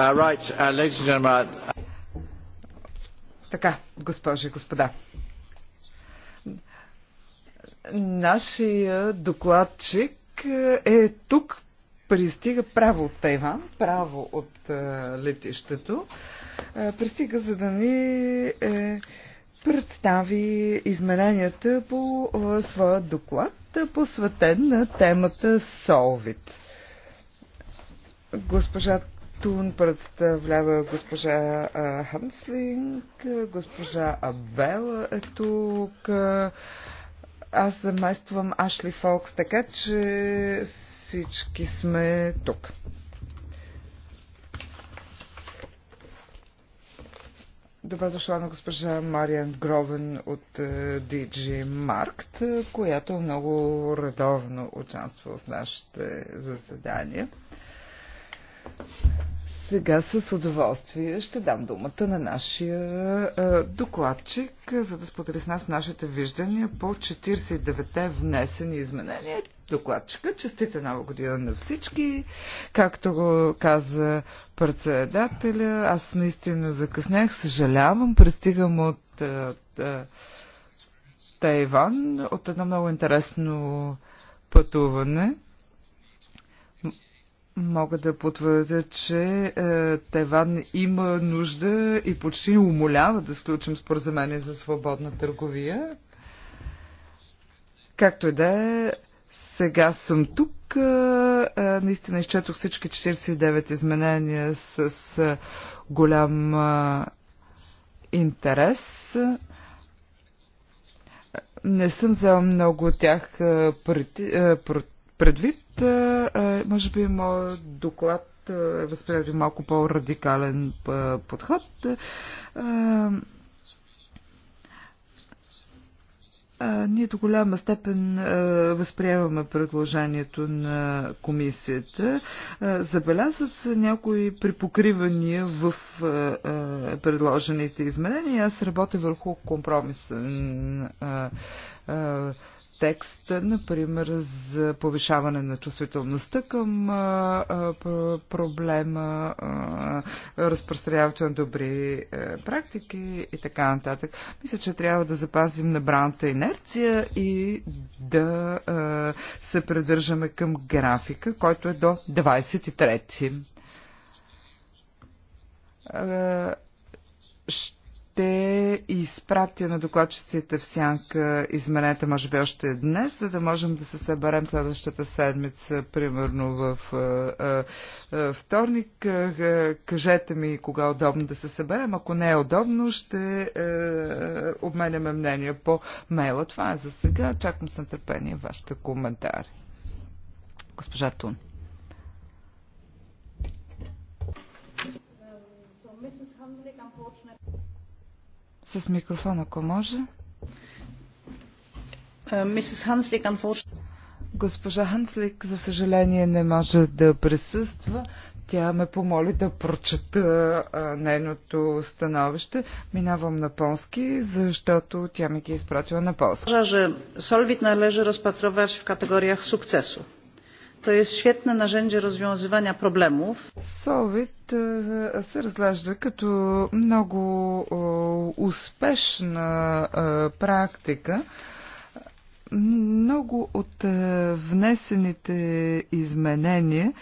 Uh, uh, uh, така, госпожи и господа. Нашия докладчик е тук, пристига право от Тайван, право от е, летището. Е, пристига, за да ни е, представи измененията по своя доклад, посветен на темата Солвит. Госпожа Тун представлява госпожа Хамслинг, госпожа Абела е тук. Аз замествам Ашли Фолкс, така че всички сме тук. Добре дошла на госпожа Мариан Гровен от DG е, Markt, която много редовно участва в нашите заседания. Сега с удоволствие ще дам думата на нашия докладчик, за да сподели с нас нашите виждания по 49-те внесени изменения. Докладчика, честите нова година на всички. Както го каза председателя, аз наистина закъснях, съжалявам, пристигам от Тайван, от едно много интересно пътуване. Мога да потвърдя, че е, Тайван има нужда и почти умолява да сключим споразумение за свободна търговия. Както и да е, сега съм тук. Е, е, наистина изчетох всички 49 изменения с, с е, голям е, интерес. Не съм взела много от тях е, е, против предвид. Може би моят доклад е възприел малко по-радикален подход. ние до голяма степен възприемаме предложението на комисията. забелязват се някои припокривания в предложените изменения. Аз работя върху компромисен текст, например, за повишаване на чувствителността към а, а, проблема, а, разпространяването на добри а, е, практики и така нататък. Мисля, че трябва да запазим набраната инерция и да а, се придържаме към графика, който е до 23. А, ще изпратя на докладчиците в сянка изменете, може би още днес, за да можем да се съберем следващата седмица, примерно в вторник. Кажете ми кога е удобно да се съберем. Ако не е удобно, ще обменяме мнение по мейла. Това е за сега. Чакам с нетърпение вашите коментари. Госпожа Тун. С микрофон, ако може. Е, Госпожа Ханслик, за съжаление, не може да присъства. Тя ме помоли да прочета а, нейното становище. Минавам на полски, защото тя ми ги е изпратила на полски. Солвит належи разпатровач в категориях сукцесу to jest świetne narzędzie rozwiązywania problemów. Solvit се e, разглежда като много успешна e, практика. E, много от внесените изменения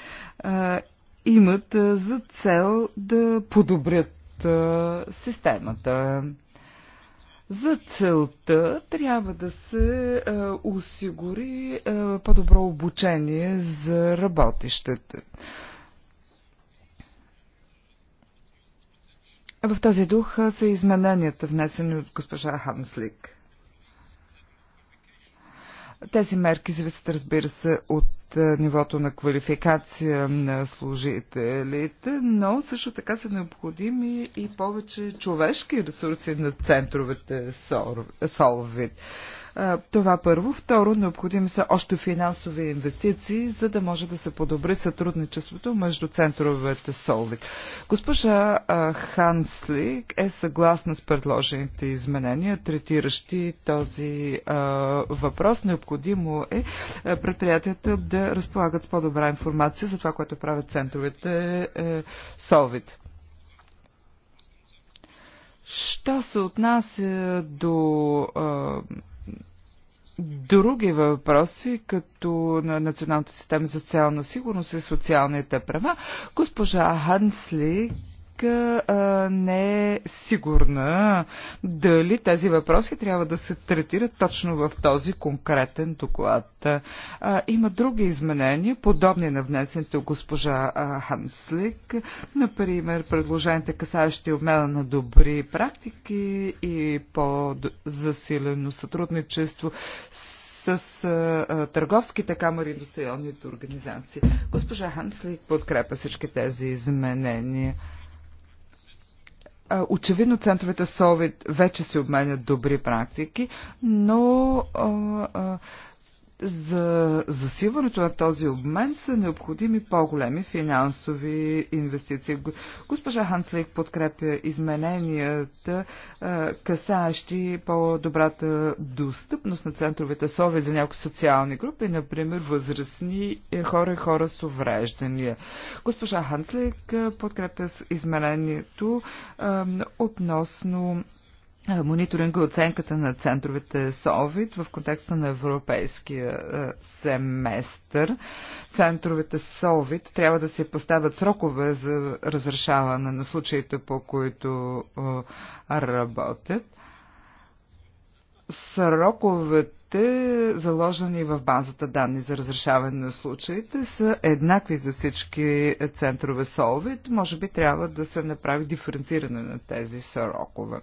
е, имат е, за цел да подобрят е, системата. За целта трябва да се а, е, осигури е, по-добро обучение за работещите. В този дух са измененията, внесени от госпожа Ханслик. Тези мерки зависят, разбира се, от е, нивото на квалификация на служителите, но също така са необходими и повече човешки ресурси на центровете Солвит. Това първо. Второ, необходими са още финансови инвестиции, за да може да се подобри сътрудничеството между центровете Солвик. Госпожа Хансли, е съгласна с предложените изменения, третиращи този въпрос. Необходимо е предприятията да разполагат с по-добра информация за това, което правят центровете е, Солвик. Що се отнася до а, други въпроси, като на Националната система за социална сигурност и социалните права. Госпожа Хансли сметка не е сигурна дали тези въпроси трябва да се третират точно в този конкретен доклад. Има други изменения, подобни на внесените госпожа Ханслик, например предложенията касаещи обмена на добри практики и по-засилено сътрудничество с с а, търговските камери и индустриалните организации. Госпожа Ханслик подкрепа всички тези изменения. Очевидно центровете СОВИД вече си обменят добри практики, но а, а, за засилването на този обмен са необходими по-големи финансови инвестиции. Госпожа Ханслик подкрепя измененията, касащи по-добрата достъпност на центровете СОВЕ за някои социални групи, например възрастни е, хора и хора с увреждания. Госпожа Ханслик подкрепя изменението относно мониторинга и оценката на центровете СОВИД в контекста на европейския е, семестър. Центровете СОВИД трябва да се поставят срокове за разрешаване на случаите, по които е, работят. Сроковете заложени в базата данни за разрешаване на случаите, са еднакви за всички центрове СОВИД. Може би трябва да се направи диференциране на тези срокове.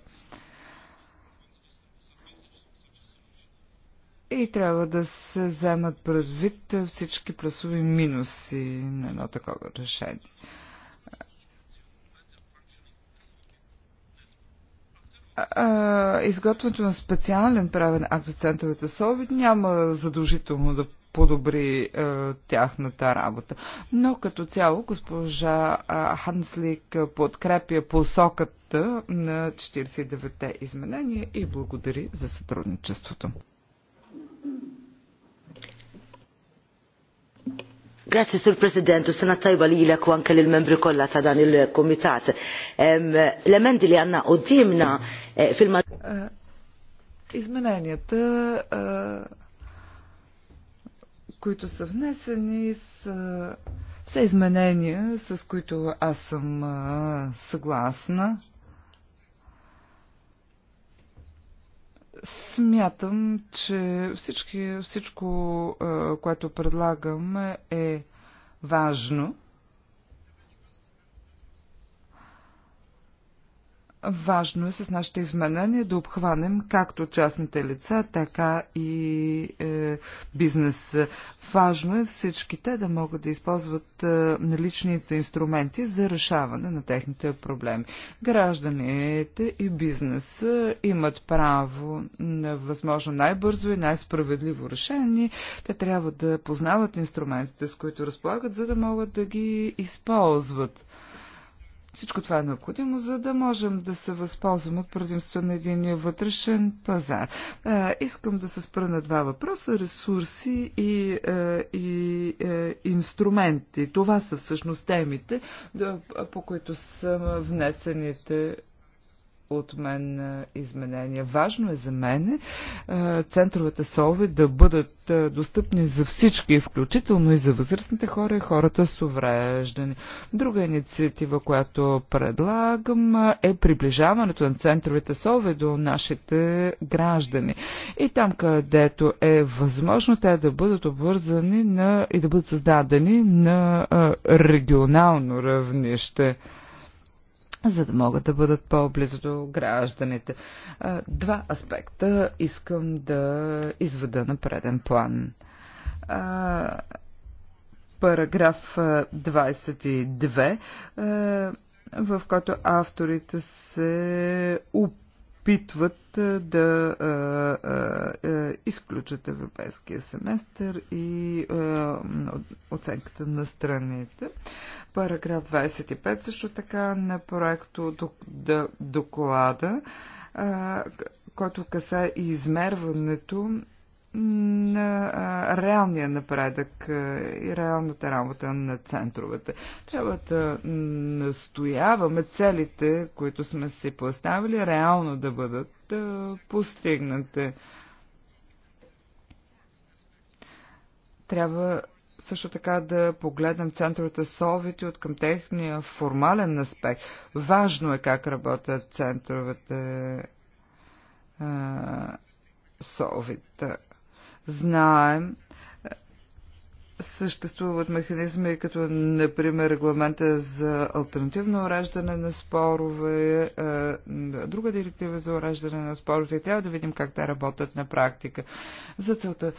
и трябва да се вземат предвид всички плюсови минуси на едно такова решение. изготвянето на специален правен акт за центровете СОВИД няма задължително да подобри е, тяхната работа. Но като цяло госпожа е, Ханслик подкрепя посоката на 49-те изменения и благодари за сътрудничеството. Grazzi Sur President, u sena tajba li jilek u anke lil membri kollha ta' dan il-komitat. L-emendi li għanna u dimna fil-ma. Измененията, които са внесени, са все изменения, с които аз съм съгласна. Смятам, че всички, всичко, което предлагам е важно. Важно е с нашите изменения да обхванем както частните лица, така и е, бизнес. Важно е всички те да могат да използват е, наличните инструменти за решаване на техните проблеми. Гражданите и бизнес имат право на възможно най-бързо и най-справедливо решение. Те трябва да познават инструментите, с които разполагат, за да могат да ги използват всичко това е необходимо, за да можем да се възползваме от предимство на единия вътрешен пазар. А, е, искам да се спра на два въпроса ресурси и, а, е, и а, е, инструменти. Това са всъщност темите, да, по които са внесените от мен изменения. Важно е за мен центровете СОВИ да бъдат достъпни за всички, включително и за възрастните хора и хората с увреждане. Друга инициатива, която предлагам е приближаването на центровете СОВИ до нашите граждани. И там, където е възможно те да бъдат обвързани на, и да бъдат създадени на регионално равнище за да могат да бъдат по-близо до гражданите. Два аспекта искам да изведа на преден план. Параграф 22 в който авторите се опитват опитват да а, а, изключат европейския семестър и а, оценката на страните. Параграф 25 също така на проекто доклада, който каса и измерването на а, реалния напредък а, и реалната работа на центровете. Трябва да настояваме целите, които сме си поставили, реално да бъдат а, постигнати. Трябва също така да погледнем центровете Совити от към техния формален аспект. Важно е как работят центровете а, Совит. Знаем, съществуват механизми, като например регламента за альтернативно уреждане на спорове, е, друга директива за уреждане на спорове. Трябва да видим как те работят на практика. За целта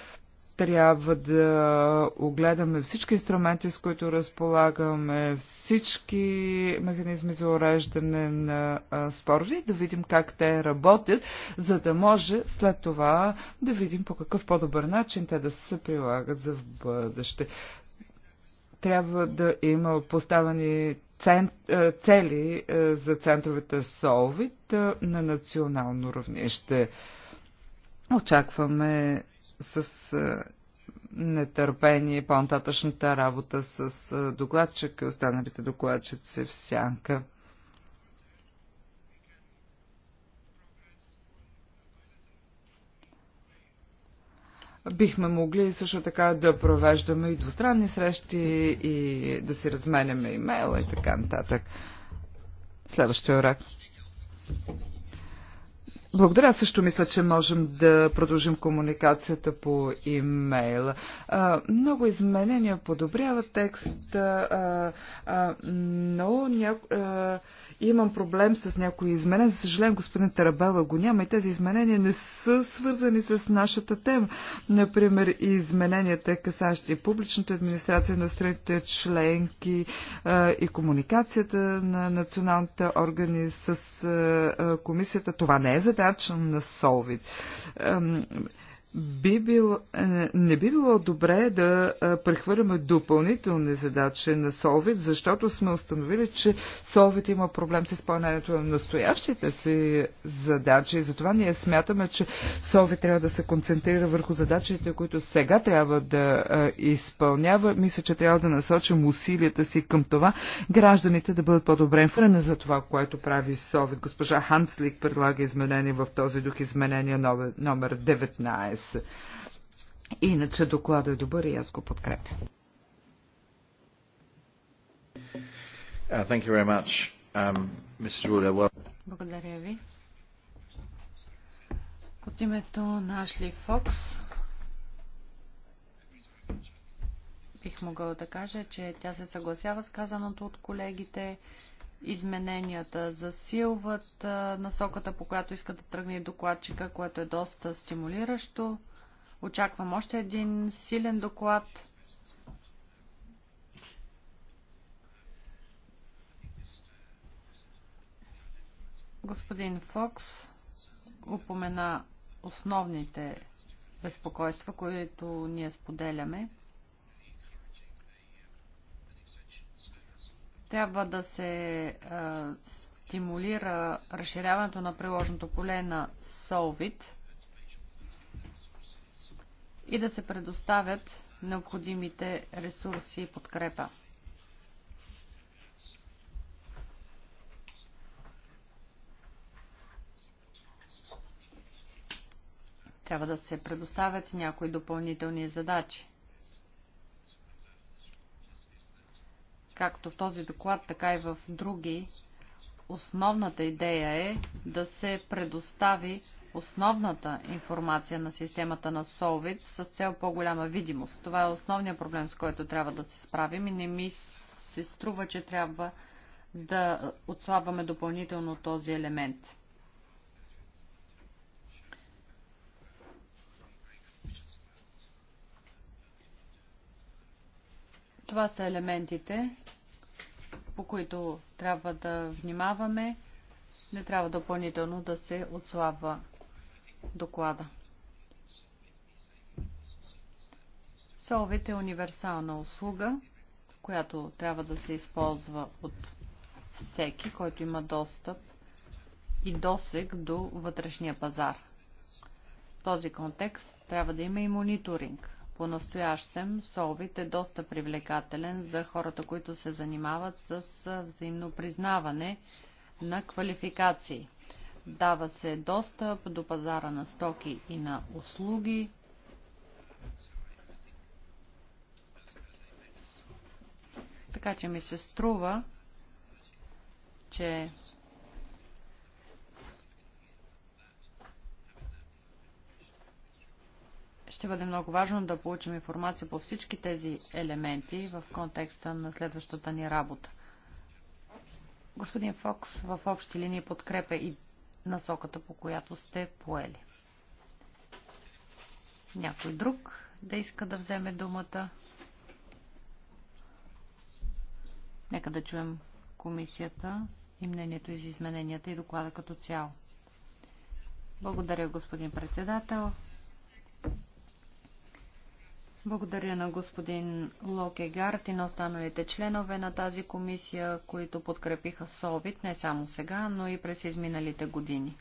трябва да огледаме всички инструменти, с които разполагаме, всички механизми за уреждане на спорове и да видим как те работят, за да може след това да видим по какъв по-добър начин те да се прилагат за в бъдеще. Трябва да има поставени цели за центровете СОВИТ на национално равнище. Очакваме с нетърпение по-нататъчната работа с докладчик и останалите докладчици в сянка. Бихме могли също така да провеждаме и двустранни срещи и да си разменяме имейла и така нататък. Следващия урок. Благодаря. Също мисля, че можем да продължим комуникацията по имейл. Много изменения подобряват текст, но няко... Имам проблем с някои изменения. За съжаление, господин Тарабела го няма и тези изменения не са свързани с нашата тема. Например, измененията, касащи публичната администрация на страните членки и комуникацията на националните органи с комисията. Това не е задача на Солвид би било, е, не би било добре да е, прехвърляме допълнителни задачи на Совид, защото сме установили, че Солвит има проблем с изпълнението на настоящите си задачи. И затова ние смятаме, че Солвит трябва да се концентрира върху задачите, които сега трябва да е, изпълнява. Мисля, че трябва да насочим усилията си към това гражданите да бъдат по-добре информирани за това, което прави Совид. Госпожа Ханслик предлага изменения в този дух, изменения номер 19 се. Иначе докладът е добър и аз го подкрепя. Uh, um, Благодаря ви. От името на Ашли Фокс бих могъл да кажа, че тя се съгласява с казаното от колегите измененията засилват насоката, по която иска да тръгне докладчика, което е доста стимулиращо. Очаквам още един силен доклад. Господин Фокс упомена основните безпокойства, които ние споделяме. Трябва да се стимулира разширяването на приложното поле на Solvit и да се предоставят необходимите ресурси и подкрепа. Трябва да се предоставят някои допълнителни задачи. както в този доклад, така и в други, основната идея е да се предостави основната информация на системата на Solvit с цел по-голяма видимост. Това е основният проблем, с който трябва да се справим и не ми се струва, че трябва да отслабваме допълнително този елемент. Това са елементите, по които трябва да внимаваме. Не трябва допълнително да се отслабва доклада. Солвит е универсална услуга, която трябва да се използва от всеки, който има достъп и досег до вътрешния пазар. В този контекст трябва да има и мониторинг. По-настоящем Солвит е доста привлекателен за хората, които се занимават с взаимно признаване на квалификации. Дава се достъп до пазара на стоки и на услуги. Така че ми се струва, че ще бъде много важно да получим информация по всички тези елементи в контекста на следващата ни работа. Господин Фокс в общи линии подкрепя и насоката, по която сте поели. Някой друг да иска да вземе думата? Нека да чуем комисията и мнението и за измененията и доклада като цяло. Благодаря, господин председател. Благодаря на господин Гарт и на останалите членове на тази комисия, които подкрепиха СОВИД не само сега, но и през изминалите години.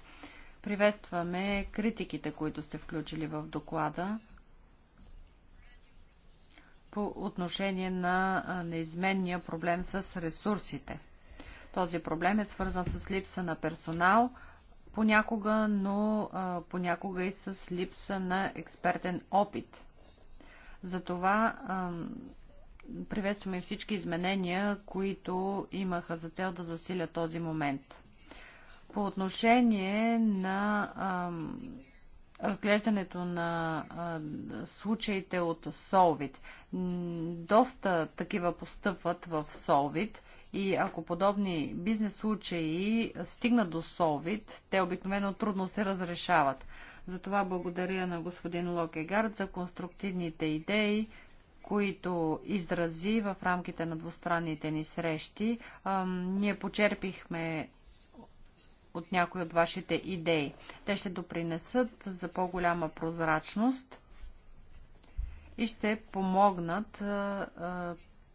Приветстваме критиките, които сте включили в доклада по отношение на неизменния проблем с ресурсите. Този проблем е свързан с липса на персонал понякога, но понякога и с липса на експертен опит – затова приветстваме всички изменения, които имаха за цел да засилят този момент. По отношение на разглеждането на а, случаите от Солвит, доста такива постъпват в Солвит и ако подобни бизнес случаи стигнат до Солвит, те обикновено трудно се разрешават. Затова благодаря на господин Локегард за конструктивните идеи, които изрази в рамките на двустранните ни срещи. Ние почерпихме от някои от вашите идеи. Те ще допринесат за по-голяма прозрачност и ще помогнат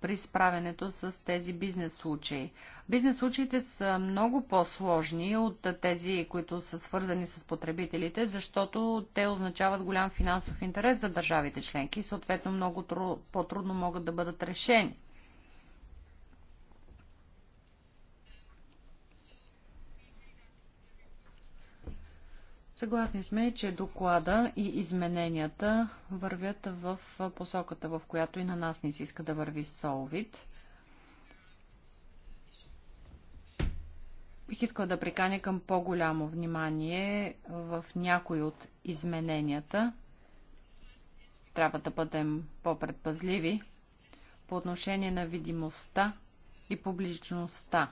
при справянето с тези бизнес случаи. Бизнес случаите са много по-сложни от тези, които са свързани с потребителите, защото те означават голям финансов интерес за държавите членки и съответно много по-трудно могат да бъдат решени. Съгласни сме, че доклада и измененията вървят в посоката, в която и на нас не се иска да върви Солвит. Бих искал да приканя към по-голямо внимание в някои от измененията. Трябва да бъдем по-предпазливи по отношение на видимостта и публичността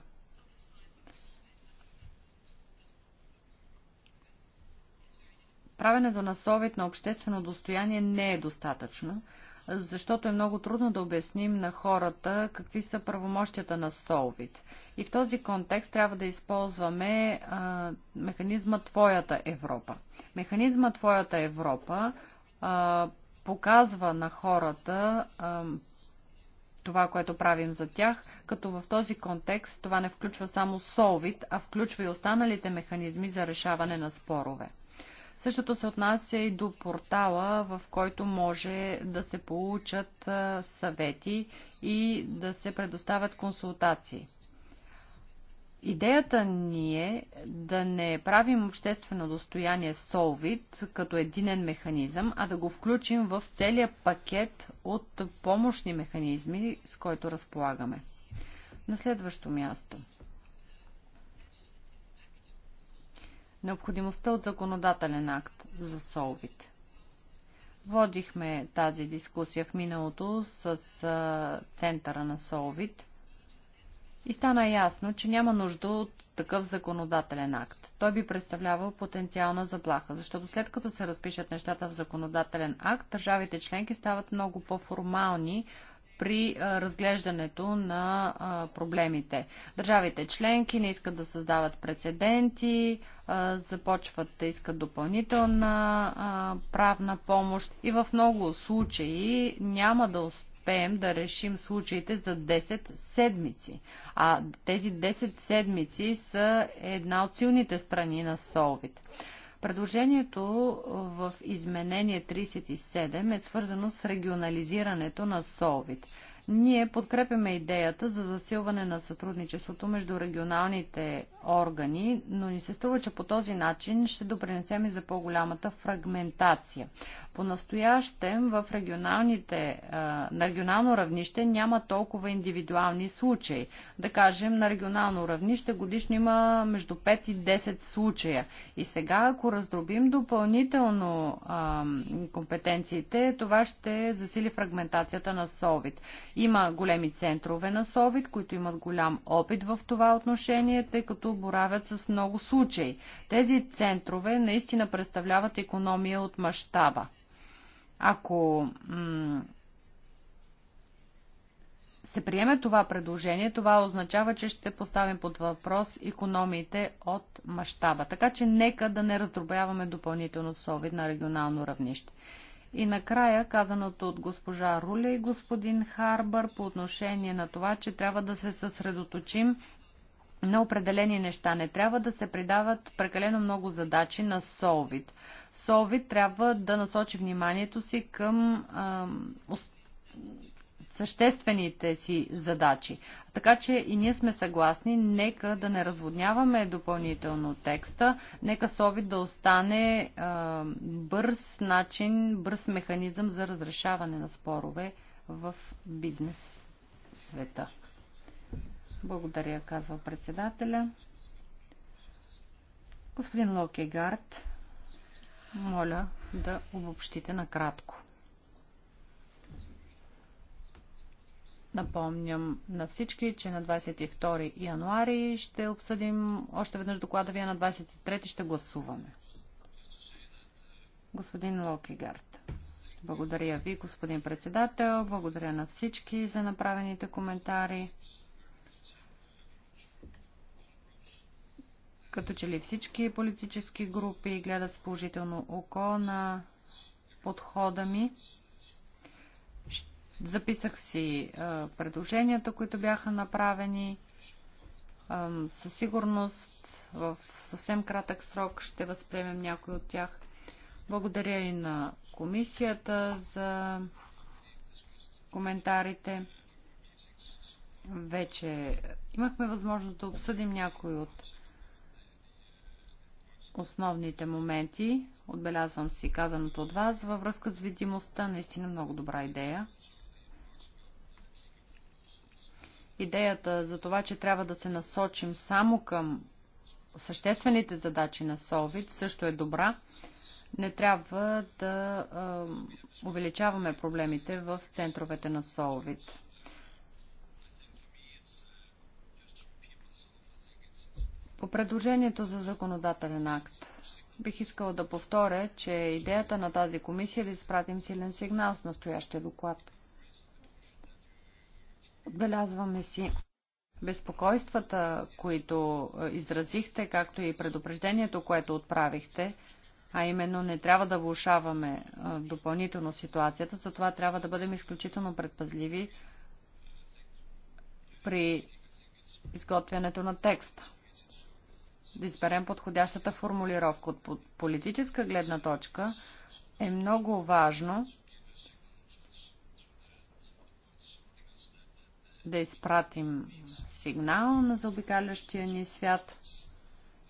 Правенето на съвет на обществено достояние не е достатъчно, защото е много трудно да обясним на хората какви са правомощията на Солвит. И в този контекст трябва да използваме а, механизма Твоята Европа. Механизма Твоята Европа а, показва на хората а, това, което правим за тях, като в този контекст това не включва само Солвит, а включва и останалите механизми за решаване на спорове. Същото се отнася и до портала, в който може да се получат съвети и да се предоставят консултации. Идеята ни е да не правим обществено достояние Solvit като единен механизъм, а да го включим в целия пакет от помощни механизми, с който разполагаме. На следващо място – необходимостта от законодателен акт за Солвит. Водихме тази дискусия в миналото с центъра на Солвит и стана ясно, че няма нужда от такъв законодателен акт. Той би представлявал потенциална заплаха, защото след като се разпишат нещата в законодателен акт, държавите членки стават много по-формални при разглеждането на проблемите. Държавите членки не искат да създават прецеденти, започват да искат допълнителна правна помощ и в много случаи няма да успеем да решим случаите за 10 седмици. А тези 10 седмици са една от силните страни на Солвит. Предложението в изменение 37 е свързано с регионализирането на СОВИД. Ние подкрепяме идеята за засилване на сътрудничеството между регионалните органи, но ни се струва, че по този начин ще допринесем и за по-голямата фрагментация. По-настоящем в регионалните, на регионално равнище няма толкова индивидуални случаи. Да кажем, на регионално равнище годишно има между 5 и 10 случая. И сега, ако раздробим допълнително компетенциите, това ще засили фрагментацията на СОВИД. Има големи центрове на СОВИД, които имат голям опит в това отношение, тъй като боравят с много случаи. Тези центрове наистина представляват економия от мащаба. Ако се приеме това предложение, това означава, че ще поставим под въпрос економиите от мащаба. Така че нека да не раздробяваме допълнително СОВИД на регионално равнище. И накрая казаното от госпожа Руля и господин Харбър по отношение на това, че трябва да се съсредоточим на определени неща. Не трябва да се придават прекалено много задачи на Солвит. Солвит трябва да насочи вниманието си към съществените си задачи. Така че и ние сме съгласни, нека да не разводняваме допълнително текста, нека СОВИД да остане а, бърз начин, бърз механизъм за разрешаване на спорове в бизнес света. Благодаря, казва председателя. Господин Локегард, моля да обобщите накратко. Напомням на всички, че на 22 януари ще обсъдим още веднъж доклада вие на 23 ще гласуваме. Господин Локигард. Благодаря ви, господин председател. Благодаря на всички за направените коментари. Като че ли всички политически групи гледат с положително око на подхода ми. Записах си предложенията, които бяха направени. Със сигурност в съвсем кратък срок ще възприемем някой от тях. Благодаря и на комисията за коментарите. Вече имахме възможност да обсъдим някои от основните моменти. Отбелязвам си казаното от вас във връзка с видимостта. Наистина много добра идея идеята за това, че трябва да се насочим само към съществените задачи на СОВИД, също е добра. Не трябва да а, увеличаваме проблемите в центровете на СОВИД. По предложението за законодателен акт бих искала да повторя, че идеята на тази комисия е да изпратим силен сигнал с настоящия доклад. Отбелязваме си безпокойствата, които е, изразихте, както и предупреждението, което отправихте, а именно не трябва да влушаваме е, допълнително ситуацията, затова трябва да бъдем изключително предпазливи при изготвянето на текста. Да изберем подходящата формулировка. От политическа гледна точка е много важно да изпратим сигнал на заобикалящия ни свят,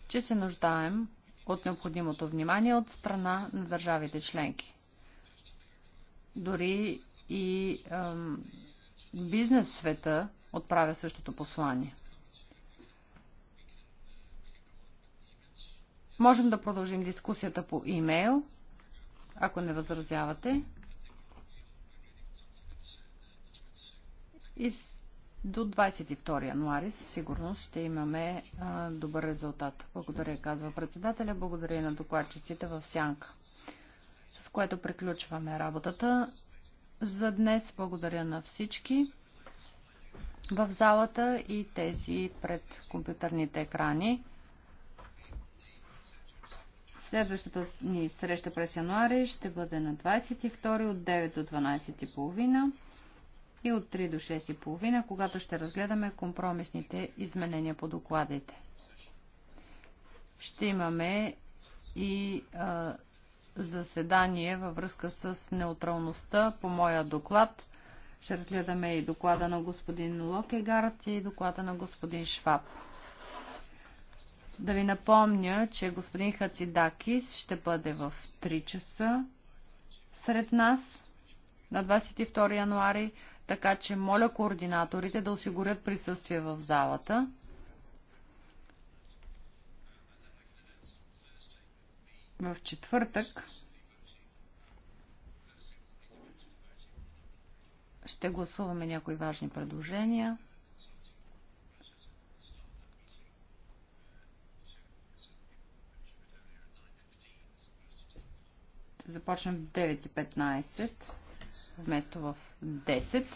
че се нуждаем от необходимото внимание от страна на държавите членки. Дори и е, бизнес света отправя същото послание. Можем да продължим дискусията по имейл, ако не възразявате. И до 22 януари със сигурност ще имаме а, добър резултат. Благодаря, казва председателя. Благодаря и на докладчиците в Сянка. С което приключваме работата. За днес благодаря на всички в залата и тези пред компютърните екрани. Следващата ни среща през януари ще бъде на 22 от 9 до 12.30 и от 3 до 6.30, когато ще разгледаме компромисните изменения по докладите. Ще имаме и а, заседание във връзка с неутралността по моя доклад. Ще разгледаме и доклада на господин Локегард и доклада на господин Шваб. Да ви напомня, че господин Хацидакис ще бъде в 3 часа сред нас на 22 януари. Така че моля координаторите да осигурят присъствие в залата. В четвъртък ще гласуваме някои важни предложения. Започнем в 9.15 вместо в 10,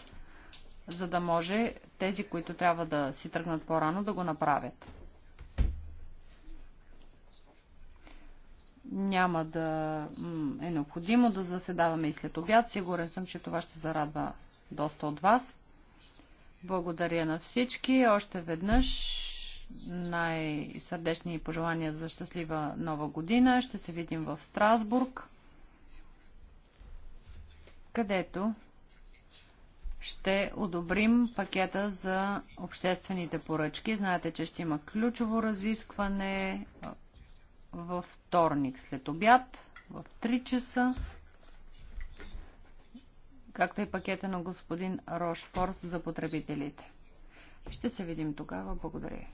за да може тези, които трябва да си тръгнат по-рано, да го направят. Няма да е необходимо да заседаваме и след обяд. Сигурен съм, че това ще зарадва доста от вас. Благодаря на всички. Още веднъж най-сърдечни пожелания за щастлива нова година. Ще се видим в Страсбург където ще одобрим пакета за обществените поръчки. Знаете, че ще има ключово разискване във вторник след обяд в 3 часа, както и пакета на господин Рошфорд за потребителите. Ще се видим тогава. Благодаря.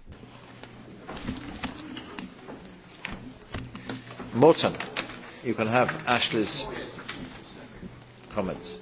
Morton, you can have Ashley's comments.